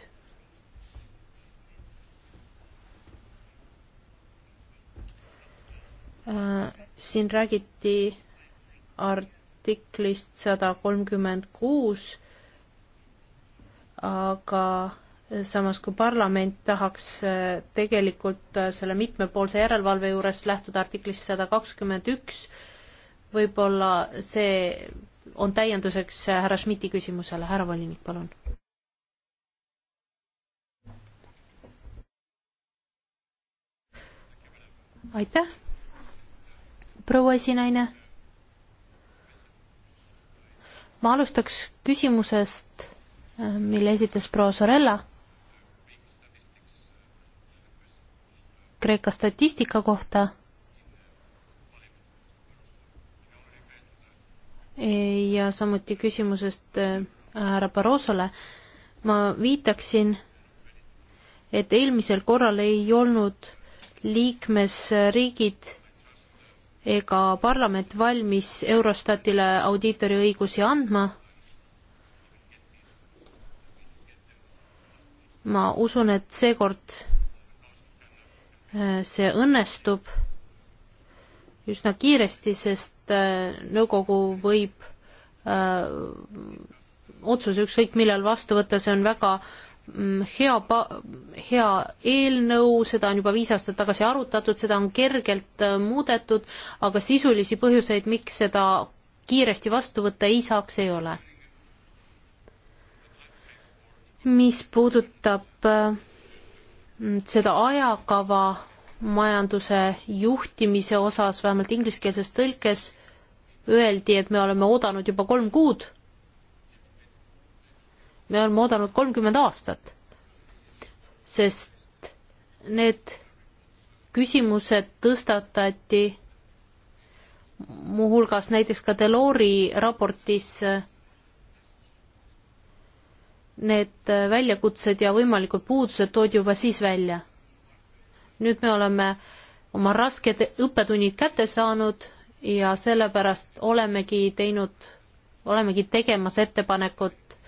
äh, siin räägiti artiklist sada kolmkümmend kuus, aga samas kui parlament tahaks äh, tegelikult äh, selle mitmepoolse järelevalve juures lähtuda artiklist sada kakskümmend üks võib-olla see on täienduseks härra Schmidti küsimusele, härra volinik, palun. aitäh, proua esinaine. ma alustaks küsimusest, eh, mille esitas proua Sorella Kreeka statistika kohta ja samuti küsimusest äh, härra Barrosole, ma viitaksin, et eelmisel korral ei olnud liikmesriigid ega parlament valmis Eurostatile audiitori õigusi andma. ma usun, et seekord äh, see õnnestub üsna kiiresti, sest et äh, nõukogu võib öö, äh, otsuse ükskõik millal vastu võtta, see on väga mm, hea, hea eelnõu, seda on juba viis aastat tagasi arutatud, seda on kergelt öö, äh, muudetud, aga sisulisi põhjuseid, miks seda kiiresti vastu võtta ei saaks, ei ole. mis puudutab öö, seda ajakava majanduse juhtimise osas, vähemalt ingliskeelses tõlkes, öeldi, et me oleme oodanud juba kolm kuud. me oleme oodanud kolmkümmend aastat, sest need küsimused tõstatati muuhulgas näiteks ka Delori raportis need väljakutsed ja võimalikud puudused toodi juba siis välja. nüüd me oleme oma rasked õppetunnid kätte saanud ja sellepärast olemegi teinud, olemegi tegemas ettepanekut äh,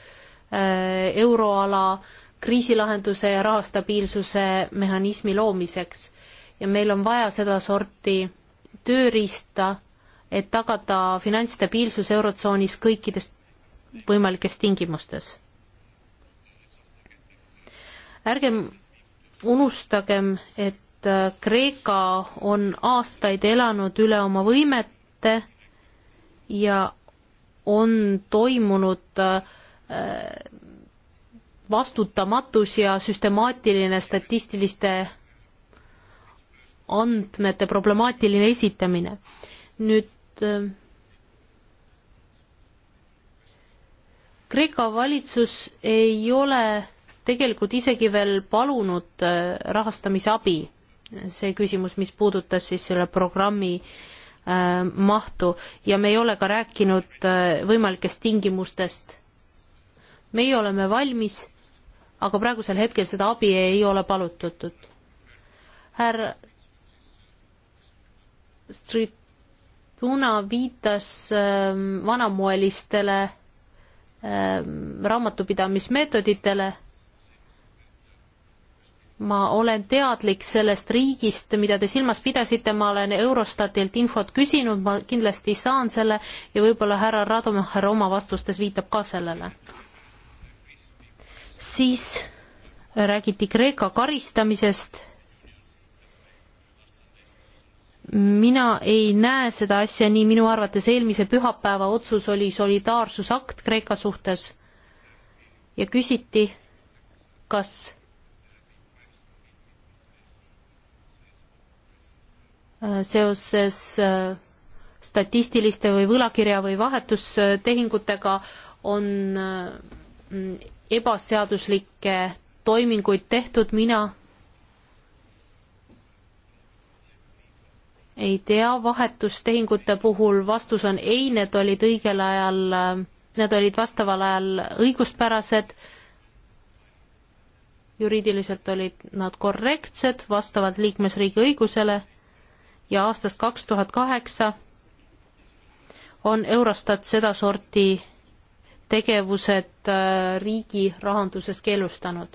euroala kriisilahenduse ja rahastabiilsuse mehhanismi loomiseks ja meil on vaja sedasorti tööriista, et tagada finantsstabiilsus Eurotsoonis kõikides võimalikes tingimustes. ärgem unustagem, et Äh, Kreeka on aastaid elanud üle oma võimete ja on toimunud äh, äh, vastutamatus ja süstemaatiline statistiliste andmete problemaatiline esitamine. nüüd Kreeka valitsus ei ole tegelikult isegi veel palunud rahastamise abi see küsimus, mis puudutas siis selle programmi äh, mahtu ja me ei ole ka rääkinud äh, võimalikest tingimustest. meie oleme valmis, aga praegusel hetkel seda abi ei ole palutatud. härra Strituna viitas äh, vanamoelistele ähm, raamatupidamismeetoditele ma olen teadlik sellest riigist, mida te silmas pidasite, ma olen Eurostatilt infot küsinud, ma kindlasti saan selle ja võib-olla härra Radomäher oma vastustes viitab ka sellele. siis räägiti Kreeka karistamisest. mina ei näe seda asja nii, minu arvates eelmise pühapäeva otsus oli solidaarsusakt Kreeka suhtes ja küsiti, kas seoses äh, statistiliste või võlakirja või vahetustehingutega on äh, ebaseaduslikke toiminguid tehtud, mina ei tea, vahetustehingute puhul vastus on ei, need olid õigel ajal, äh, need olid vastaval ajal õiguspärased, juriidiliselt olid nad korrektsed, vastavalt liikmesriigi õigusele ja aastast kaks tuhat kaheksa on Eurostat sedasorti tegevused äh, riigi rahanduses keelustanud.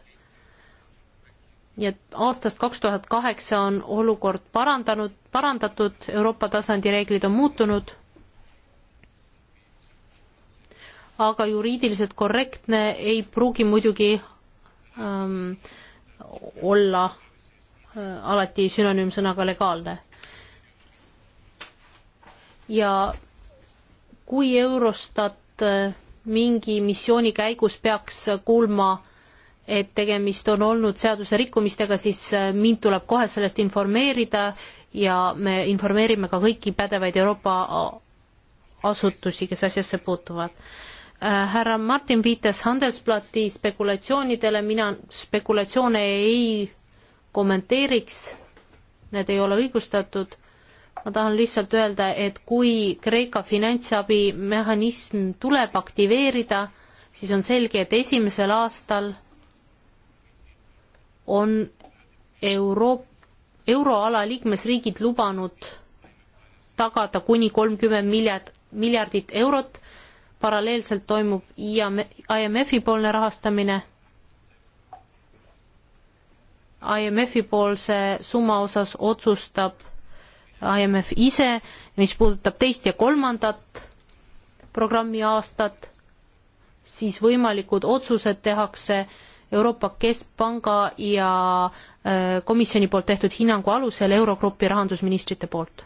nii et aastast kaks tuhat kaheksa on olukord parandanud, parandatud, Euroopa tasandi reeglid on muutunud, aga juriidiliselt korrektne ei pruugi muidugi ähm, olla äh, alati sünonüüm sõnaga legaalne ja kui Eurostat äh, mingi missiooni käigus peaks kuulma, et tegemist on olnud seaduserikkumistega, siis äh, mind tuleb kohe sellest informeerida ja me informeerime ka kõiki pädevaid Euroopa äh, asutusi, kes asjasse puutuvad. härra Martin viitas Handelsblati spekulatsioonidele, mina spekulatsioone ei kommenteeriks, need ei ole õigustatud ma tahan lihtsalt öelda, et kui Kreeka finantsabimehhanism tuleb aktiveerida, siis on selge, et esimesel aastal on Euroop-, euroala liikmesriigid lubanud tagada kuni kolmkümmend miljard, miljardit eurot, paralleelselt toimub IMF-i e-, poolne rahastamine, IMF-i poolse summa osas otsustab IMF ise, mis puudutab teist ja kolmandat programmi aastat, siis võimalikud otsused tehakse Euroopa Keskpanga ja äh, komisjoni poolt tehtud hinnangu alusel Eurogrupi rahandusministrite poolt.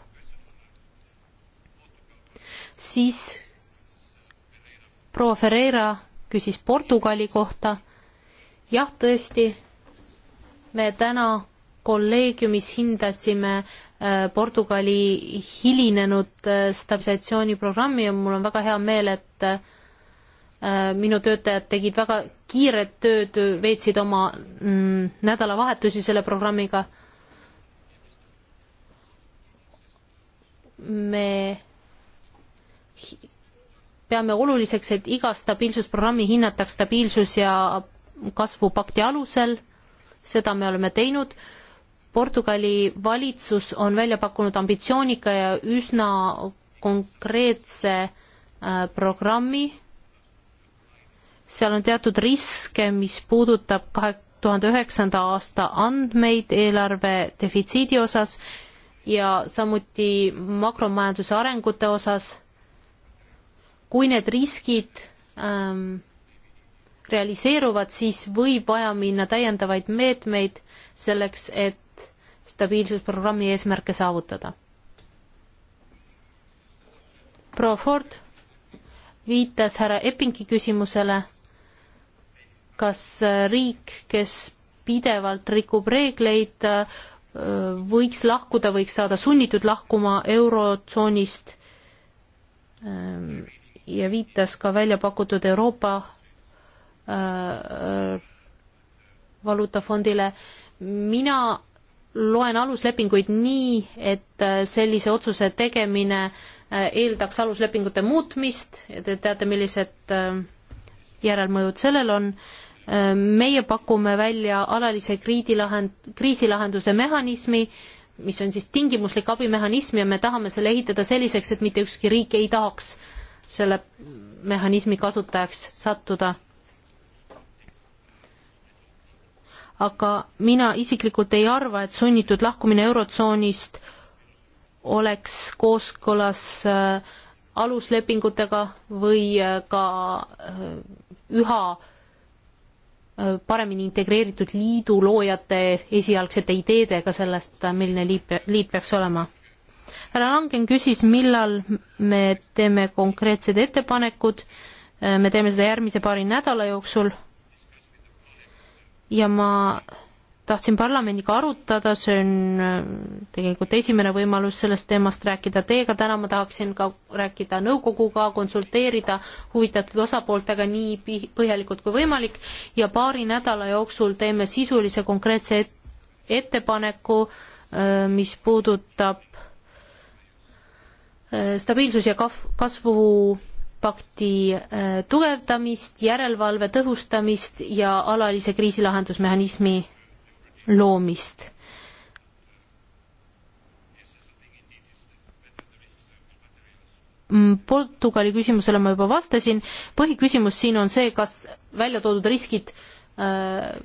siis proua Ferreira küsis Portugali kohta. jah, tõesti, me täna kolleegiumis hindasime Äh, Portugali hilinenud äh, stabilisatsiooniprogrammi ja mul on väga hea meel, et äh, minu töötajad tegid väga kiiret tööd, veetsid oma mm, nädalavahetusi selle programmiga. me peame oluliseks, et iga stabiilsusprogrammi hinnataks stabiilsus ja kasvupakti alusel, seda me oleme teinud Portugali valitsus on välja pakkunud ambitsioonika ja üsna konkreetse äh, programmi. seal on teatud riske, mis puudutab kahe tuhande üheksanda aasta andmeid eelarve defitsiidi osas ja samuti makromajanduse arengute osas. kui need riskid ähm, realiseeruvad, siis võib vaja minna täiendavaid meetmeid selleks, et stabiilsusprogrammi eesmärke saavutada. proua Ford viitas härra Eppingi küsimusele, kas riik, kes pidevalt rikub reegleid, võiks lahkuda, võiks saada sunnitud lahkuma Eurotsoonist ja viitas ka välja pakutud Euroopa äh, valuutafondile. mina loen aluslepinguid nii, et äh, sellise otsuse tegemine äh, eeldaks aluslepingute muutmist ja te teate, millised äh, järelmõjud sellel on. meie pakume välja alalise kriidilahend-, kriisilahenduse mehhanismi, mis on siis tingimuslik abimehhanism ja me tahame selle ehitada selliseks, et mitte ükski riik ei tahaks selle mehhanismi kasutajaks sattuda aga mina isiklikult ei arva, et sunnitud lahkumine Eurotsoonist oleks kooskõlas äh, aluslepingutega või äh, ka äh, üha äh, paremini integreeritud liidu loojate esialgsete ideedega sellest, äh, milline liit, liit peaks olema. härra Langen küsis, millal me teeme konkreetsed ettepanekud, äh, me teeme seda järgmise paari nädala jooksul ja ma tahtsin parlamendiga arutada, see on äh, tegelikult esimene võimalus sellest teemast rääkida teiega, täna ma tahaksin ka rääkida nõukoguga, konsulteerida huvitatud osapooltega nii põhjalikult kui võimalik ja paari nädala jooksul teeme sisulise konkreetse ettepaneku, äh, mis puudutab äh, stabiilsus- ja kasvu pakti äh, tugevdamist, järelevalve tõhustamist ja alalise kriisilahendusmehhanismi loomist. Mm, Portugali küsimusele ma juba vastasin, põhiküsimus siin on see, kas välja toodud riskid äh,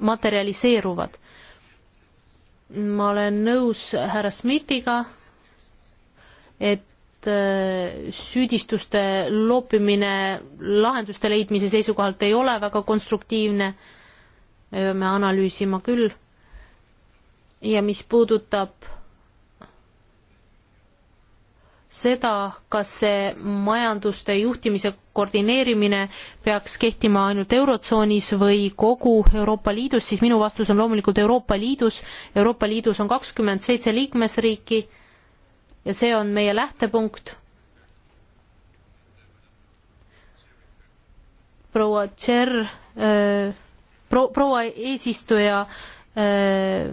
materialiseeruvad. ma olen nõus härra Smithiga, et Äh, süüdistuste loopimine lahenduste leidmise seisukohalt ei ole väga konstruktiivne, me peame analüüsima küll. ja mis puudutab seda, kas see majanduste juhtimise koordineerimine peaks kehtima ainult Eurotsoonis või kogu Euroopa Liidus, siis minu vastus on loomulikult Euroopa Liidus. Euroopa Liidus on kakskümmend seitse liikmesriiki ja see on meie lähtepunkt. proua Tšer, äh, proua, proua eesistuja äh,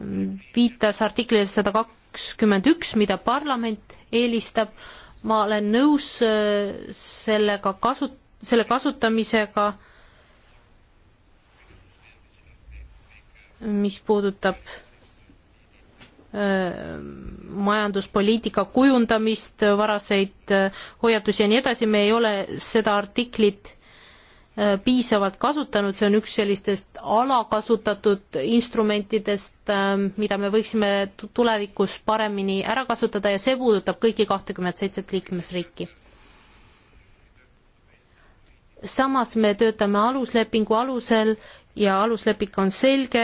viitas artiklile sada kakskümmend üks, mida parlament eelistab. ma olen nõus äh, sellega kasu-, selle kasutamisega, mis puudutab Äh, majanduspoliitika kujundamist, varaseid äh, hoiatusi ja nii edasi, me ei ole seda artiklit äh, piisavalt kasutanud, see on üks sellistest alakasutatud instrumentidest, mida me võiksime tulevikus paremini ära kasutada ja see puudutab kõiki kahtekümmet seitset liikmesriiki samas me töötame aluslepingu alusel ja aluslepik on selge,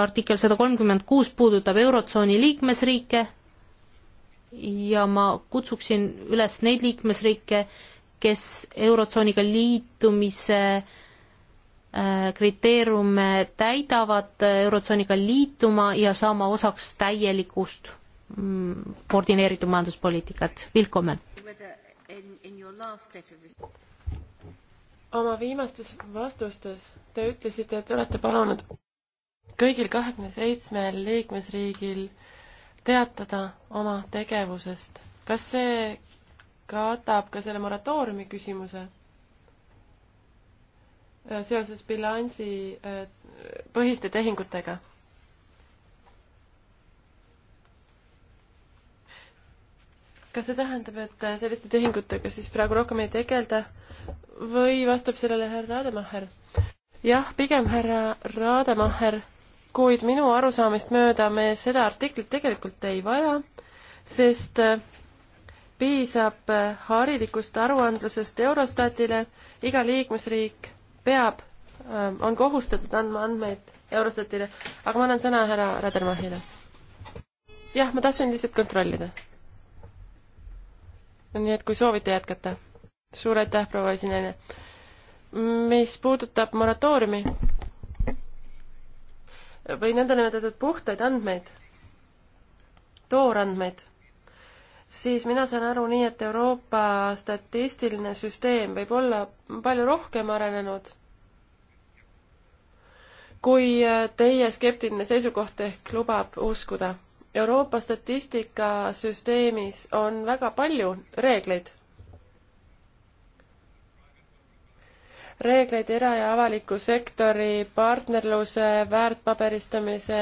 artikkel sada kolmkümmend kuus puudutab Eurotsooni liikmesriike ja ma kutsuksin üles neid liikmesriike, kes Eurotsooniga liitumise äh, kriteeriume täidavad Eurotsooniga liituma ja saama osaks täielikust mm, koordineeritud majanduspoliitikat. Willkommen! oma viimastes vastustes te ütlesite, et olete palunud kõigil kahekümne seitsmel liikmesriigil teatada oma tegevusest. kas see katab ka selle moratooriumi küsimuse? seoses bilansi äh, põhiste tehingutega kas see tähendab, et selliste tehingutega siis praegu rohkem ei tegelda või vastab sellele härra Rademacher? jah, pigem härra Rademacher, kuid minu arusaamist mööda me seda artiklit tegelikult ei vaja, sest äh, piisab äh, harilikust aruandlusest Eurostatile, iga liikmesriik peab, äh, on kohustatud andma andmeid Eurostatile, aga ma annan sõna härra Rademachile. jah, ma tahtsin lihtsalt kontrollida nii et kui soovite jätkata. suur aitäh, proua esineja. mis puudutab moratooriumi või nõndanimetatud puhtaid andmeid, toorandmeid, siis mina saan aru nii, et Euroopa statistiline süsteem võib olla palju rohkem arenenud kui teie skeptiline seisukoht ehk lubab uskuda Euroopa statistikasüsteemis on väga palju reegleid. reegleid era- ja avaliku sektori partnerluse, väärtpaberistamise,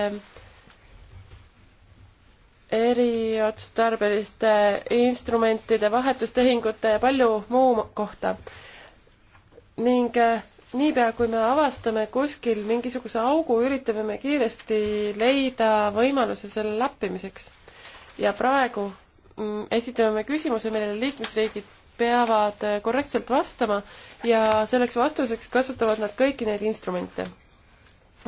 eriotstarbeliste instrumentide, vahetustehingute ja palju muu kohta. ning niipea, kui me avastame kuskil mingisuguse augu, üritame me kiiresti leida võimaluse selle lappimiseks. ja praegu mm, esitame me küsimuse, millele liikmesriigid peavad äh, korrektselt vastama ja selleks vastuseks kasutavad nad kõiki neid instrumente.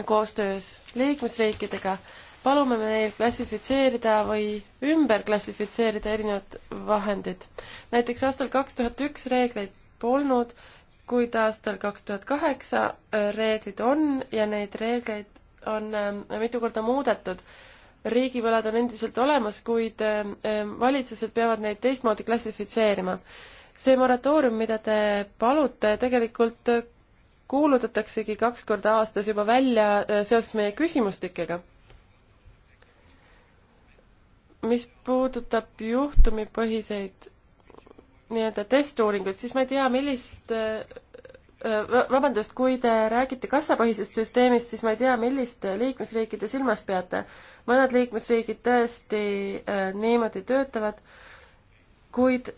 koostöös liikmesriikidega palume me neil klassifitseerida või ümber klassifitseerida erinevad vahendid. näiteks aastal kaks tuhat üks reegleid polnud kuid aastal kaks tuhat kaheksa äh, reeglid on ja neid reegleid on äh, mitu korda muudetud. riigivõlad on endiselt olemas, kuid äh, valitsused peavad neid teistmoodi klassifitseerima. see moratoorium, mida te palute, tegelikult kuulutataksegi kaks korda aastas juba välja seoses meie küsimustikega. mis puudutab juhtumipõhiseid nii-öelda testuuringut, siis ma ei tea, millist äh, äh, vabandust, kui te räägite kassapõhisest süsteemist, siis ma ei tea, millist liikmesriiki te silmas peate. mõned liikmesriigid tõesti äh, niimoodi töötavad, kuid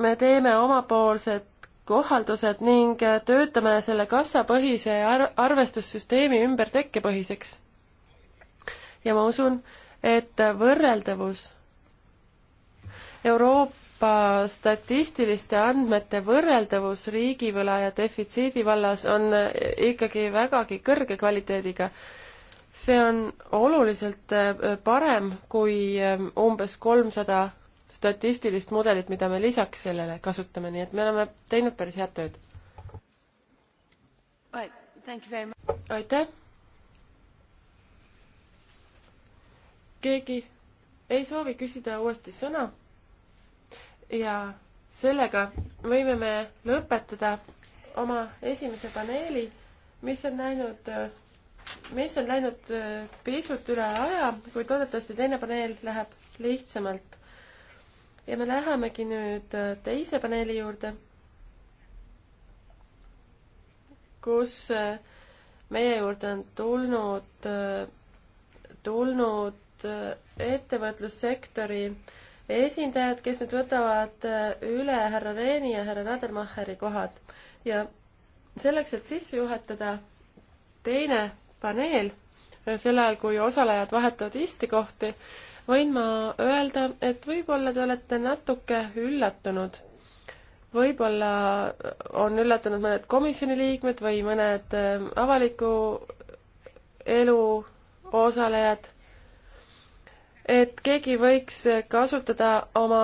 me teeme omapoolsed kohaldused ning töötame selle kassapõhise ar arvestussüsteemi ümber tekkepõhiseks. ja ma usun, et võrreldavus Euroopa Euroopa statistiliste andmete võrreldavus riigivõla ja defitsiidi vallas on ikkagi vägagi kõrge kvaliteediga. see on oluliselt äh, parem kui ähm, umbes kolmsada statistilist mudelit, mida me lisaks sellele kasutame, nii et me oleme teinud päris head tööd. aitäh! keegi ei soovi küsida uuesti sõna ja sellega võime me lõpetada oma esimese paneeli, mis on läinud, mis on läinud äh, pisut üle aja, kuid loodetavasti teine paneel läheb lihtsamalt. ja me lähemegi nüüd äh, teise paneeli juurde, kus äh, meie juurde on tulnud, tulnud ettevõtlussektori äh, esindajad, kes nüüd võtavad äh, üle härra Reeni ja härra Nadermacheri kohad. ja selleks, et sisse juhatada teine paneel, äh, sel ajal, kui osalejad vahetavad istekohti, võin ma öelda, et võib-olla te olete natuke üllatunud. võib-olla äh, on üllatunud mõned komisjoni liikmed või mõned avaliku elu osalejad et keegi võiks kasutada oma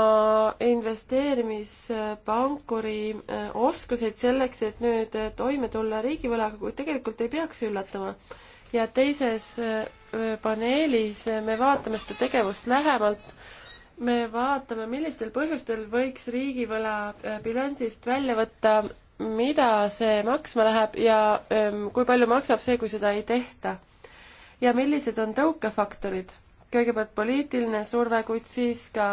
investeerimispankuri äh, oskuseid selleks, et nüüd äh, toime tulla riigivõlaga, kuid tegelikult ei peaks üllatama. ja teises äh, paneelis me vaatame seda tegevust lähemalt. me vaatame, millistel põhjustel võiks riigivõla bilansist välja võtta, mida see maksma läheb ja ähm, kui palju maksab see, kui seda ei tehta. ja millised on tõukefaktorid kõigepealt poliitiline surve, kuid siis ka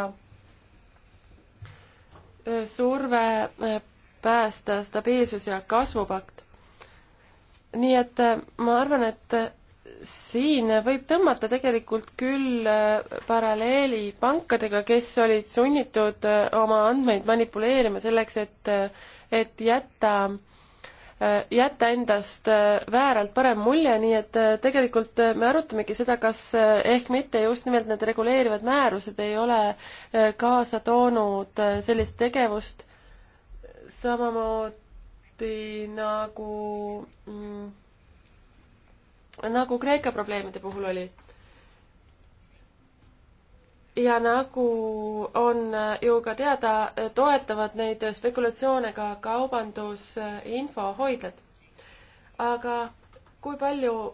äh, surve äh, päästa stabiilsus ja kasvupakt. nii et äh, ma arvan, et siin võib tõmmata tegelikult küll paralleeli pankadega, kes olid sunnitud oma andmeid manipuleerima selleks, et, et jätta äh, Äh, jätta endast äh, vääralt parem mulje, nii et äh, tegelikult me arutamegi seda, kas ehk mitte just nimelt need reguleerivad määrused ei ole kaasa toonud sellist tegevust, samamoodi nagu, mm, nagu Kreeka probleemide puhul oli ja nagu on ju ka teada, toetavad neid spekulatsioone ka kaubandusinfo hoidlad. aga kui palju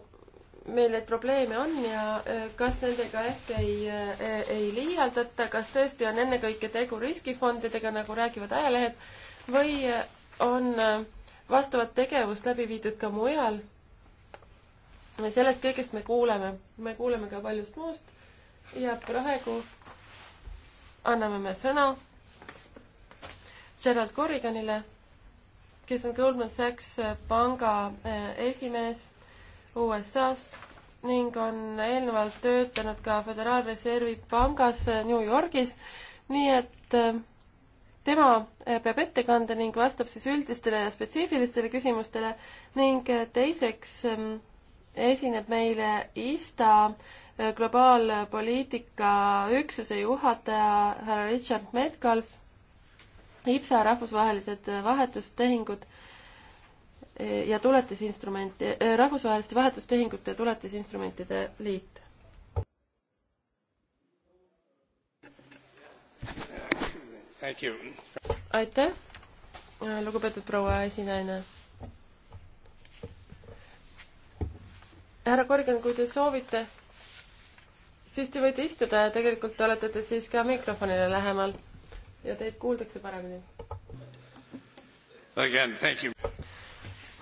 meil neid probleeme on ja e, kas nendega ehk ei, e, ei liialdata, kas tõesti on ennekõike tegu riskifondidega, nagu räägivad ajalehed, või on vastavat tegevust läbi viidud ka mujal? sellest kõigest me kuuleme, me kuuleme ka paljust muust ja praegu anname me sõna Gerald Corriganile, kes on Goldman Sachs eh, panga eh, esimees USA-st ning on eelnevalt töötanud ka Föderaalreservi pangas eh, New Yorgis, nii et tema peab ettekande ning vastab siis üldistele ja spetsiifilistele küsimustele ning teiseks esineb meile ISTA globaalpoliitika üksuse juhataja härra Richard Metcalf, IPSA rahvusvahelised vahetustehingud ja tuletisinstrument, eh, rahvusvaheliste vahetustehingute ja tuletisinstrumentide liit. aitäh, lugupeetud proua esinaine härra Korgen, kui te soovite, siis te võite istuda ja tegelikult te olete te siis ka mikrofonile lähemal ja teid kuuldakse paremini.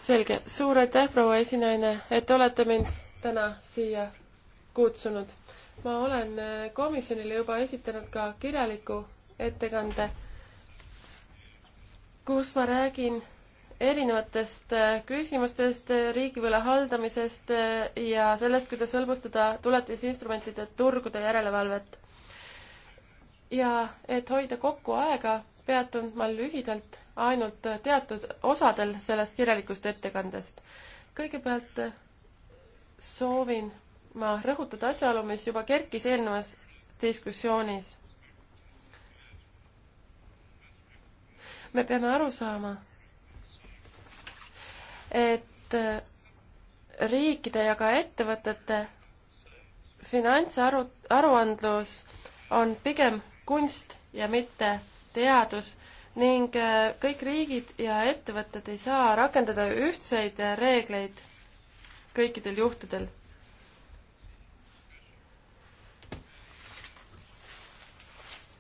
selge, suur aitäh, proua esinaine, et olete mind täna siia kutsunud. ma olen äh, komisjonile juba esitanud ka kirjaliku ettekande, kus ma räägin erinevatest äh, küsimustest, äh, riigivõla haldamisest äh, ja sellest, kuidas hõlbustada tuletisinstrumentide turgude järelevalvet. ja et hoida kokku aega, peatun ma lühidalt ainult teatud osadel sellest kirjalikust ettekandest. kõigepealt soovin ma rõhutada asjaolu, mis juba kerkis eelnevas diskussioonis. me peame aru saama, et äh, riikide ja ka ettevõtete finantsaru, aruandlus on pigem kunst ja mitte teadus ning äh, kõik riigid ja ettevõtted ei saa rakendada ühtseid äh, reegleid kõikidel juhtudel.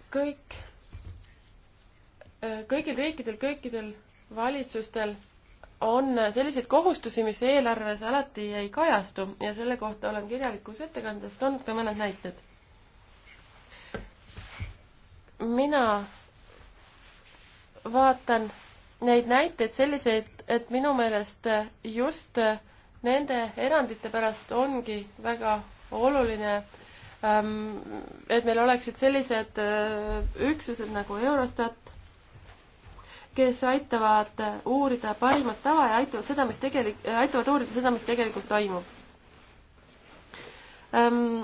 kõik, kõigil riikidel, kõikidel valitsustel on selliseid kohustusi, mis eelarves alati ei kajastu ja selle kohta olen kirjalikus ettekandes toonud ka mõned näited. mina vaatan neid näiteid selliseid, et minu meelest just nende erandite pärast ongi väga oluline, ähm, et meil oleksid sellised äh, üksused nagu Eurostat kes aitavad uurida parimat tava ja aitavad seda, mis tegelik-, aitavad uurida seda, mis tegelikult toimub ähm,.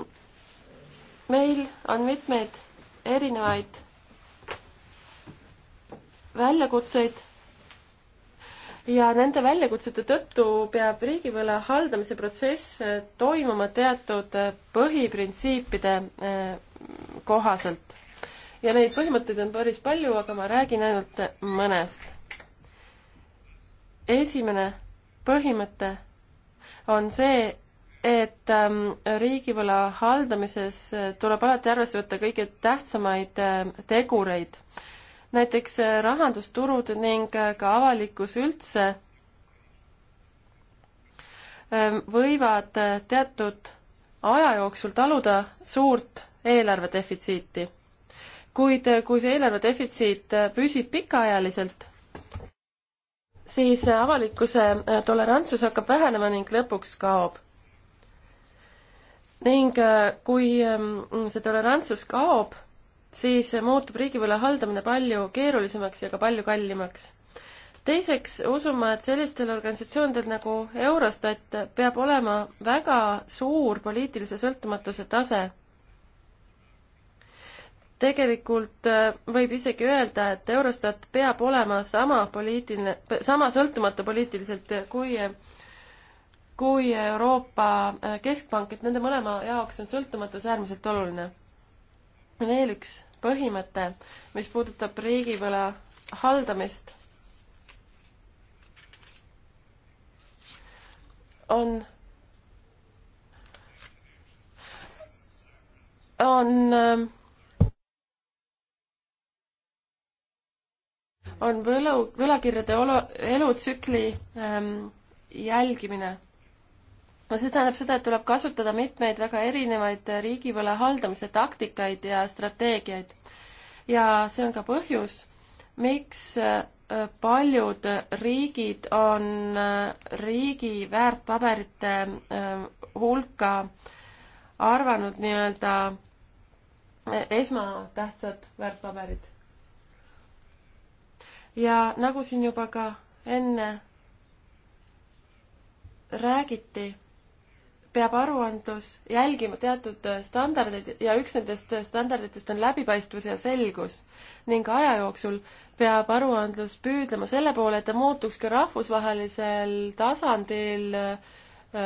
meil on mitmeid erinevaid väljakutseid ja nende väljakutsete tõttu peab riigivõla haldamise protsess toimuma teatud põhiprintsiipide eh, kohaselt ja neid põhimõtteid on päris palju, aga ma räägin ainult mõnest. esimene põhimõte on see, et ähm, riigivõla haldamises äh, tuleb alati arvesse võtta kõige tähtsamaid äh, tegureid. näiteks äh, rahandusturud ning äh, ka avalikkus üldse äh, võivad äh, teatud aja jooksul taluda suurt eelarvedefitsiiti kuid äh, kui see eelarve defitsiit äh, püsib pikaajaliselt, siis äh, avalikkuse tolerantsus hakkab vähenema ning lõpuks kaob. ning kui ähm, see tolerantsus kaob, siis muutub riigivõla haldamine palju keerulisemaks ja ka palju kallimaks. teiseks usun ma, et sellistel organisatsioonidel nagu Eurostat peab olema väga suur poliitilise sõltumatuse tase tegelikult äh, võib isegi öelda, et Eurostat peab olema sama poliitiline, sama sõltumatu poliitiliselt kui, kui Euroopa äh, Keskpank, et nende mõlema jaoks on sõltumatus äärmiselt oluline. veel üks põhimõte, mis puudutab riigivõla haldamist, on on äh, on võlu, võlakirjade olu, elutsükli ähm, jälgimine no see tähendab seda, et tuleb kasutada mitmeid väga erinevaid äh, riigivõla haldamise taktikaid ja strateegiaid. ja see on ka põhjus, miks äh, paljud riigid on äh, riigi väärtpaberite hulka arvanud nii-öelda esmatähtsad väärtpaberid ja nagu siin juba ka enne räägiti, peab aruandlus jälgima teatud standardeid ja üks nendest standarditest on läbipaistvus ja selgus ning aja jooksul peab aruandlus püüdlema selle poole, et ta muutuks ka rahvusvahelisel tasandil äh,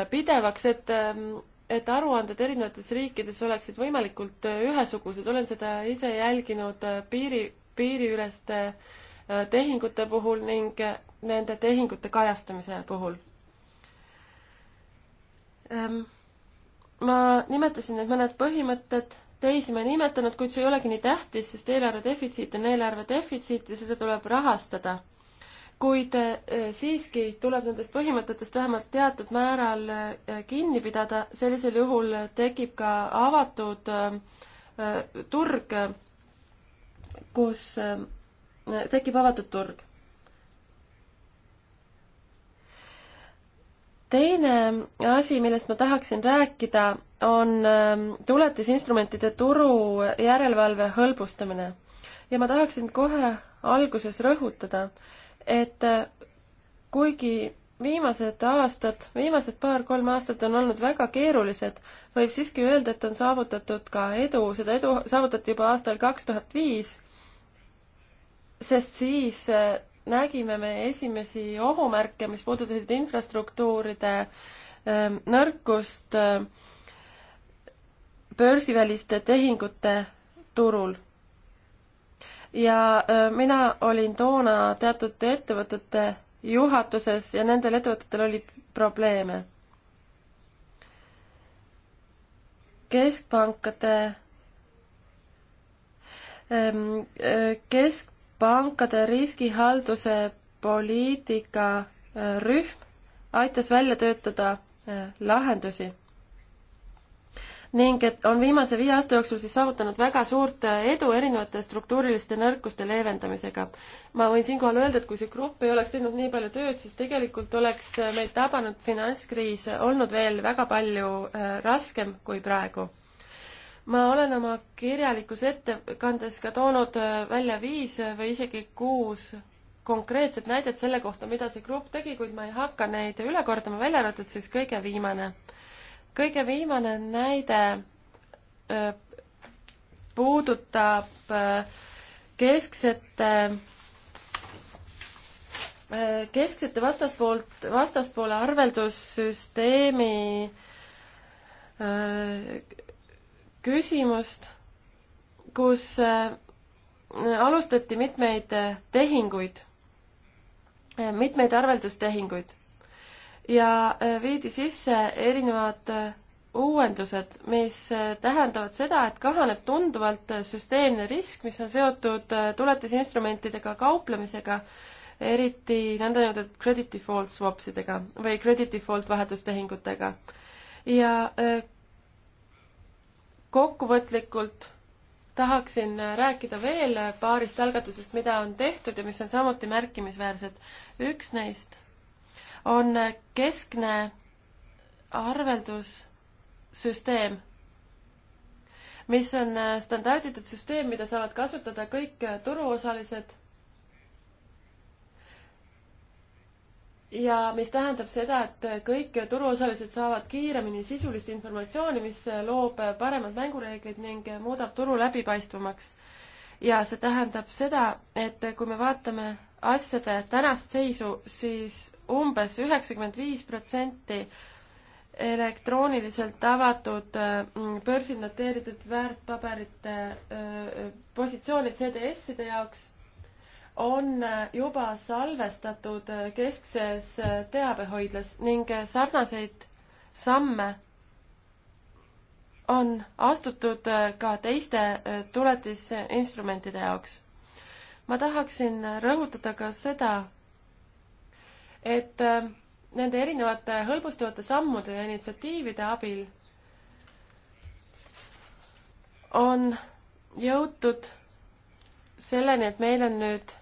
pidevaks, et, ähm, et aruanded erinevates riikides oleksid võimalikult äh, ühesugused, olen seda ise jälginud äh, piiri, piiriüleste äh, tehingute puhul ning nende tehingute kajastamise puhul. Ehm, ma nimetasin nüüd mõned põhimõtted, teisi ma ei nimetanud, kuid see ei olegi nii tähtis, sest eelarve defitsiit on eelarve defitsiit ja seda tuleb rahastada. kuid eh, siiski tuleb nendest põhimõtetest vähemalt teatud määral eh, kinni pidada, sellisel juhul tekib ka avatud eh, turg, kus tekib avatud turg. teine asi, millest ma tahaksin rääkida, on ähm, tuletisinstrumentide turu järelevalve hõlbustamine. ja ma tahaksin kohe alguses rõhutada, et äh, kuigi viimased aastad, viimased paar-kolm aastat on olnud väga keerulised, võib siiski öelda, et on saavutatud ka edu, seda edu saavutati juba aastal kaks tuhat viis sest siis äh, nägime me esimesi ohumärke, mis puudutasid infrastruktuuride ähm, nõrkust ähm, börsiväliste tehingute turul. ja äh, mina olin toona teatud ettevõtete juhatuses ja nendel ettevõtetel oli probleeme. keskpankade ähm, äh, kesk, pankade riskihalduse poliitika äh, rühm aitas välja töötada äh, lahendusi. ning et on viimase viie aasta jooksul siis saavutanud väga suurt äh, edu erinevate struktuuriliste nõrkuste leevendamisega. ma võin siinkohal öelda, et kui see grupp ei oleks teinud nii palju tööd, siis tegelikult oleks meid tabanud finantskriis olnud veel väga palju raskem kui praegu ma olen oma kirjalikus ettekandes ka toonud äh, välja viis äh, või isegi kuus konkreetset näidet selle kohta, mida see grupp tegi, kuid ma ei hakka neid üle kordama, välja arvatud siis kõige viimane. kõige viimane näide öö, äh, puudutab kesksete kesksete vastaspoolt, vastaspoole arveldussüsteemi küsimust, kus äh, alustati mitmeid äh, tehinguid, äh, mitmeid arveldustehinguid ja viidi sisse erinevad uuendused, mis tähendavad seda, et kahaneb tunduvalt süsteemne risk, mis on seotud tuletisinstrumentidega kauplemisega, eriti nõndanimetatud credit default swapsidega või credit default vahetustehingutega. ja kokkuvõtlikult tahaksin rääkida veel paarist algatusest, mida on tehtud ja mis on samuti märkimisväärsed. üks neist on keskne arveldussüsteem, mis on standarditud süsteem, mida saavad kasutada kõik turuosalised ja mis tähendab seda, et kõik turuosalised saavad kiiremini sisulist informatsiooni, mis loob paremad mängureeglid ning muudab turu läbipaistvamaks. ja see tähendab seda, et kui me vaatame asjade tänast seisu, siis umbes üheksakümmend viis protsenti elektrooniliselt avatud mm, börsil noteeritud väärtpaberite mm, positsioonid CDS-ide jaoks on juba salvestatud keskses teabehoidlas ning sarnaseid samme on astutud ka teiste tuletisinstrumentide jaoks. ma tahaksin rõhutada ka seda, et nende erinevate hõlbustavate sammude ja initsiatiivide abil on jõutud selleni, et meil on nüüd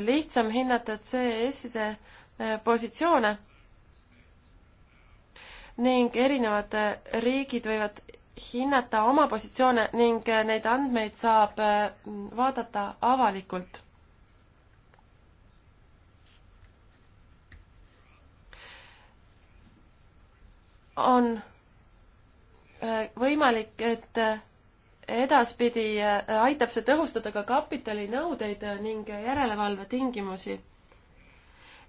lihtsam hinnata CS-ide eh, positsioone ning erinevad eh, riigid võivad hinnata oma positsioone ning eh, neid andmeid saab vaadata avalikult. on võimalik, et edaspidi äh, aitab see tõhustada ka kapitalinõudeid ning järelevalve tingimusi.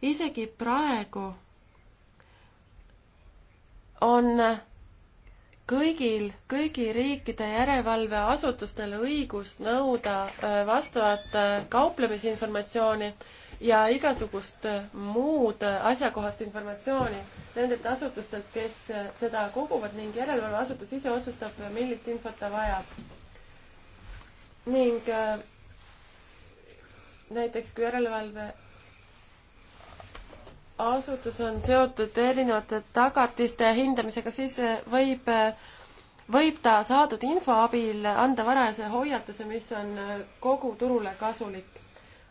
isegi praegu on kõigil, kõigi riikide järelevalveasutustel õigus nõuda äh, vastavat äh, kauplemisinformatsiooni ja igasugust muud asjakohast informatsiooni nendelt asutustelt, kes seda koguvad ning järelevalveasutus ise otsustab, millist infot ta vajab. ning äh, näiteks kui järelevalve asutus on seotud erinevate tagatiste hindamisega, siis äh, võib, äh, võib ta saadud info abil anda varajase hoiatuse, mis on kogu turule kasulik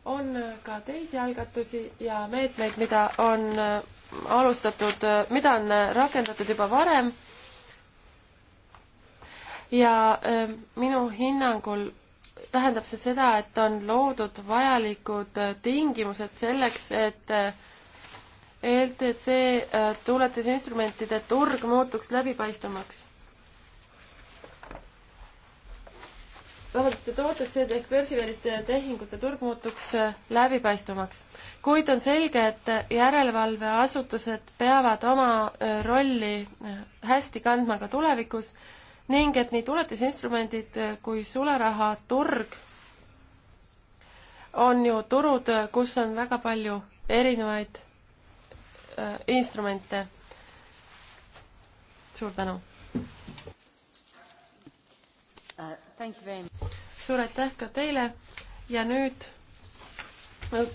on ka teisi algatusi ja meetmeid, mida on äh, alustatud, äh, mida on äh, rakendatud juba varem. ja minu hinnangul tähendab see seda, et on loodud vajalikud tingimused selleks, et LTC tuuletusinstrumentide turg muutuks läbipaistvamaks vabandust, et ootused ehk börsiväliste tehingute turg muutuks äh, läbipaistvamaks. kuid on selge, et äh, järelevalveasutused peavad oma äh, rolli hästi kandma ka tulevikus ning et nii tuletisinstrumendid kui sularahaturg on ju turud, kus on väga palju erinevaid instrumente. suur tänu! suur aitäh ka teile ja nüüd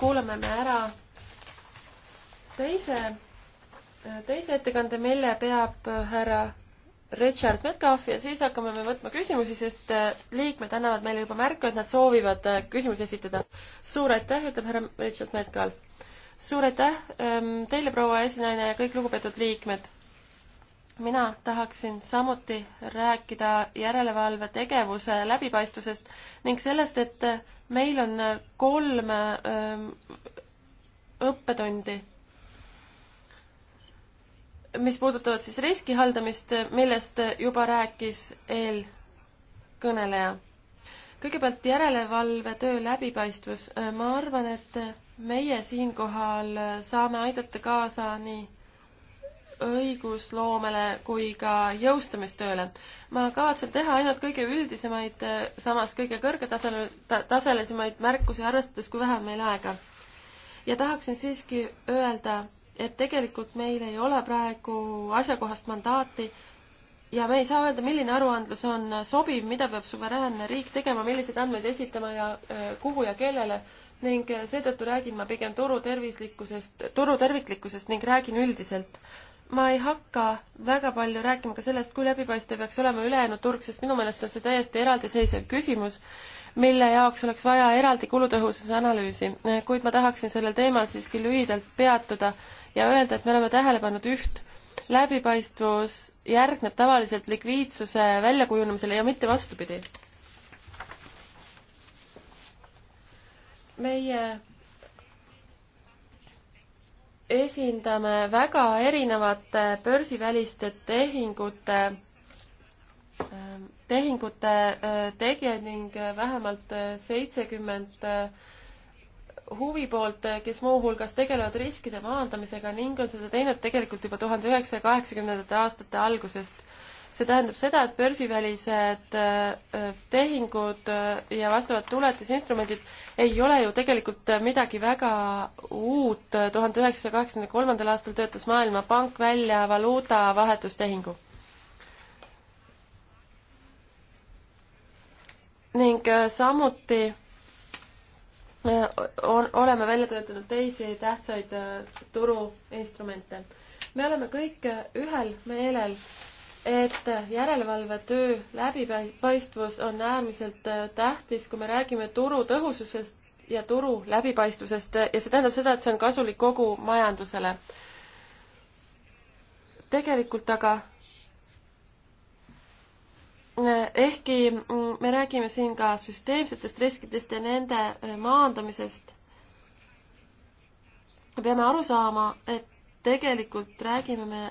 kuulame me ära teise, teise ettekande, mille peab härra Richard Metcalf ja siis hakkame me võtma küsimusi, sest äh, liikmed annavad meile juba märku, et nad soovivad äh, küsimusi esitada. suur aitäh, ütleb härra Richard Metcalf. suur aitäh ähm, teile, proua esinaine ja kõik lugupeetud liikmed mina tahaksin samuti rääkida järelevalve tegevuse läbipaistvusest ning sellest, et meil on kolm ähm, õppetundi, mis puudutavad siis riski haldamist, millest juba rääkis eelkõneleja. kõigepealt järelevalvetöö läbipaistvus. Äh, ma arvan, et meie siinkohal saame aidata kaasa nii õigusloomele kui ka jõustamistööle. ma kavatsen teha ainult kõige üldisemaid, eh, samas kõige kõrgetasele, taselisemaid märkusi, arvestades, kui vähe on meil aega. ja tahaksin siiski öelda, et tegelikult meil ei ole praegu asjakohast mandaati ja me ei saa öelda, milline aruandlus on sobiv, mida peab suveräänne riik tegema, milliseid andmeid esitama ja eh, kuhu ja kellele ning eh, seetõttu räägin ma pigem turu tervislikkusest, turu terviklikkusest ning räägin üldiselt ma ei hakka väga palju rääkima ka sellest, kui läbipaistev peaks olema ülejäänud turg, sest minu meelest on see täiesti eraldiseisev küsimus, mille jaoks oleks vaja eraldi kulutõhususe analüüsi, kuid ma tahaksin sellel teemal siiski lühidalt peatuda ja öelda, et me oleme tähele pannud üht, läbipaistvus järgneb tavaliselt likviidsuse väljakujunemisele ja mitte vastupidi. meie esindame väga erinevate börsiväliste tehingute, tehingute äh, tegijaid ning äh, vähemalt äh, seitsekümmend huvipoolt, kes muuhulgas tegelevad riskide maandamisega ning on seda teinud tegelikult juba tuhande üheksasaja kaheksakümnendate aastate algusest see tähendab seda, et börsivälised äh, tehingud äh, ja vastavad tuletisinstrumendid ei ole ju tegelikult midagi väga uut. tuhande üheksasaja kaheksakümne kolmandal aastal töötas Maailmapank välja valuuta vahetustehingu. ning äh, samuti on, oleme välja töötanud teisi tähtsaid turuinstrumente. me oleme kõik ühel meelel et järelevalvetöö läbipaistvus on äärmiselt äh, tähtis, kui me räägime turu tõhususest ja turu läbipaistvusest äh, ja see tähendab seda, et see on kasulik kogu majandusele. tegelikult aga äh, ehkki mm, me räägime siin ka süsteemsetest riskidest ja nende maandamisest, me peame aru saama, et tegelikult räägime me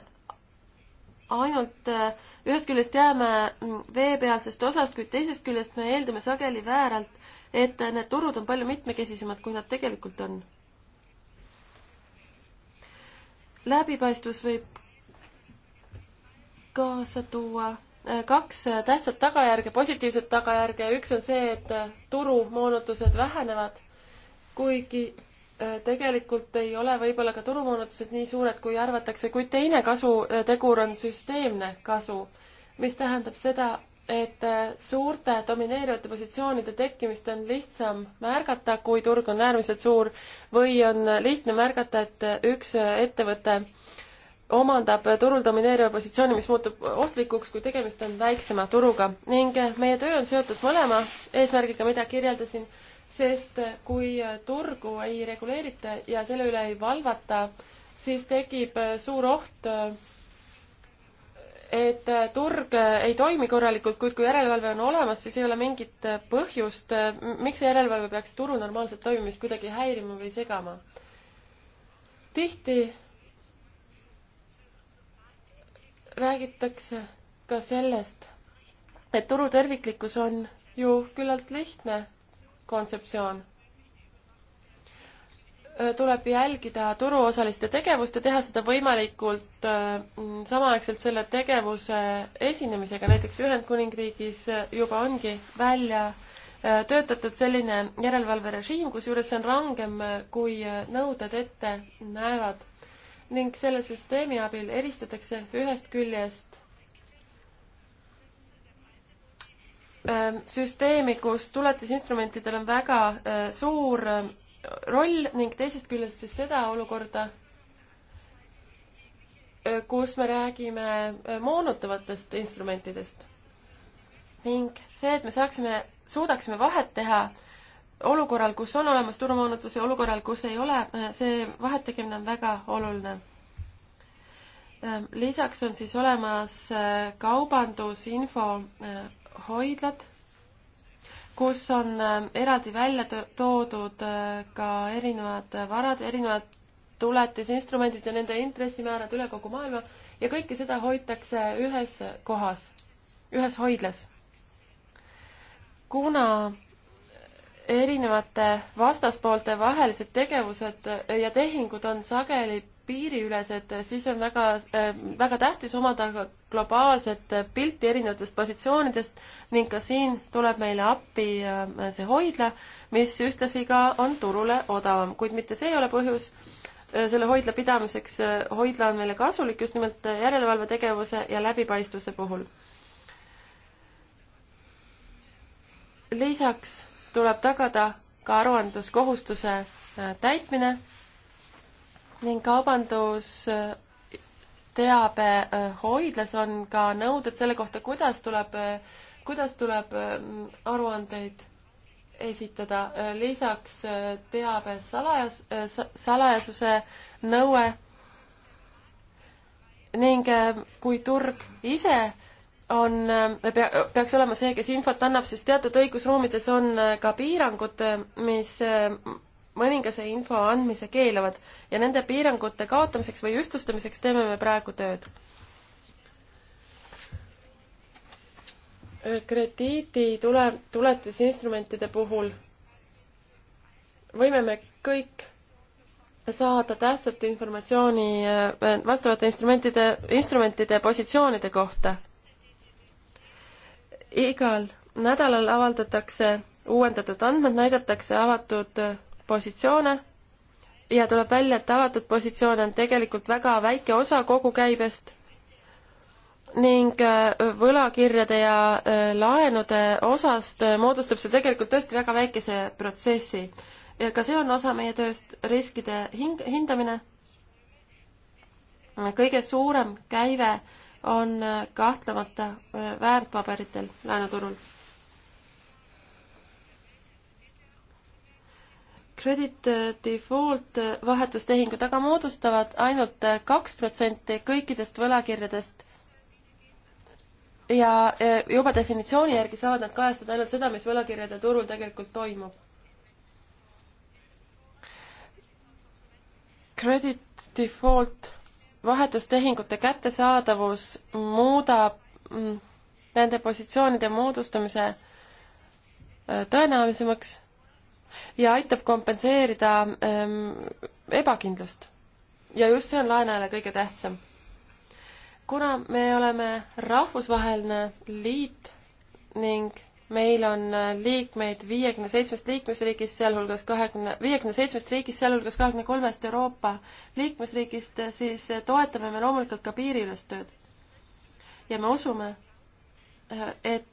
ainult äh, ühest küljest jääme mm, veepealsest osast, kuid teisest küljest me eeldame sageli vääralt, et äh, need turud on palju mitmekesisemad, kui nad tegelikult on. läbipaistvus võib kaasa tuua äh, kaks tähtsat tagajärge, positiivset tagajärge, üks on see, et turumoonutused vähenevad, kuigi Äh, tegelikult ei ole võib-olla ka turumoonutused nii suured, kui arvatakse, kuid teine kasutegur äh, on süsteemne kasu, mis tähendab seda, et äh, suurte domineerivate positsioonide tekkimist on lihtsam märgata, kui turg on äärmiselt suur, või on lihtne märgata, et üks ettevõte omandab turul domineeriva positsiooni, mis muutub ohtlikuks, kui tegemist on väiksema turuga ning meie töö on seotud mõlema eesmärgiga, mida kirjeldasin sest kui turgu ei reguleerita ja selle üle ei valvata, siis tekib suur oht, et turg ei toimi korralikult, kuid kui järelevalve on olemas, siis ei ole mingit põhjust, miks see järelevalve peaks turu normaalset toimimist kuidagi häirima või segama. tihti räägitakse ka sellest, et turu terviklikkus on ju küllalt lihtne kontseptsioon. tuleb jälgida turuosaliste tegevust ja teha seda võimalikult samaaegselt selle tegevuse esinemisega, näiteks Ühendkuningriigis juba ongi välja töötatud selline järelevalverežiim, kusjuures see on rangem, kui nõuded ette näevad. ning selle süsteemi abil eristatakse ühest küljest Ähm, süsteemi, kus tuletisinstrumentidel on väga äh, suur ähm, roll ning teisest küljest siis seda olukorda, äh, kus me räägime äh, moonutavatest instrumentidest. ning see, et me saaksime, suudaksime vahet teha olukorral, kus on olemas turumoonutus ja olukorral, kus ei ole, see vahet tegemine on väga oluline. Ähm, lisaks on siis olemas kaubandusinfo hoidlad, kus on äh, eraldi välja toodud äh, ka erinevad varad, erinevad tuletisinstrumendid ja nende intressimäärad üle kogu maailma ja kõike seda hoitakse ühes kohas, ühes hoidlas. kuna erinevate vastaspoolte vahelised tegevused ja tehingud on sageli piiriülesed, siis on väga, äh, väga tähtis omada globaalset pilti erinevatest positsioonidest ning ka siin tuleb meile appi äh, see hoidla, mis ühtlasi ka on turule odavam, kuid mitte see ei ole põhjus äh, selle hoidla pidamiseks. hoidla on meile kasulik just nimelt järelevalvetegevuse ja läbipaistvuse puhul. lisaks tuleb tagada ka aruandluskohustuse täitmine ning kaubandusteabehoidlas äh, on ka nõuded selle kohta, kuidas tuleb, äh, kuidas tuleb äh, aruandeid esitada. lisaks teabe salajas, salajasuse nõue ning kui turg ise on, peaks olema see, kes infot annab, siis teatud õigusruumides on ka piirangud, mis mõningase info andmise keelavad ja nende piirangute kaotamiseks või ühtlustamiseks teeme me praegu tööd. Äh, krediidi tule, tuletisinstrumentide puhul võime me kõik saada tähtsat informatsiooni äh, vastavate instrumentide, instrumentide positsioonide kohta. igal nädalal avaldatakse uuendatud andmed, näidatakse avatud äh, positsioone ja tuleb välja, et avatud positsioone on tegelikult väga väike osa kogukäibest ning äh, võlakirjade ja äh, laenude osast äh, moodustab see tegelikult tõesti väga väikese protsessi. ka see on osa meie tööst, riskide hing-, hindamine. kõige suurem käive on kahtlemata väärtpaberitel laenuturul Credit default vahetustehingud aga moodustavad ainult kaks protsenti kõikidest võlakirjadest ja e, juba definitsiooni järgi saavad nad kajastada ainult seda, mis võlakirjade turul tegelikult toimub. Credit default vahetustehingute kättesaadavus muudab mm, nende positsioonide moodustamise e, tõenäolisemaks ja aitab kompenseerida ähm, ebakindlust. ja just see on laenajale kõige tähtsam. kuna me oleme rahvusvaheline liit ning meil on äh, liikmeid viiekümne seitsmest liikmesriigist, sealhulgas kahekümne, viiekümne seitsmest riigist, sealhulgas kahekümne kolmest Euroopa liikmesriigist, siis äh, toetame me loomulikult ka piiriülest tööd. ja me usume, äh, et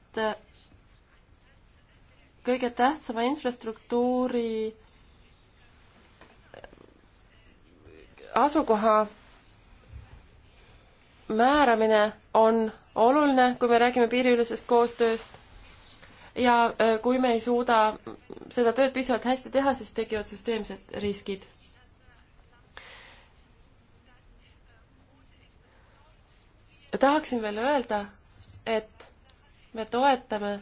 kõige tähtsama infrastruktuuri asukoha määramine on oluline, kui me räägime piiriülesest koostööst. ja e, kui me ei suuda seda tööd piisavalt hästi teha, siis tekivad süsteemsed riskid. tahaksin veel öelda, et me toetame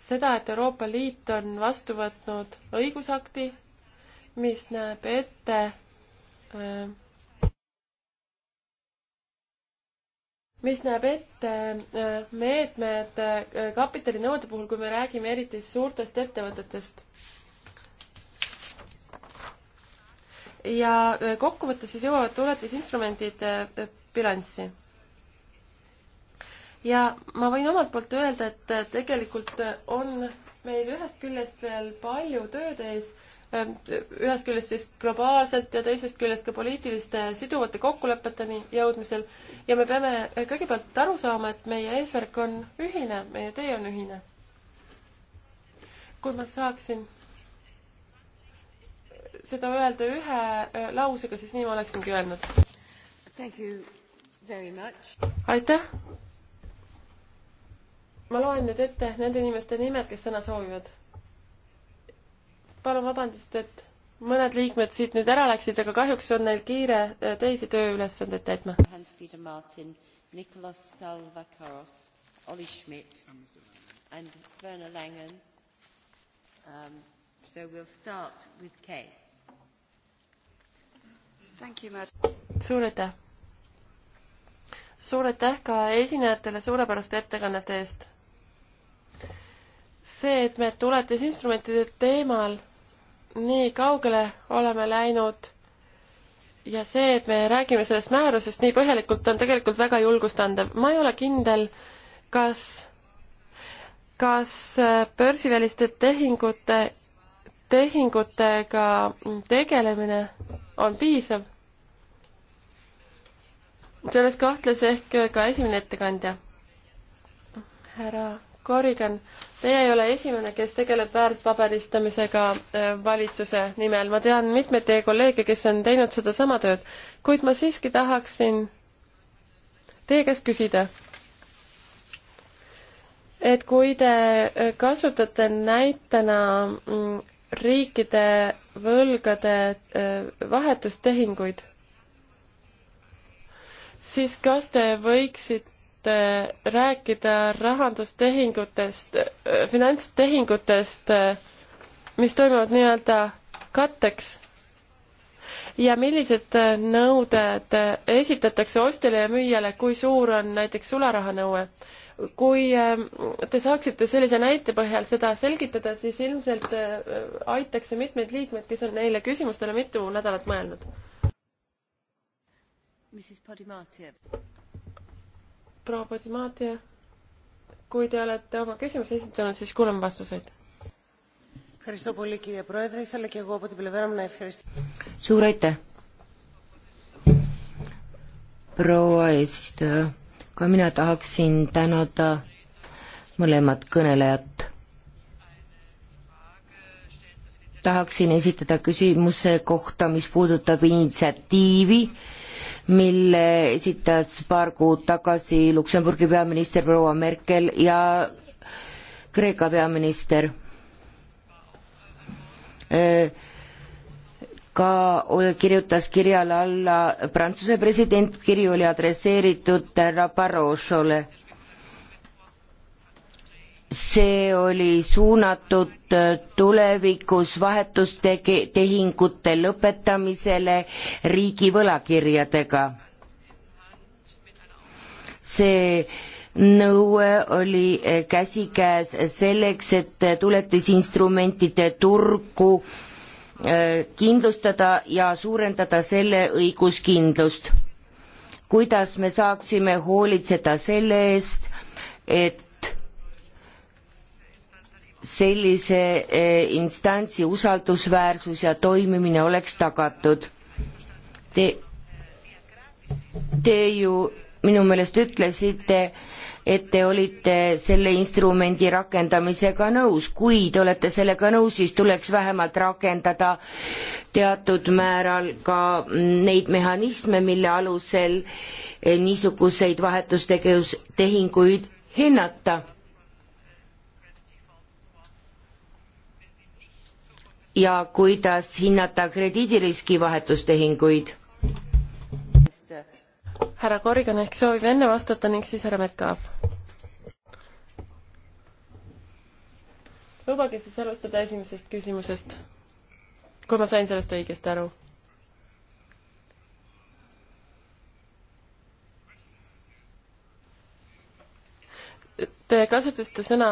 seda, et Euroopa Liit on vastu võtnud õigusakti, mis näeb ette äh, mis näeb ette äh, meetmed äh, kapitalinõude puhul, kui me räägime eriti suurtest ettevõtetest. ja kokkuvõttes siis jõuavad tuletisinstrumendid bilanssi ja ma võin omalt poolt öelda, et tegelikult on meil ühest küljest veel palju tööd ees, ähm, ühest küljest siis globaalselt ja teisest küljest ka poliitiliste siduvate kokkulepeteni jõudmisel ja me peame kõigepealt aru saama, et meie eesmärk on ühine, meie tee on ühine. kui ma saaksin seda öelda ühe äh, lausega, siis nii ma oleksingi öelnud. aitäh! ma loen nüüd ette nende inimeste nimed, kes sõna soovivad. palun vabandust, et mõned liikmed siit nüüd ära läksid, aga kahjuks on neil kiire äh, teisi tööülesandeid täitma. Hans-Peter Martin, Nicolas Salvakaros, Olli Schmidt and Werner Langen um,. So we'll start with Kay. Thank you, Madam. suur aitäh! suur aitäh ka esinejatele suurepäraste ettekannete eest see, et me tuletisinstrumentide teemal nii kaugele oleme läinud ja see, et me räägime sellest määrusest nii põhjalikult, on tegelikult väga julgustandev. ma ei ole kindel, kas, kas äh, börsiväliste tehingute, tehingutega tegelemine on piisav. selles kahtles ehk ka esimene ettekandja, härra Corrigan Teie ei ole esimene, kes tegeleb väärtpaberistamisega äh, valitsuse nimel. ma tean mitmeid teie kolleege, kes on teinud sedasama tööd, kuid ma siiski tahaksin teie käest küsida, et kui te äh, kasutate näitena mm, riikide võlgade äh, vahetustehinguid, siis kas te võiksite Äh, rääkida rahandustehingutest, äh, finantstehingutest, äh, mis toimuvad nii-öelda katteks ja millised nõuded esitatakse ostjale ja müüjale, kui suur on näiteks sularahanõue? kui ähm, te saaksite sellise näite põhjal seda selgitada, siis ilmselt aitaks see mitmeid liikmeid, kes on neile küsimustele mitu nädalat mõelnud proua Padimaatia, kui te olete oma küsimuse esitanud, siis kuulame vastuseid. suur aitäh! proua eesistuja, ka mina tahaksin tänada mõlemat kõnelejat. tahaksin esitada küsimuse kohta, mis puudutab initsiatiivi, mille esitas paar kuud tagasi Luksemburgi peaminister proua Merkel ja Kreeka peaminister. ka kirjutas kirjale alla Prantsuse president, kiri oli adresseeritud härra Barrosole see oli suunatud äh, tulevikus vahetustehingute lõpetamisele riigi võlakirjadega. see nõue oli äh, käsikäes selleks, et äh, tuletisinstrumentide turgu kindlustada ja suurendada selle õiguskindlust. kuidas me saaksime hoolitseda selle eest, et sellise eh, instantsi usaldusväärsus ja toimimine oleks tagatud. Te, te ju minu meelest ütlesite, et te olite selle instrumendi rakendamisega nõus, kui te olete sellega nõus, siis tuleks vähemalt rakendada teatud määral ka neid mehhanisme, mille alusel eh, niisuguseid vahetustegevustehinguid hinnata ja kuidas hinnata krediidiriski vahetustehinguid? härra Korgan ehk soovib enne vastata ning siis härra Merkaav. lubage siis alustada esimesest küsimusest, kui ma sain sellest õigesti aru. Te kasutasite sõna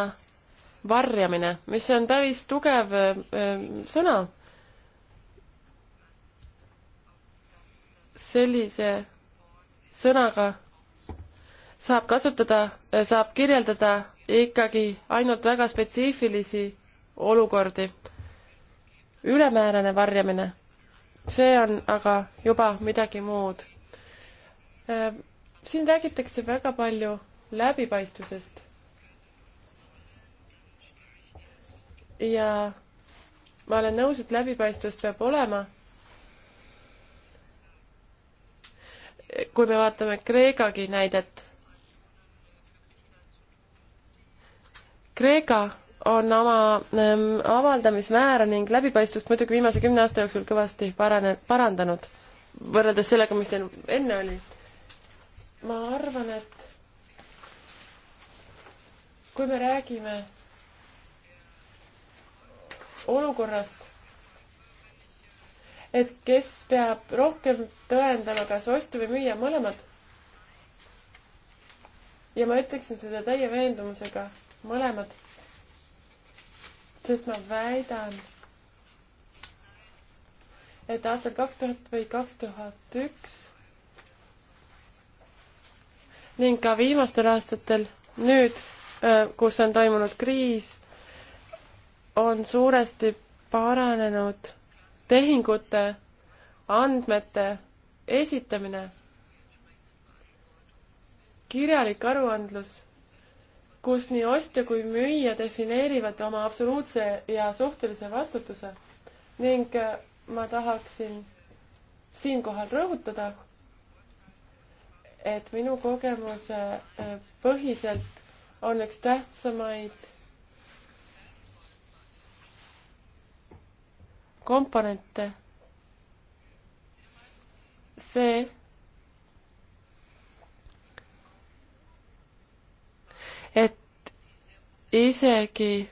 varjamine, mis on päris tugev äh, sõna. sellise sõnaga saab kasutada, äh, saab kirjeldada ikkagi ainult väga spetsiifilisi olukordi. ülemäärane varjamine, see on aga juba midagi muud. Äh, siin räägitakse väga palju läbipaistvusest ja ma olen nõus, et läbipaistvust peab olema. kui me vaatame Kreegagi näidet. Kreeka on oma ähm, avaldamismäära ning läbipaistvust muidugi viimase kümne aasta jooksul kõvasti parane, parandanud, võrreldes sellega, mis neil enne oli. ma arvan, et kui me räägime olukorrast, et kes peab rohkem tõendama, kas ostu või müüa, mõlemad. ja ma ütleksin seda täie veendumusega, mõlemad. sest ma väidan, et aastal kaks tuhat või kaks tuhat üks ning ka viimastel aastatel nüüd, äh, kus on toimunud kriis on suuresti paranenud tehingute andmete esitamine, kirjalik aruandlus, kus nii ostja kui müüja defineerivad oma absoluutse ja suhtelise vastutuse ning äh, ma tahaksin siinkohal rõhutada, et minu kogemuse äh, põhiselt on üks tähtsamaid komponente. see et isegi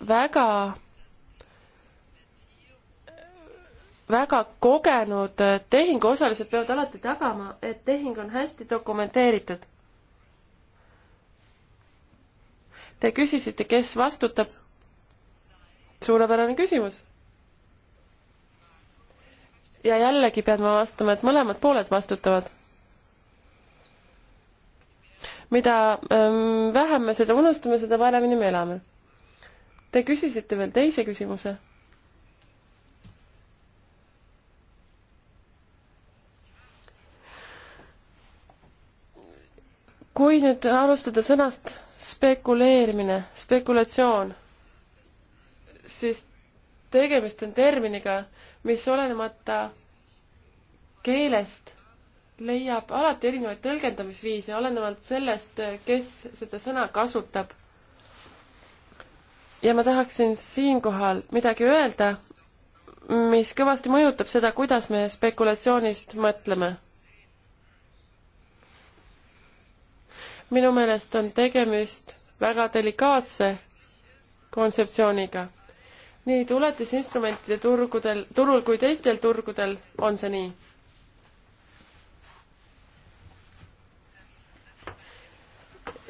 väga väga kogenud tehinguosalised peavad alati tagama, et tehing on hästi dokumenteeritud. Te küsisite, kes vastutab? suurepärane küsimus ja jällegi pean ma vastama, et mõlemad pooled vastutavad. mida ähm, vähem me seda unustame, seda paremini me elame. Te küsisite veel teise küsimuse? kui nüüd alustada sõnast spekuleerimine, spekulatsioon, siis tegemist on terminiga, mis olenemata keelest leiab alati erinevaid tõlgendamisviise, olenevalt sellest, kes seda sõna kasutab. ja ma tahaksin siinkohal midagi öelda, mis kõvasti mõjutab seda, kuidas me spekulatsioonist mõtleme. minu meelest on tegemist väga delikaatse kontseptsiooniga nii tuletisinstrumentide turgudel, turul kui teistel turgudel on see nii.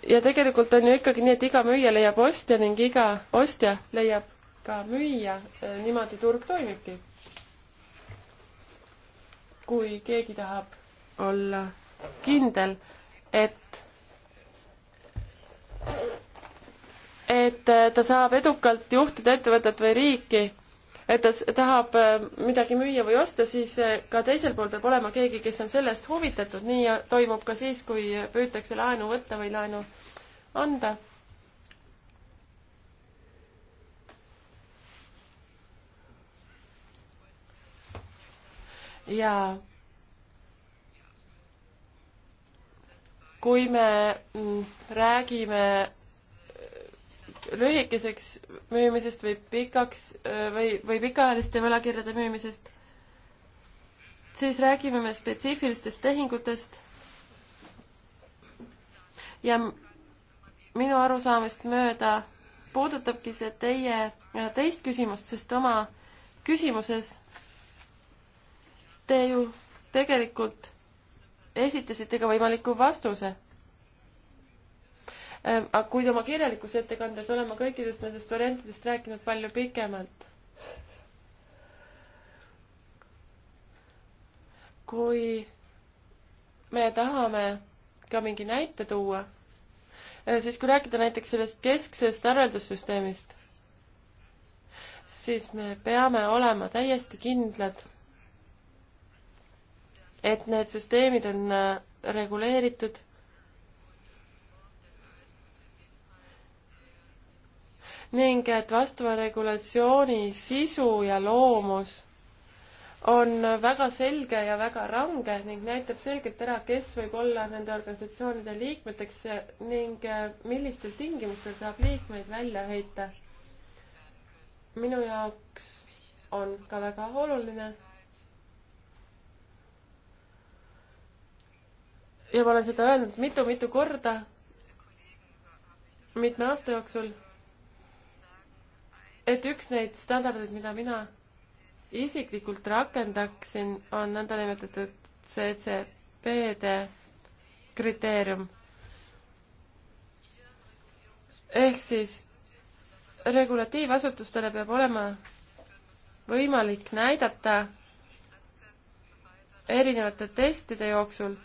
ja tegelikult on ju ikkagi nii, et iga müüja leiab ostja ning iga ostja leiab ka müüja, e, niimoodi turg toimibki. kui keegi tahab olla kindel, et et äh, ta saab edukalt juhtida ettevõtet või riiki, et ta tahab äh, midagi müüa või osta, siis äh, ka teisel pool peab olema keegi, kes on sellest huvitatud, nii toimub ka siis, kui püütakse laenu võtta või laenu anda. ja kui me mm, räägime lühikeseks müümisest või pikaks äh, või, või pikaajaliste võlakirjade müümisest, siis räägime me spetsiifilistest tehingutest ja minu arusaamist mööda puudutabki see teie äh, teist küsimust, sest oma küsimuses te ju tegelikult esitasite ka võimaliku vastuse Ehm, kuid oma kirjalikus ettekandes olen ma kõikidest nendest variantidest rääkinud palju pikemalt. kui me tahame ka mingi näite tuua, eh, siis kui rääkida näiteks sellest kesksest arveldussüsteemist, siis me peame olema täiesti kindlad, et need süsteemid on eh, reguleeritud ning et vastava regulatsiooni sisu ja loomus on väga selge ja väga range ning näitab selgelt ära, kes võib olla nende organisatsioonide liikmeteks ning äh, millistel tingimustel saab liikmeid välja heita. minu jaoks on ka väga oluline. ja ma olen seda öelnud mitu-mitu korda mitme aasta jooksul et üks neid standardeid, mida mina isiklikult rakendaksin, on nõndanimetatud CCP-de kriteerium. ehk siis regulatiivasutustele peab olema võimalik näidata erinevate testide jooksul,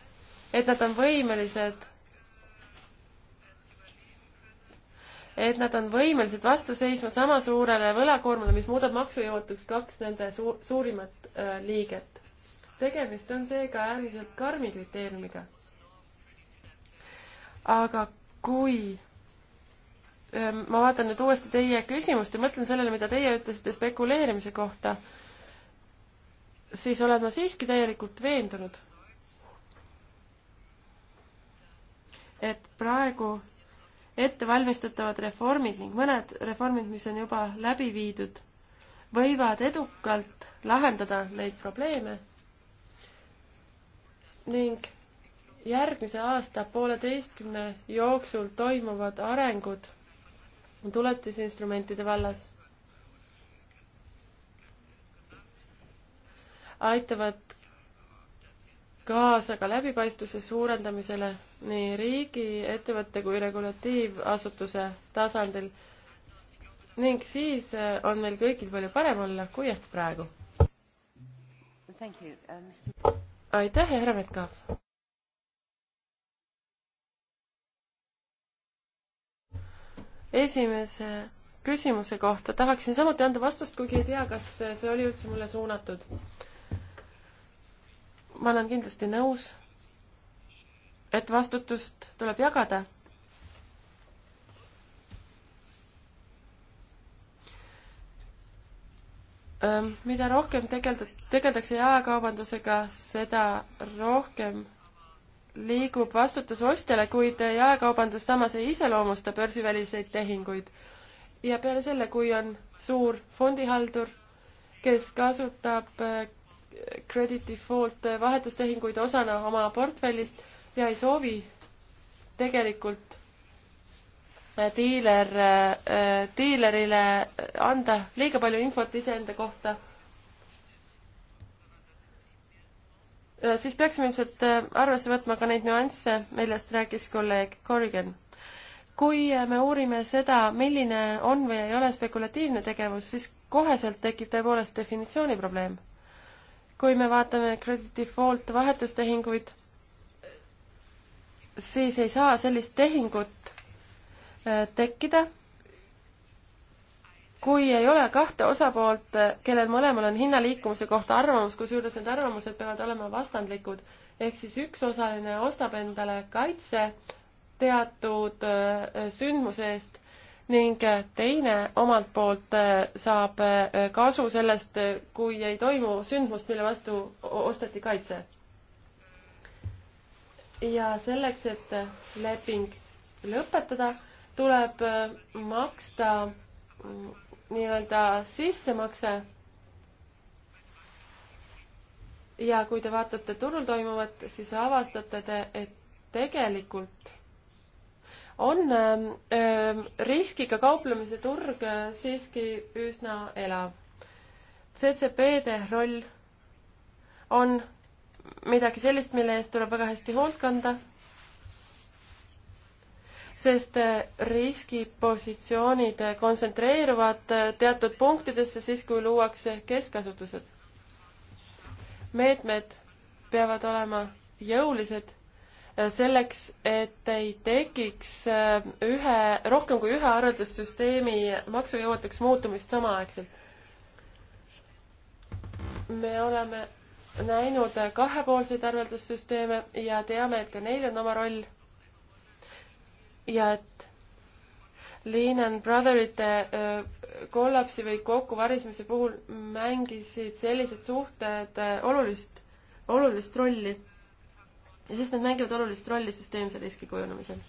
et nad on võimelised et nad on võimelised vastu seisma sama suurele võlakoormale, mis muudab maksujõuetuks kaks nende suur, suurimat äh, liiget. tegemist on seega äärmiselt karmi kriteeriumiga. aga kui äh, ma vaatan nüüd uuesti teie küsimust ja mõtlen sellele, mida teie ütlesite spekuleerimise kohta, siis olen ma siiski täielikult veendunud, et praegu ettevalmistatavad reformid ning mõned reformid, mis on juba läbi viidud, võivad edukalt lahendada neid probleeme ning järgmise aasta pooleteistkümne jooksul toimuvad arengud tuletisinstrumentide vallas aitavad kaasa ka läbipaistvuse suurendamisele nii riigi, ettevõtte kui regulatiivasutuse tasandil. ning siis äh, on meil kõigil palju parem olla kui ehk praegu. Uh, aitäh ja härra Metcalf! esimese küsimuse kohta tahaksin samuti anda vastust, kuigi ei tea, kas see oli üldse mulle suunatud. ma olen kindlasti nõus et vastutust tuleb jagada. mida rohkem tegelda, tegeldakse jaekaubandusega, seda rohkem liigub vastutus ostjale, kuid jaekaubandus samas ei iseloomusta börsiväliseid tehinguid. ja peale selle, kui on suur fondihaldur, kes kasutab äh, credit default vahetustehinguid osana oma portfellist, ja ei soovi tegelikult äh, diiler, äh, diilerile äh, anda liiga palju infot iseenda kohta, siis peaksime ilmselt arvesse võtma ka neid nüansse, millest rääkis kolleeg Corrigan. kui me uurime seda, milline on või ei ole spekulatiivne tegevus, siis koheselt tekib tõepoolest definitsiooni probleem. kui me vaatame credit default vahetustehinguid siis ei saa sellist tehingut äh, tekkida, kui ei ole kahte osapoolt, äh, kellel mõlemal on hinnaliikumise kohta arvamus, kusjuures need arvamused peavad olema vastandlikud, ehk siis üks osaline ostab endale kaitse teatud äh, sündmuse eest ning teine omalt poolt saab kasu sellest, kui ei toimu sündmust, mille vastu osteti kaitse ja selleks, et leping lõpetada, tuleb äh, maksta mm, nii-öelda sissemakse. ja kui te vaatate turul toimuvat, siis avastate te, et tegelikult on äh, riskiga kauplemise turg äh, siiski üsna elav. CCP-de roll on midagi sellist, mille eest tuleb väga hästi hoolt kanda, sest äh, riskipositsioonid äh, kontsentreeruvad äh, teatud punktidesse siis, kui luuakse keskasutused. meetmed peavad olema jõulised selleks, et ei tekiks ühe, rohkem kui ühe arveldussüsteemi maksujõuetuks muutumist samaaegselt. me oleme näinud kahepoolseid arveldussüsteeme ja teame, et ka neil on oma roll. ja et Lehman Brotherite äh, kollapsi või kokkuvarisemise puhul mängisid sellised suhted äh, olulist, olulist rolli. ja siis nad mängivad olulist rolli süsteemse riski kujunemisel.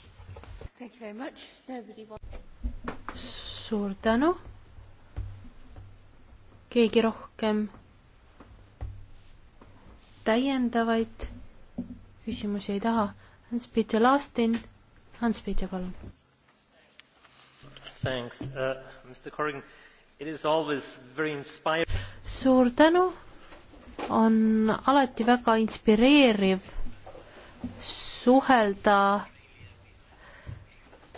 suur tänu. keegi rohkem täiendavaid küsimusi ei taha. Hans-Peter Lastin, Hans-Peter, palun. Thanks uh,, Mr Corrigan. It is always very inspiring. suur tänu, on alati väga inspireeriv suhelda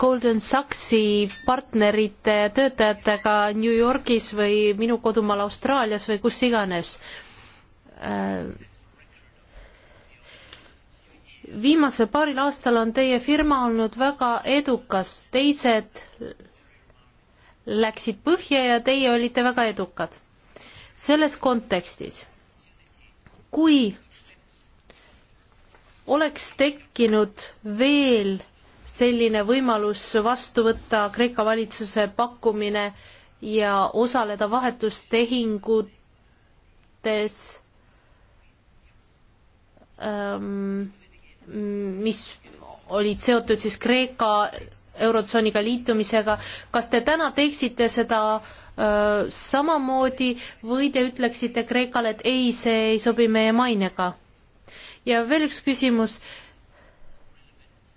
Golden Sachsi partnerite töötajatega New Yorgis või minu kodumaal Austraalias või kus iganes äh, viimasel paaril aastal on teie firma olnud väga edukas, teised läksid põhja ja teie olite väga edukad. selles kontekstis, kui oleks tekkinud veel selline võimalus vastu võtta Kreeka valitsuse pakkumine ja osaleda vahetustehingutes ähm, mis olid seotud siis Kreeka eurotsooniga liitumisega, kas te täna teeksite seda öö, samamoodi või te ütleksite Kreekale, et ei, see ei sobi meie mainega? ja veel üks küsimus,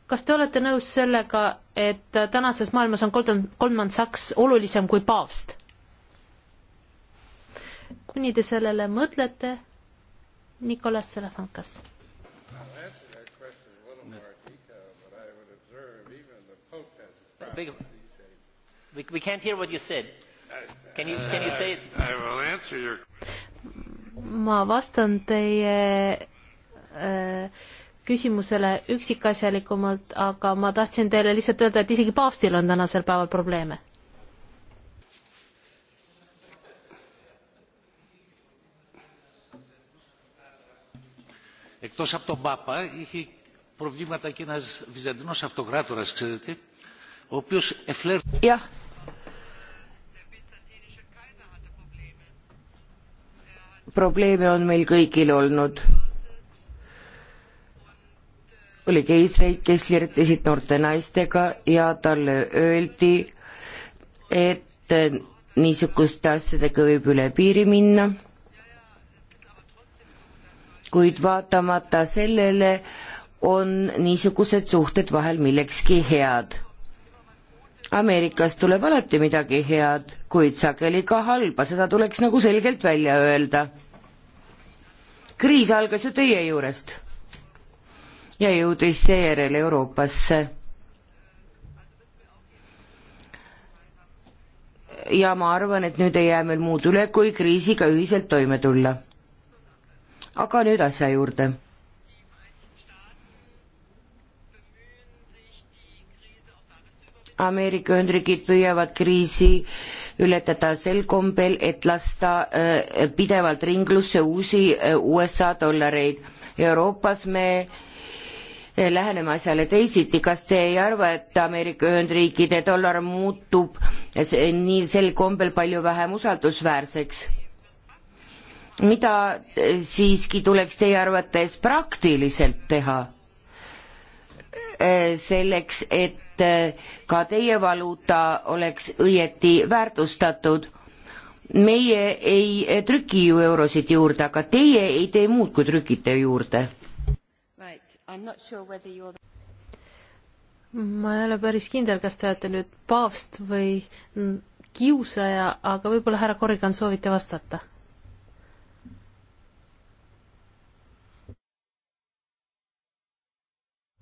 kas te olete nõus sellega, et tänases maailmas on Goldman, Goldman Sachs olulisem kui paavst? kuni te sellele mõtlete, Nicolas Selefankas big, we, we can't hear what you said. Can you, can you say it? I will answer your... ma vastan teie äh, küsimusele üksikasjalikumalt, aga ma tahtsin teile lihtsalt öelda, et isegi paavstil on tänasel päeval probleeme εκτός από τον Πάπα είχε προβλήματα και ένας Βυζαντινός αυτοκράτορας, ξέρετε, jah. probleeme on meil kõigil olnud. oli keisreid, kes flirtisid noorte naistega ja talle öeldi, et niisuguste asjadega võib üle piiri minna. kuid vaatamata sellele on niisugused suhted vahel millekski head Ameerikast tuleb alati midagi head, kuid sageli ka halba, seda tuleks nagu selgelt välja öelda. kriis algas ju teie juurest ja jõudis seejärel Euroopasse. ja ma arvan, et nüüd ei jää meil muud üle, kui kriisiga ühiselt toime tulla. aga nüüd asja juurde Ameerika Ühendriigid püüavad kriisi ületada sel kombel, et lasta äh, pidevalt ringlusse uusi äh, USA dollareid. Euroopas me äh, läheneme asjale teisiti, kas te ei arva, et Ameerika Ühendriikide dollar muutub nii sel kombel palju vähem usaldusväärseks? mida siiski tuleks teie arvates praktiliselt teha selleks, et et ka teie valuuta oleks õieti väärtustatud. meie ei trüki ju eurosid juurde, aga teie ei tee muud, kui trükite juurde right ma ei ole päris kindel, kas te olete nüüd paavst või kiusaja, aga võib-olla härra Korrigan soovite vastata?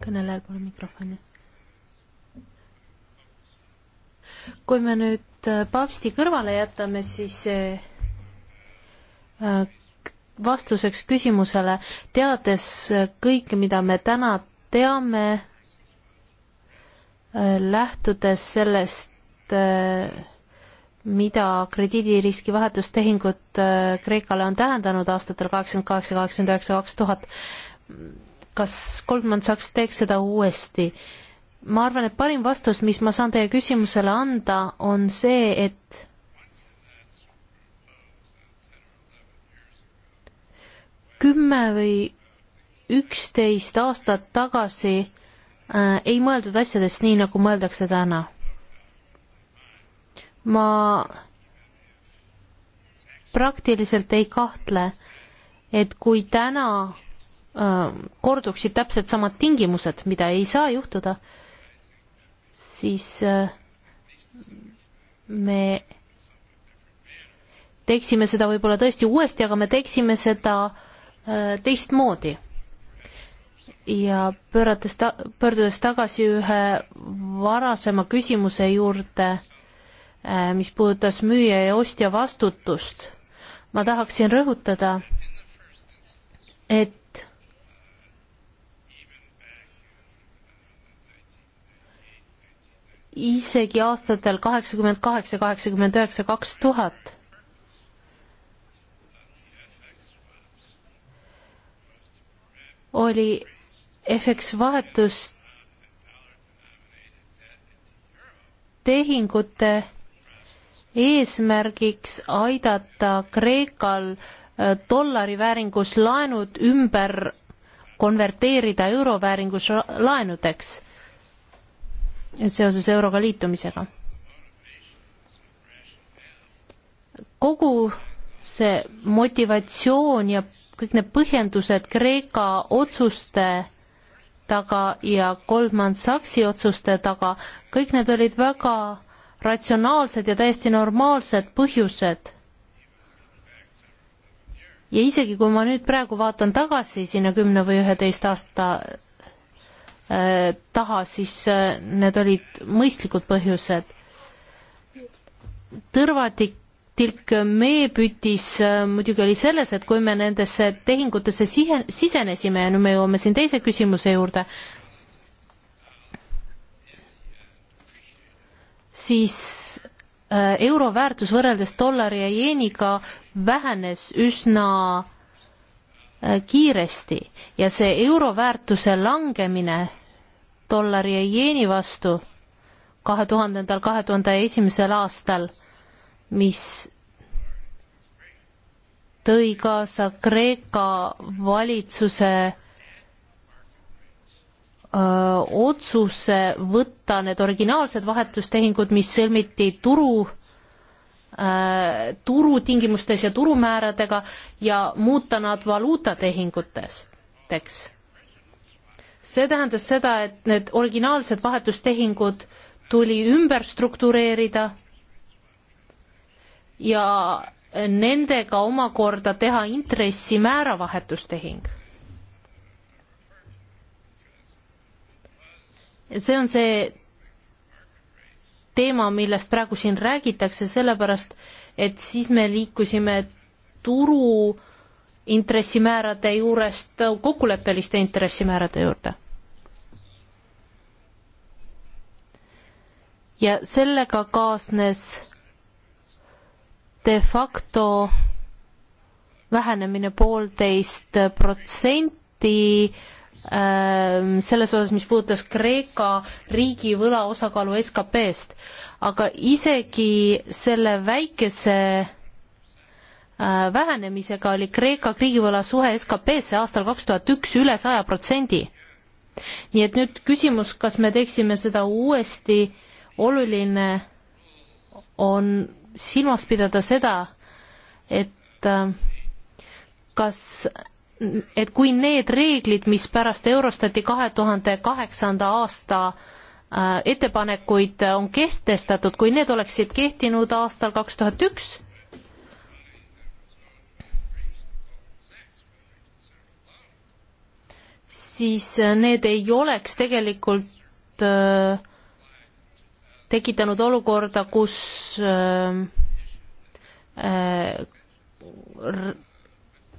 kõnelejal pole mikrofoni kui me nüüd äh, paavsti kõrvale jätame, siis äh, äh, vastuseks küsimusele, teades kõike, mida me täna teame, lähtudes sellest, mida krediidiriski vahetustehingud Kreekale on tähendanud aastatel kaheksakümmend kaheksa, kaheksakümmend üheksa, kaks tuhat, kas Goldman Sachs teeks seda uuesti? ma arvan, et parim vastus, mis ma saan teie küsimusele anda, on see, et kümme või üksteist aastat tagasi äh, ei mõeldud asjadest nii, nagu mõeldakse täna. ma praktiliselt ei kahtle, et kui täna äh, korduksid täpselt samad tingimused, mida ei saa juhtuda äh,, siis äh, me teeksime seda võib-olla tõesti uuesti, aga me teeksime seda äh, teistmoodi. ja pöörates ta-, pöördudes tagasi ühe varasema küsimuse juurde, äh, mis puudutas müüja ja ostja vastutust, ma tahaksin rõhutada, et isegi aastatel kaheksakümmend kaheksa, kaheksakümmend üheksa, kaks tuhat. oli FX vahetus tehingute eesmärgiks aidata Kreekal äh, dollari vääringus laenud ümber konverteerida eurovääringus laenudeks seoses euroga liitumisega. kogu see motivatsioon ja kõik need põhjendused Kreeka otsuste taga ja Goldman Sachsi otsuste taga, kõik need olid väga ratsionaalsed ja täiesti normaalsed põhjused. ja isegi, kui ma nüüd praegu vaatan tagasi sinna kümne või üheteist aasta Äh, taha, siis äh, need olid mõistlikud põhjused. tõrvatik tilk meepütis äh, muidugi oli selles, et kui me nendesse tehingutesse sihe, sisenesime ja nüüd me jõuame siin teise küsimuse juurde, siis euro väärtus võrreldes dollari ja jeeniga vähenes üsna Äh, kiiresti ja see euro väärtuse langemine dollari ja jeeni vastu kahe tuhandendal, kahe tuhande esimesel aastal, mis tõi kaasa Kreeka valitsuse öö, otsuse võtta need originaalsed vahetustehingud, mis sõlmiti turu Äh, turutingimustes ja turumääradega ja muuta nad valuutatehinguteks. see tähendas seda, et need originaalsed vahetustehingud tuli ümber struktureerida ja nendega omakorda teha intressimäära vahetustehing. see on see teema, millest praegu siin räägitakse, sellepärast et siis me liikusime turu intressimäärade juurest kokkuleppeliste intressimäärade juurde. ja sellega kaasnes de facto vähenemine poolteist protsenti Ähm, selles osas, mis puudutas Kreeka riigi võla osakaalu SKP-st, aga isegi selle väikese äh, vähenemisega oli Kreeka riigivõla suhe SKP-sse aastal kaks tuhat üks üle saja protsendi. nii et nüüd küsimus, kas me teeksime seda uuesti, oluline on silmas pidada seda, et äh, kas et kui need reeglid, mis pärast Eurostati kahe tuhande kaheksanda aasta äh, ettepanekuid äh, on kehtestatud, kui need oleksid kehtinud aastal kaks tuhat üks, siis äh, need ei oleks tegelikult tekitanud olukorda, kus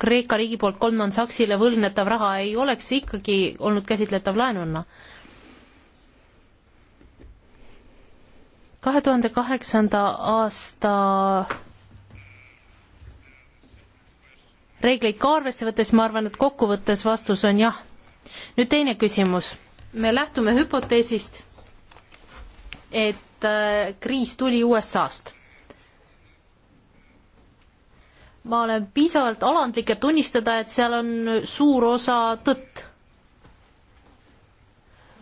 Kreeka riigi poolt Goldman Sachsile võlgnetav raha ei oleks ikkagi olnud käsitletav laenuna. kahe tuhande kaheksanda aasta reegleid ka arvesse võttes, ma arvan, et kokkuvõttes vastus on jah. nüüd teine küsimus. me lähtume hüpoteesist, et äh, kriis tuli USA-st ma olen piisavalt alandlik, et tunnistada, et seal on suur osa tõtt.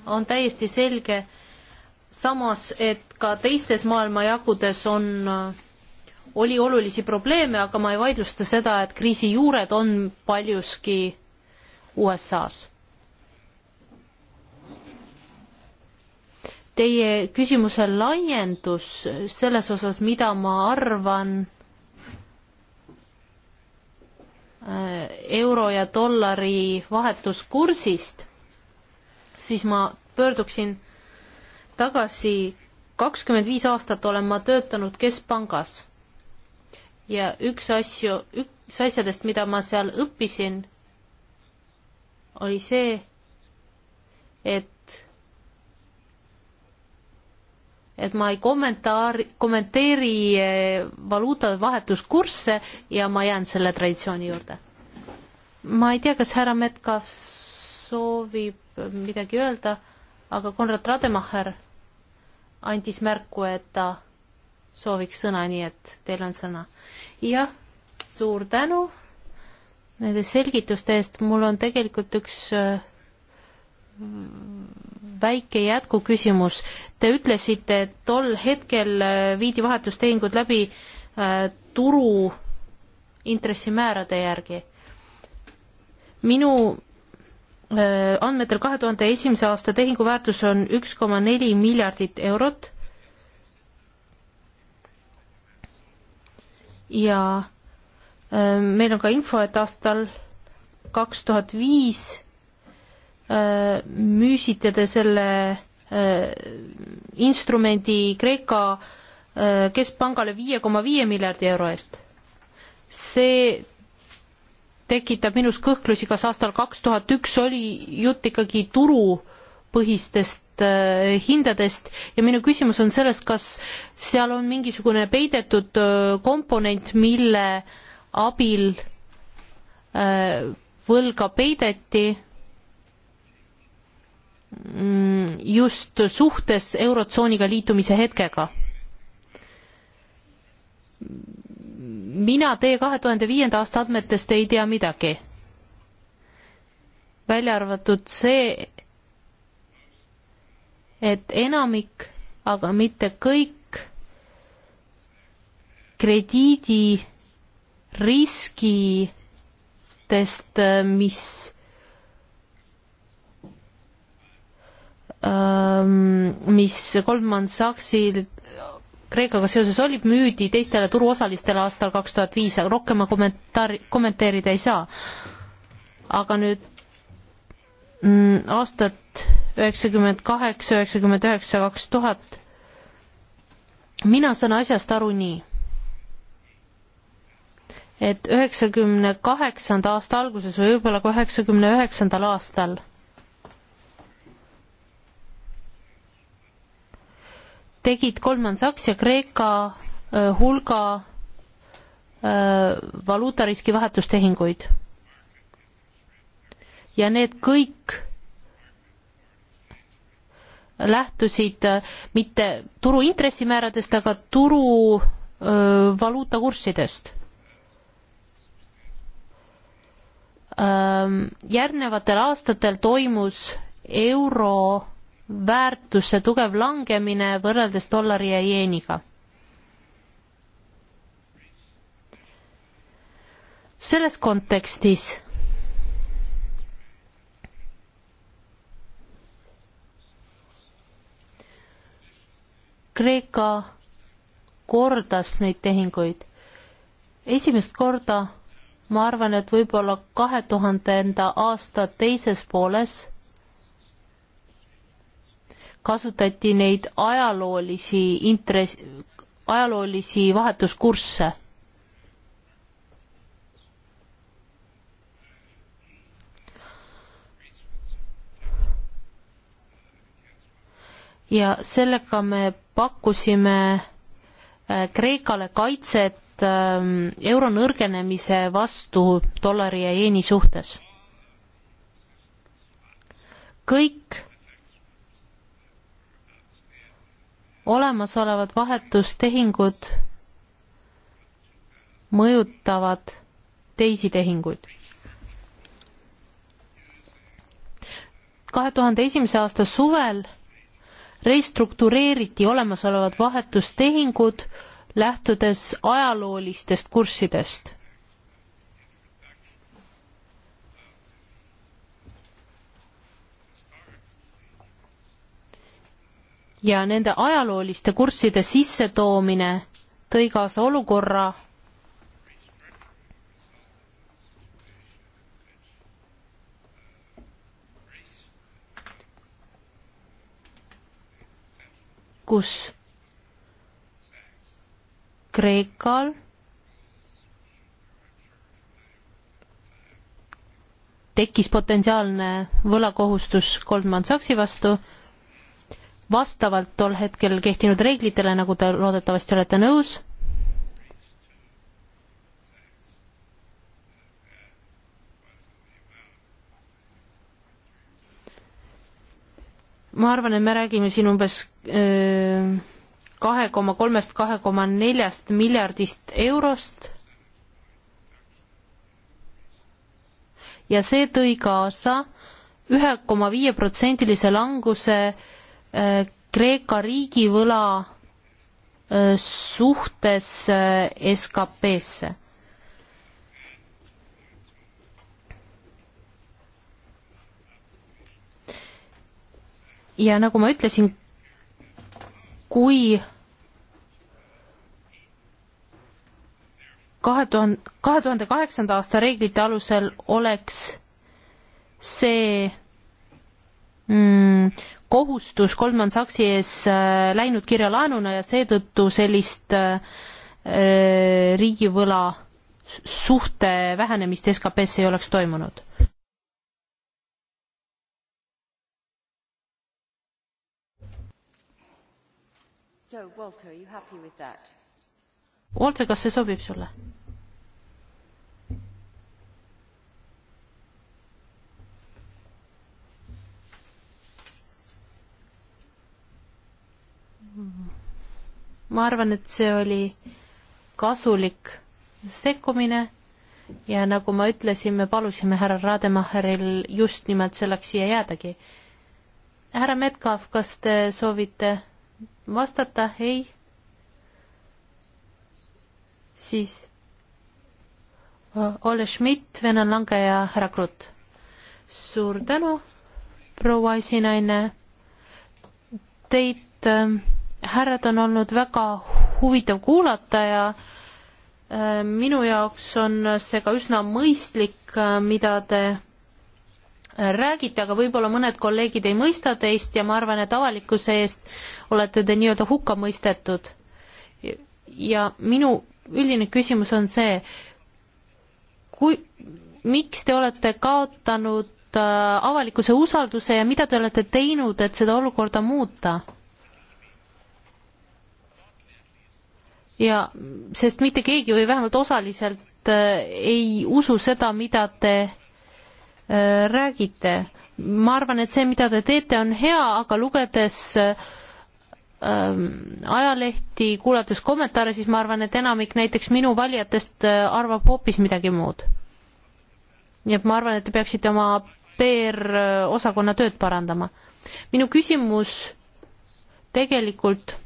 on täiesti selge samas, et ka teistes maailmajagudes on, oli olulisi probleeme, aga ma ei vaidlusta seda, et kriisi juured on paljuski USA-s. Teie küsimuse laiendus selles osas, mida ma arvan Äh, euro ja dollari vahetuskursist, siis ma pöörduksin tagasi, kakskümmend viis aastat olen ma töötanud keskpangas ja üks asju, üks asjadest, mida ma seal õppisin, oli see, et et ma ei kommentaari, kommenteeri eh, valuutavahetuskursse ja ma jään selle traditsiooni juurde. ma ei tea, kas härra Metcalf soovib midagi öelda, aga Konrad Rademacher andis märku, et ta sooviks sõna, nii et teil on sõna. jah, suur tänu nende selgituste eest, mul on tegelikult üks äh, väike jätkuküsimus. Te ütlesite, et tol hetkel äh, viidi vahetustehingud läbi äh, turu intressimäärade järgi. minu äh, andmetel kahe tuhande esimese aasta tehingu väärtus on üks koma neli miljardit eurot ja meil on ka info, et aastal kaks tuhat viis müüsitada selle äh, instrumendi Kreeka äh, keskpangale viie koma viie miljardi euro eest. see tekitab minus kõhklusi, kas aastal kaks tuhat üks oli jutt ikkagi turupõhistest äh, hindadest ja minu küsimus on selles, kas seal on mingisugune peidetud komponent, mille abil võlga peideti Mm, just suhtes Eurotsooniga liitumise hetkega. mina teie kahe tuhande viienda aasta andmetest ei tea midagi. välja arvatud see, et enamik, aga mitte kõik krediidiriskidest, mis Ähm, mis Goldman Sachsil Kreekaga seoses oli, müüdi teistele turuosalistele aastal kaks tuhat viis, aga rohkem ma kommentaari, kommenteerida ei saa. aga nüüd mm, aastat üheksakümmend kaheksa, üheksakümmend üheksa, kaks tuhat, mina saan asjast aru nii, et üheksakümne kaheksanda aasta alguses või võib-olla ka üheksakümne üheksandal aastal tegid Goldman Sachs ja Kreeka hulga valuutariski vahetustehinguid. ja need kõik lähtusid mitte turu intressimääradest, aga turu valuutakurssidest. järgnevatel aastatel toimus euro väärtuse tugev langemine võrreldes dollari ja jeeniga. selles kontekstis Kreeka kordas neid tehinguid. esimest korda ma arvan, et võib-olla kahe tuhandenda aasta teises pooles kasutati neid ajaloolisi intress, ajaloolisi vahetuskursse. ja sellega me pakkusime äh, Kreekale kaitset ähm, euro nõrgenemise vastu dollari ja jeeni suhtes. kõik olemasolevad vahetustehingud mõjutavad teisi tehinguid. kahe tuhande esimese aasta suvel restruktureeriti olemasolevad vahetustehingud, lähtudes ajaloolistest kurssidest ja nende ajalooliste kursside sissetoomine tõi kaasa olukorra, kus Kreekal tekkis potentsiaalne võlakohustus Goldman Sachsi vastu vastavalt tol hetkel kehtinud reeglitele, nagu te loodetavasti olete nõus. ma arvan, et me räägime siin umbes äh, kahe koma kolmest, kahe koma neljast miljardist eurost ja see tõi kaasa ühe koma viie protsendilise languse Kreeka riigivõla suhtes SKP-sse. ja nagu ma ütlesin, kui kahe tuhande, kahe tuhande kaheksanda aasta reeglite alusel oleks see mm, kohustus Goldman Sachsi ees äh, läinud kirja laenuna ja seetõttu sellist äh, riigivõla suhte vähenemist SKP-sse ei oleks toimunud Walter, kas see sobib sulle? ma arvan, et see oli kasulik sekkumine ja nagu ma ütlesin, me palusime härra Rademacheril just nimelt selleks siia jäädagi. härra Metcalf, kas te soovite vastata? ei? siis äh, Ole Schmidt, Vene langeja, härra Krutt. suur tänu, proua esinaine. Teid äh, härrad on olnud väga huvitav kuulata ja äh, minu jaoks on see ka üsna mõistlik, äh, mida te äh, räägite, aga võib-olla mõned kolleegid ei mõista teist ja ma arvan, et avalikkuse eest olete te nii-öelda hukka mõistetud. ja minu üldine küsimus on see, kui, miks te olete kaotanud avalikkuse usalduse ja mida te olete teinud, et seda olukorda muuta? ja sest mitte keegi või vähemalt osaliselt äh, ei usu seda, mida te äh, räägite. ma arvan, et see, mida te teete, on hea, aga lugedes ähm, ajalehti, kuulates kommentaare, siis ma arvan, et enamik näiteks minu valijatest äh, arvab hoopis midagi muud. nii et ma arvan, et te peaksite oma PR-osakonna tööd parandama. minu küsimus tegelikult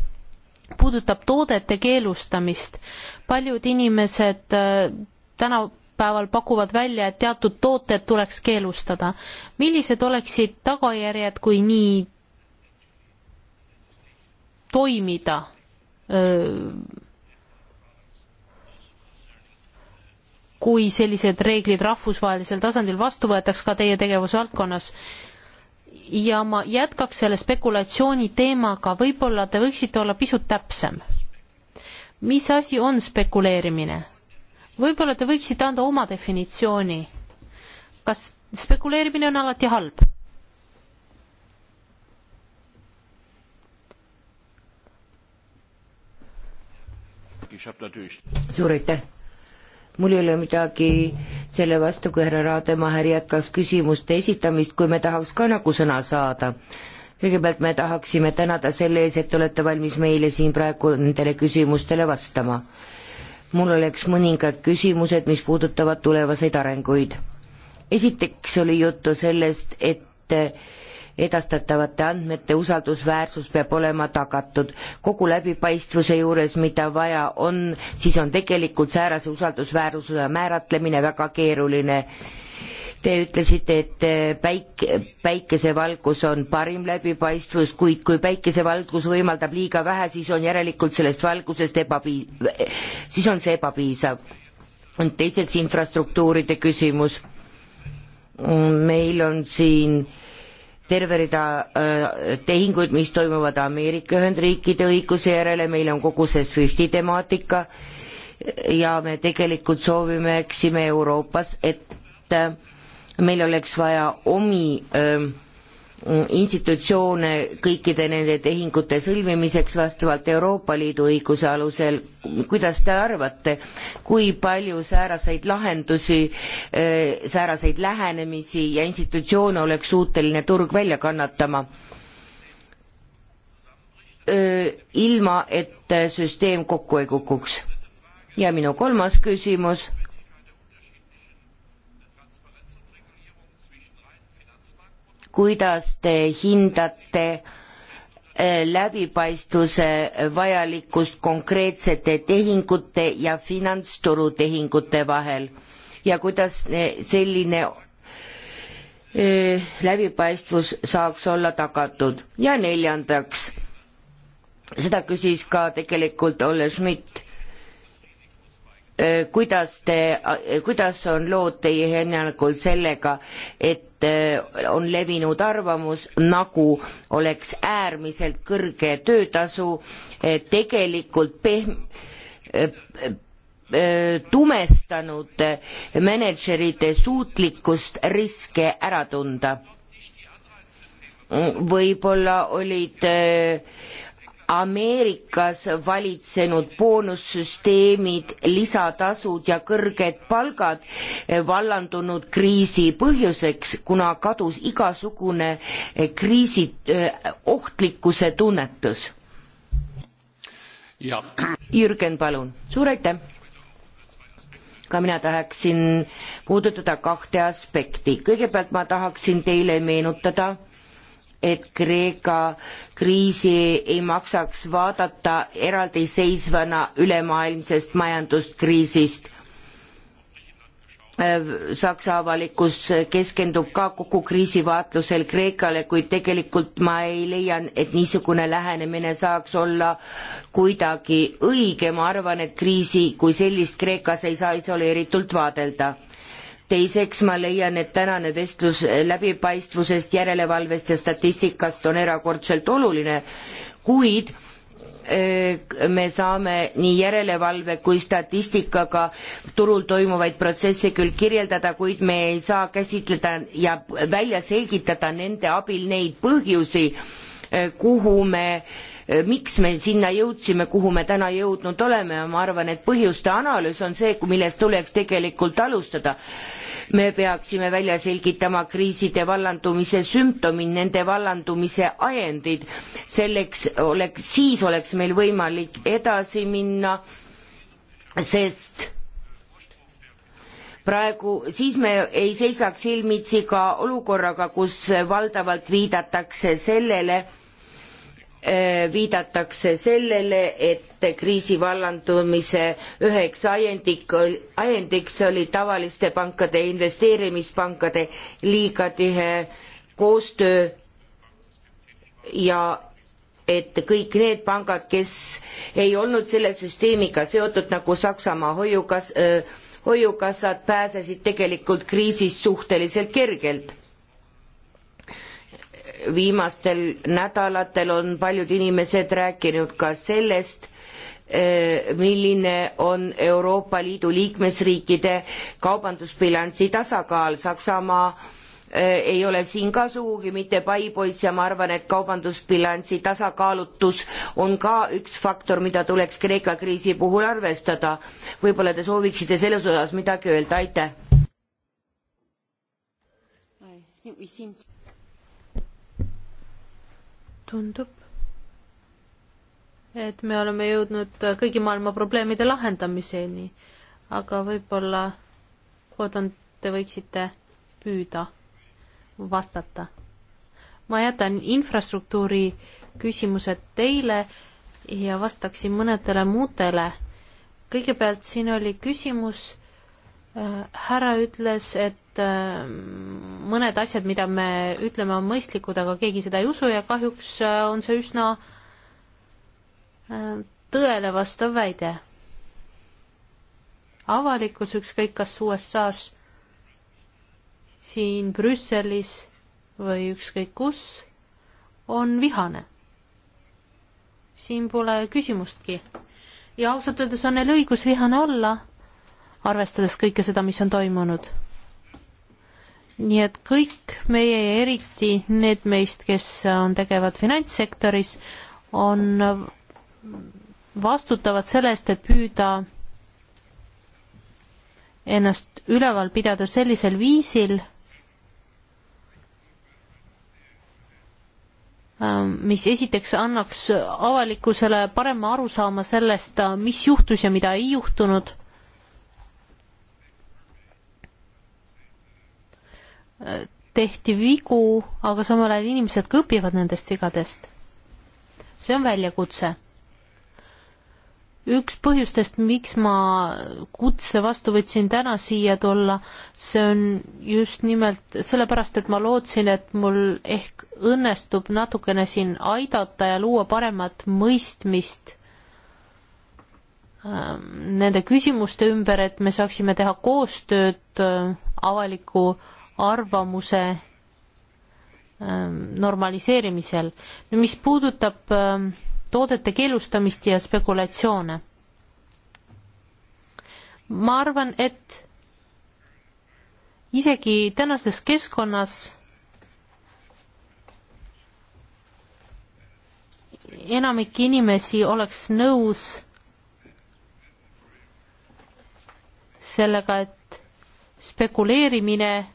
puudutab toodete keelustamist. paljud inimesed äh, tänapäeval pakuvad välja, et teatud tooted tuleks keelustada. millised oleksid tagajärjed, kui nii toimida? Äh, kui sellised reeglid rahvusvahelisel tasandil vastu võetaks ka teie tegevusvaldkonnas ja ma jätkaks selle spekulatsiooni teemaga, võib-olla te võiksite olla pisut täpsem. mis asi on spekuleerimine? võib-olla te võiksite anda oma definitsiooni. kas spekuleerimine on alati halb? suur aitäh mul ei ole midagi selle vastu, kui härra Raademaher jätkas küsimuste esitamist, kui me tahaks ka nagu sõna saada. kõigepealt me tahaksime tänada selle ees, et olete valmis meile siin praegu nendele küsimustele vastama. mul oleks mõningad küsimused, mis puudutavad tulevaseid arenguid. esiteks oli juttu sellest, et edastatavate andmete usaldusväärsus peab olema tagatud. kogu läbipaistvuse juures, mida vaja on, siis on tegelikult säärase usaldusväärsuse määratlemine väga keeruline. Te ütlesite, et eh, päik-, päikesevalgus on parim läbipaistvus, kuid kui päikesevalgus võimaldab liiga vähe, siis on järelikult sellest valgusest ebapiis-, siis on see ebapiisav. teiseks infrastruktuuride küsimus mm, meil on siin terve rida tehinguid, mis toimuvad Ameerika Ühendriikide õiguse järele, meil on kogu see SWIFTi temaatika ja me tegelikult soovime, eksime Euroopas, et meil oleks vaja omi öö, institutsioone kõikide nende tehingute sõlmimiseks vastavalt Euroopa Liidu õiguse alusel. kuidas te arvate, kui palju sääraseid lahendusi, eh, sääraseid lähenemisi ja institutsioone oleks suuteline turg välja kannatama? Eh, ilma, et süsteem kokku ei kukuks. ja minu kolmas küsimus kuidas te hindate äh, läbipaistvuse vajalikkust konkreetsete tehingute ja finantsturutehingute vahel ja kuidas selline äh, läbipaistvus saaks olla tagatud ja neljandaks, seda küsis ka tegelikult Olle Schmidt, Äh, kuidas te, äh, kuidas on lood teie hinnangul sellega, et äh, on levinud arvamus, nagu oleks äärmiselt kõrge töötasu tegelikult pehm-, tumestanud mänedžerite suutlikkust riske ära tunda võib-olla olid Ameerikas valitsenud boonussüsteemid, lisatasud ja kõrged palgad vallandunud kriisi põhjuseks, kuna kadus igasugune eh, kriisi eh, ohtlikkuse tunnetus? Jürgen, palun, suur aitäh! ka mina tahaksin puudutada kahte aspekti, kõigepealt ma tahaksin teile meenutada, et Kreeka kriisi ei maksaks vaadata eraldiseisvana ülemaailmsest majanduskriisist. Äh, Saksa avalikkus keskendub ka kogu kriisi vaatlusel Kreekale, kuid tegelikult ma ei leia, et niisugune lähenemine saaks olla kuidagi õige, ma arvan, et kriisi kui sellist Kreekas ei saa isoleeritult vaadelda teiseks ma leian, et tänane vestlus läbipaistvusest, järelevalvest ja statistikast on erakordselt oluline, kuid äh, me saame nii järelevalve kui statistikaga turul toimuvaid protsesse küll kirjeldada, kuid me ei saa käsitleda ja välja selgitada nende abil neid põhjusi, äh, kuhu me Äh, miks me sinna jõudsime, kuhu me täna jõudnud oleme ja ma arvan, et põhjuste analüüs on see, millest tuleks tegelikult alustada. me peaksime välja selgitama kriiside vallandumise sümptomid, nende vallandumise ajendid, selleks oleks, siis oleks meil võimalik edasi minna, sest praegu, siis me ei seisaks silmitsi ka olukorraga, kus valdavalt viidatakse sellele, Äh, viidatakse sellele, et kriisi vallandumise üheks ajendik, ajendiks oli tavaliste pankade ja investeerimispankade liiga tihe koostöö ja et kõik need pangad, kes ei olnud selle süsteemiga seotud, nagu Saksamaa hoiukas-, äh, hoiukassad, pääsesid tegelikult kriisist suhteliselt kergelt viimastel nädalatel on paljud inimesed rääkinud ka sellest, eh, milline on Euroopa Liidu liikmesriikide kaubandusbilansi tasakaal, Saksamaa eh, ei ole siin ka sugugi mitte paipoiss ja ma arvan, et kaubandusbilansi tasakaalutus on ka üks faktor, mida tuleks Kreeka kriisi puhul arvestada. võib-olla te sooviksite selles osas midagi öelda, aitäh! tundub, et me oleme jõudnud kõigi maailma probleemide lahendamiseni, aga võib-olla, Gordon, te võiksite püüda vastata. ma jätan infrastruktuuri küsimused teile ja vastaksin mõnedele muudele. kõigepealt siin oli küsimus äh,, härra ütles, et et ähm, mõned asjad, mida me ütleme, on mõistlikud, aga keegi seda ei usu ja kahjuks äh, on see üsna äh, tõele vastav väide. avalikkus, ükskõik kas USA-s, siin Brüsselis või ükskõik kus, on vihane. siin pole küsimustki. ja ausalt öeldes on neil õigus vihane olla, arvestades kõike seda, mis on toimunud nii et kõik meie ja eriti need meist, kes on tegevad finantssektoris, on, vastutavad selle eest, et püüda ennast üleval pidada sellisel viisil, ähm, mis esiteks annaks avalikkusele parema arusaama sellest, äh, mis juhtus ja mida ei juhtunud tehti vigu, aga samal ajal inimesed ka õpivad nendest vigadest. see on väljakutse. üks põhjustest, miks ma kutse vastu võtsin täna siia tulla, see on just nimelt sellepärast, et ma lootsin, et mul ehk õnnestub natukene siin aidata ja luua paremat mõistmist ähm, nende küsimuste ümber, et me saaksime teha koostööd äh, avaliku äh, arvamuse ähm, normaliseerimisel. no mis puudutab ähm, toodete keelustamist ja spekulatsioone, ma arvan, et isegi tänases keskkonnas enamik inimesi oleks nõus sellega, et spekuleerimine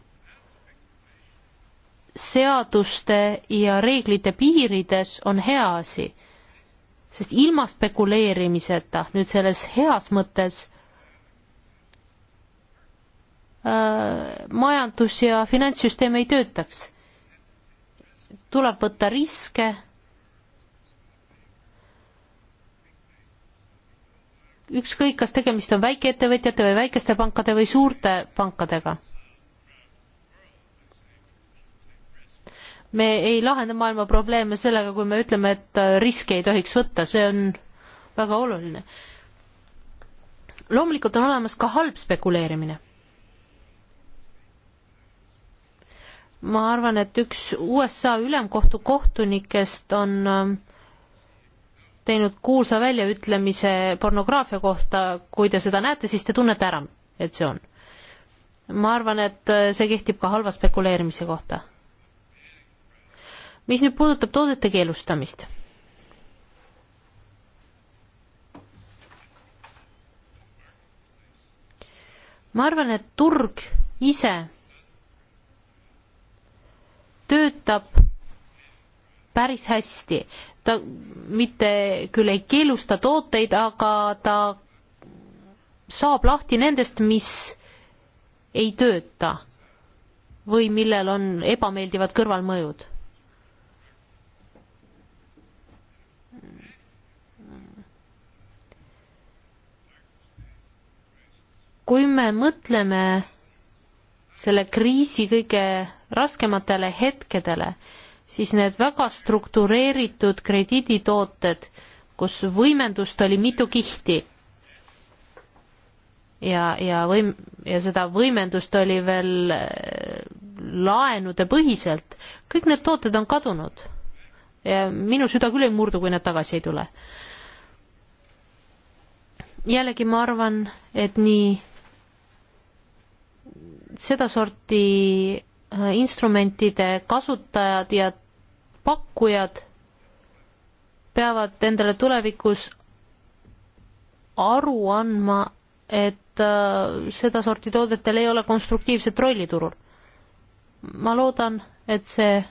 seaduste ja reeglite piirides on hea asi, sest ilma spekuleerimiseta nüüd selles heas mõttes äh, majandus ja finantssüsteem ei töötaks. tuleb võtta riske ükskõik, kas tegemist on väikeettevõtjate või väikeste pankade või suurte pankadega. me ei lahenda maailma probleeme sellega, kui me ütleme, et äh, riske ei tohiks võtta, see on väga oluline. loomulikult on olemas ka halb spekuleerimine. ma arvan, et üks USA ülemkohtu kohtunikest on äh, teinud kuulsa väljaütlemise pornograafia kohta, kui te seda näete, siis te tunnete ära, et see on. ma arvan, et äh, see kehtib ka halva spekuleerimise kohta mis nüüd puudutab toodete keelustamist ma arvan, et turg ise töötab päris hästi. ta mitte küll ei keelusta tooteid, aga ta saab lahti nendest, mis ei tööta või millel on ebameeldivad kõrvalmõjud. kui me mõtleme selle kriisi kõige raskematele hetkedele, siis need väga struktureeritud krediiditooted, kus võimendust oli mitu kihti ja, ja võim-, ja seda võimendust oli veel äh, laenude põhiselt, kõik need tooted on kadunud. ja minu süda küll ei murdu, kui nad tagasi ei tule. jällegi ma arvan, et nii sedasorti äh, instrumentide kasutajad ja pakkujad peavad endale tulevikus aru andma, et äh, sedasorti toodetel ei ole konstruktiivset rolli turul. ma loodan, et see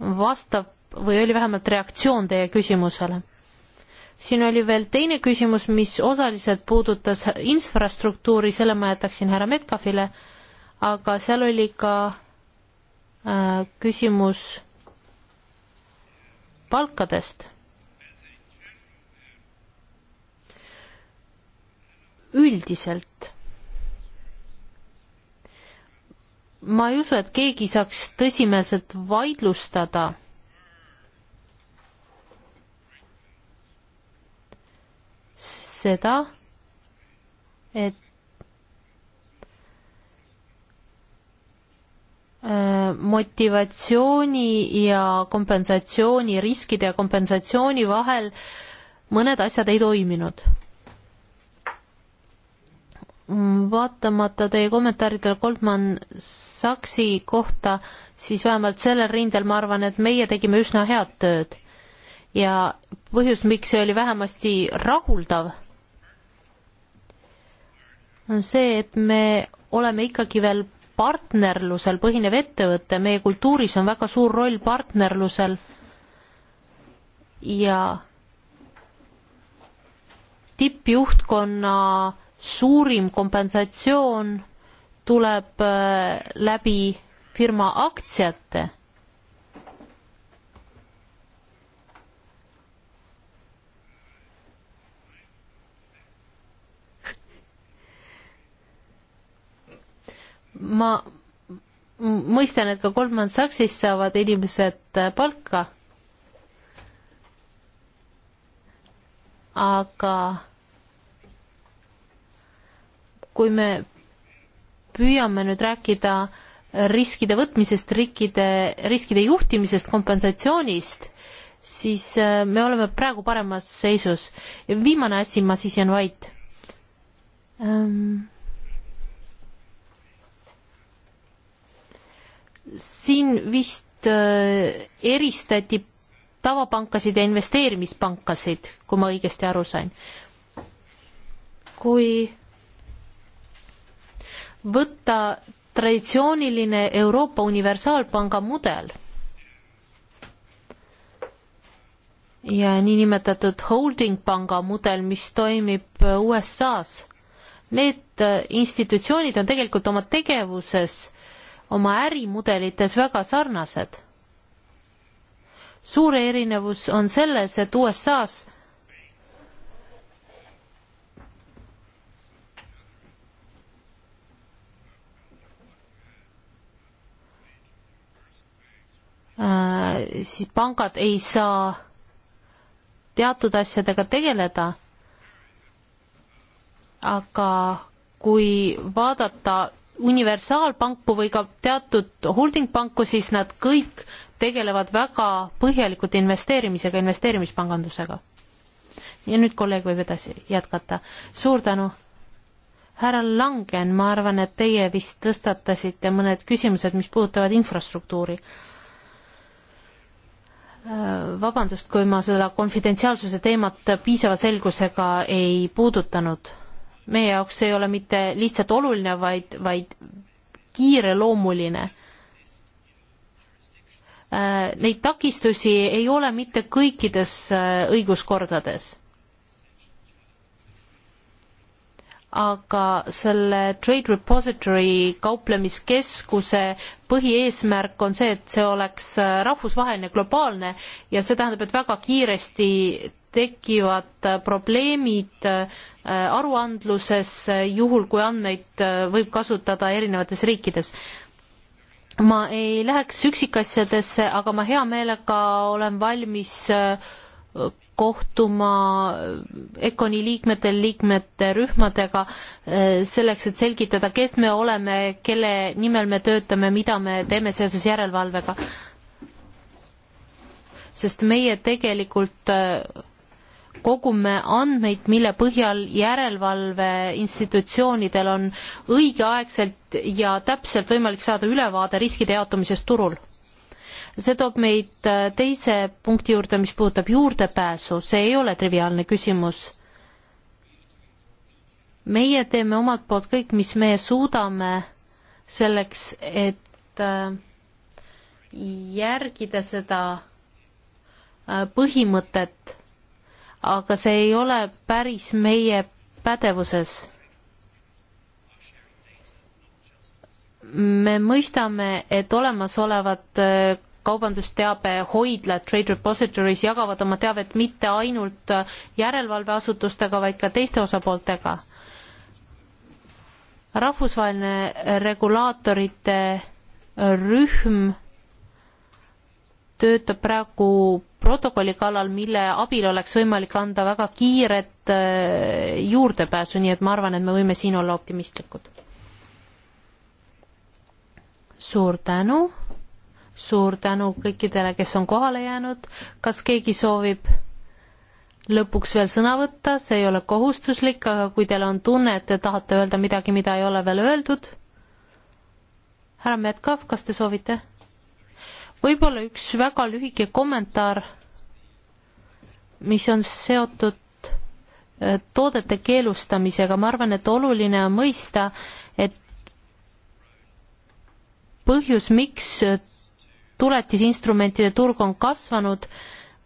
vastab või oli vähemalt reaktsioon teie küsimusele siin oli veel teine küsimus, mis osaliselt puudutas infrastruktuuri, selle ma jätaksin härra Metkafile, aga seal oli ka äh, küsimus palkadest. üldiselt ma ei usu, et keegi saaks tõsimeelselt vaidlustada seda, et äh, motivatsiooni ja kompensatsiooni, riskide ja kompensatsiooni vahel mõned asjad ei toiminud. vaatamata teie kommentaaridele Goldman Sachsi kohta, siis vähemalt sellel rindel ma arvan, et meie tegime üsna head tööd. ja põhjus, miks see oli vähemasti rahuldav on see, et me oleme ikkagi veel partnerlusel põhinev ettevõte, meie kultuuris on väga suur roll partnerlusel ja tippjuhtkonna suurim kompensatsioon tuleb äh, läbi firma aktsiate ma mõistan, et ka Goldman Sachsis saavad inimesed äh, palka. aga kui me püüame nüüd rääkida riskide võtmisest, rikkide, riskide juhtimisest, kompensatsioonist, siis äh, me oleme praegu paremas seisus. viimane asi, ma siis jään vait ähm siin vist äh, eristati tavapankasid ja investeerimispankasid, kui ma õigesti aru sain. kui võtta traditsiooniline Euroopa Universaalpanga mudel ja niinimetatud holding panga mudel, mis toimib USA-s, need äh, institutsioonid on tegelikult oma tegevuses oma ärimudelites väga sarnased. suur erinevus on selles, et USA-s Äh, siis pangad ei saa teatud asjadega tegeleda. aga kui vaadata universaalpanku või ka teatud holdingpanku, siis nad kõik tegelevad väga põhjalikult investeerimisega, investeerimispangandusega. ja nüüd kolleeg võib edasi jätkata. suur tänu! härra Langen, ma arvan, et teie vist tõstatasite mõned küsimused, mis puudutavad infrastruktuuri. Äh, vabandust, kui ma seda konfidentsiaalsuse teemat piisava selgusega ei puudutanud meie jaoks ei ole mitte lihtsalt oluline, vaid, vaid kiireloomuline. Äh, neid takistusi ei ole mitte kõikides äh, õiguskordades. aga selle Trade Repository kauplemiskeskuse põhieesmärk on see, et see oleks äh, rahvusvaheline, globaalne ja see tähendab, et väga kiiresti tekivad probleemid Äh, aruandluses, äh, juhul kui andmeid äh, võib kasutada erinevates riikides. ma ei läheks üksikasjadesse, aga ma hea meelega olen valmis kohtuma ECONi liikmetel, liikmete rühmadega selleks, et selgitada, kes me oleme, kelle nimel me töötame, mida me teeme seoses järelevalvega. sest meie tegelikult kogume andmeid, mille põhjal järelevalve institutsioonidel on õigeaegselt ja täpselt võimalik saada ülevaade riskide jaotumisest turul. see toob meid äh, teise punkti juurde, mis puudutab juurdepääsu, see ei ole triviaalne küsimus. meie teeme omalt poolt kõik, mis meie suudame selleks, et äh, järgida seda äh, põhimõtet aga see ei ole päris meie pädevuses. me mõistame, et olemasolevad äh, kaubandusteabe hoidlad Trade Repositories jagavad oma teavet mitte ainult äh, järelevalveasutustega, vaid ka teiste osapooltega. rahvusvaheline äh, regulaatorite rühm töötab praegu protokolli kallal, mille abil oleks võimalik anda väga kiiret äh, juurdepääsu, nii et ma arvan, et me võime siin olla optimistlikud. suur tänu, suur tänu kõikidele, kes on kohale jäänud, kas keegi soovib lõpuks veel sõna võtta, see ei ole kohustuslik, aga kui teil on tunne, et te tahate öelda midagi, mida ei ole veel öeldud, härra Metkov, kas te soovite? võib-olla üks väga lühike kommentaar, mis on seotud eh, toodete keelustamisega, ma arvan, et oluline on mõista, et põhjus, miks eh, tuletisinstrumentide turg on kasvanud,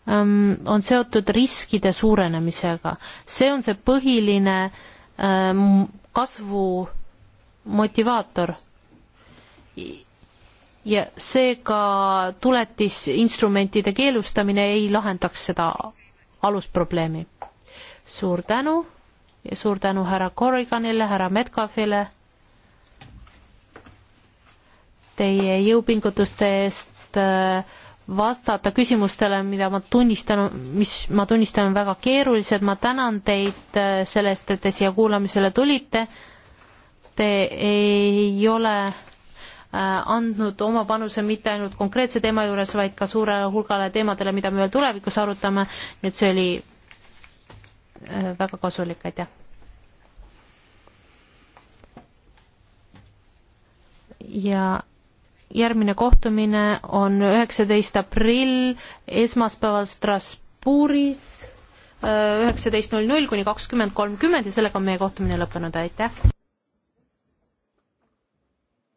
ehm, on seotud riskide suurenemisega. see on see põhiline ehm, kasvu motivaator ja seega tuletisinstrumentide keelustamine ei lahendaks seda alusprobleemi. suur tänu ja suur tänu härra Corriganile, härra Metcalfile teie jõupingutuste eest äh, vastata küsimustele, mida ma tunnistan, mis ma tunnistan väga keerulised, ma tänan teid äh, sellest, et te siia kuulamisele tulite. Te ei ole Äh, andnud oma panuse mitte ainult konkreetse teema juures, vaid ka suurele hulgale teemadele, mida me veel tulevikus arutame, nii et see oli äh, väga kasulik, aitäh. ja järgmine kohtumine on üheksateist aprill, esmaspäeval Strasbourgis äh, üheksateist null null kuni kakskümmend kolmkümmend ja sellega on meie kohtumine lõppenud, aitäh!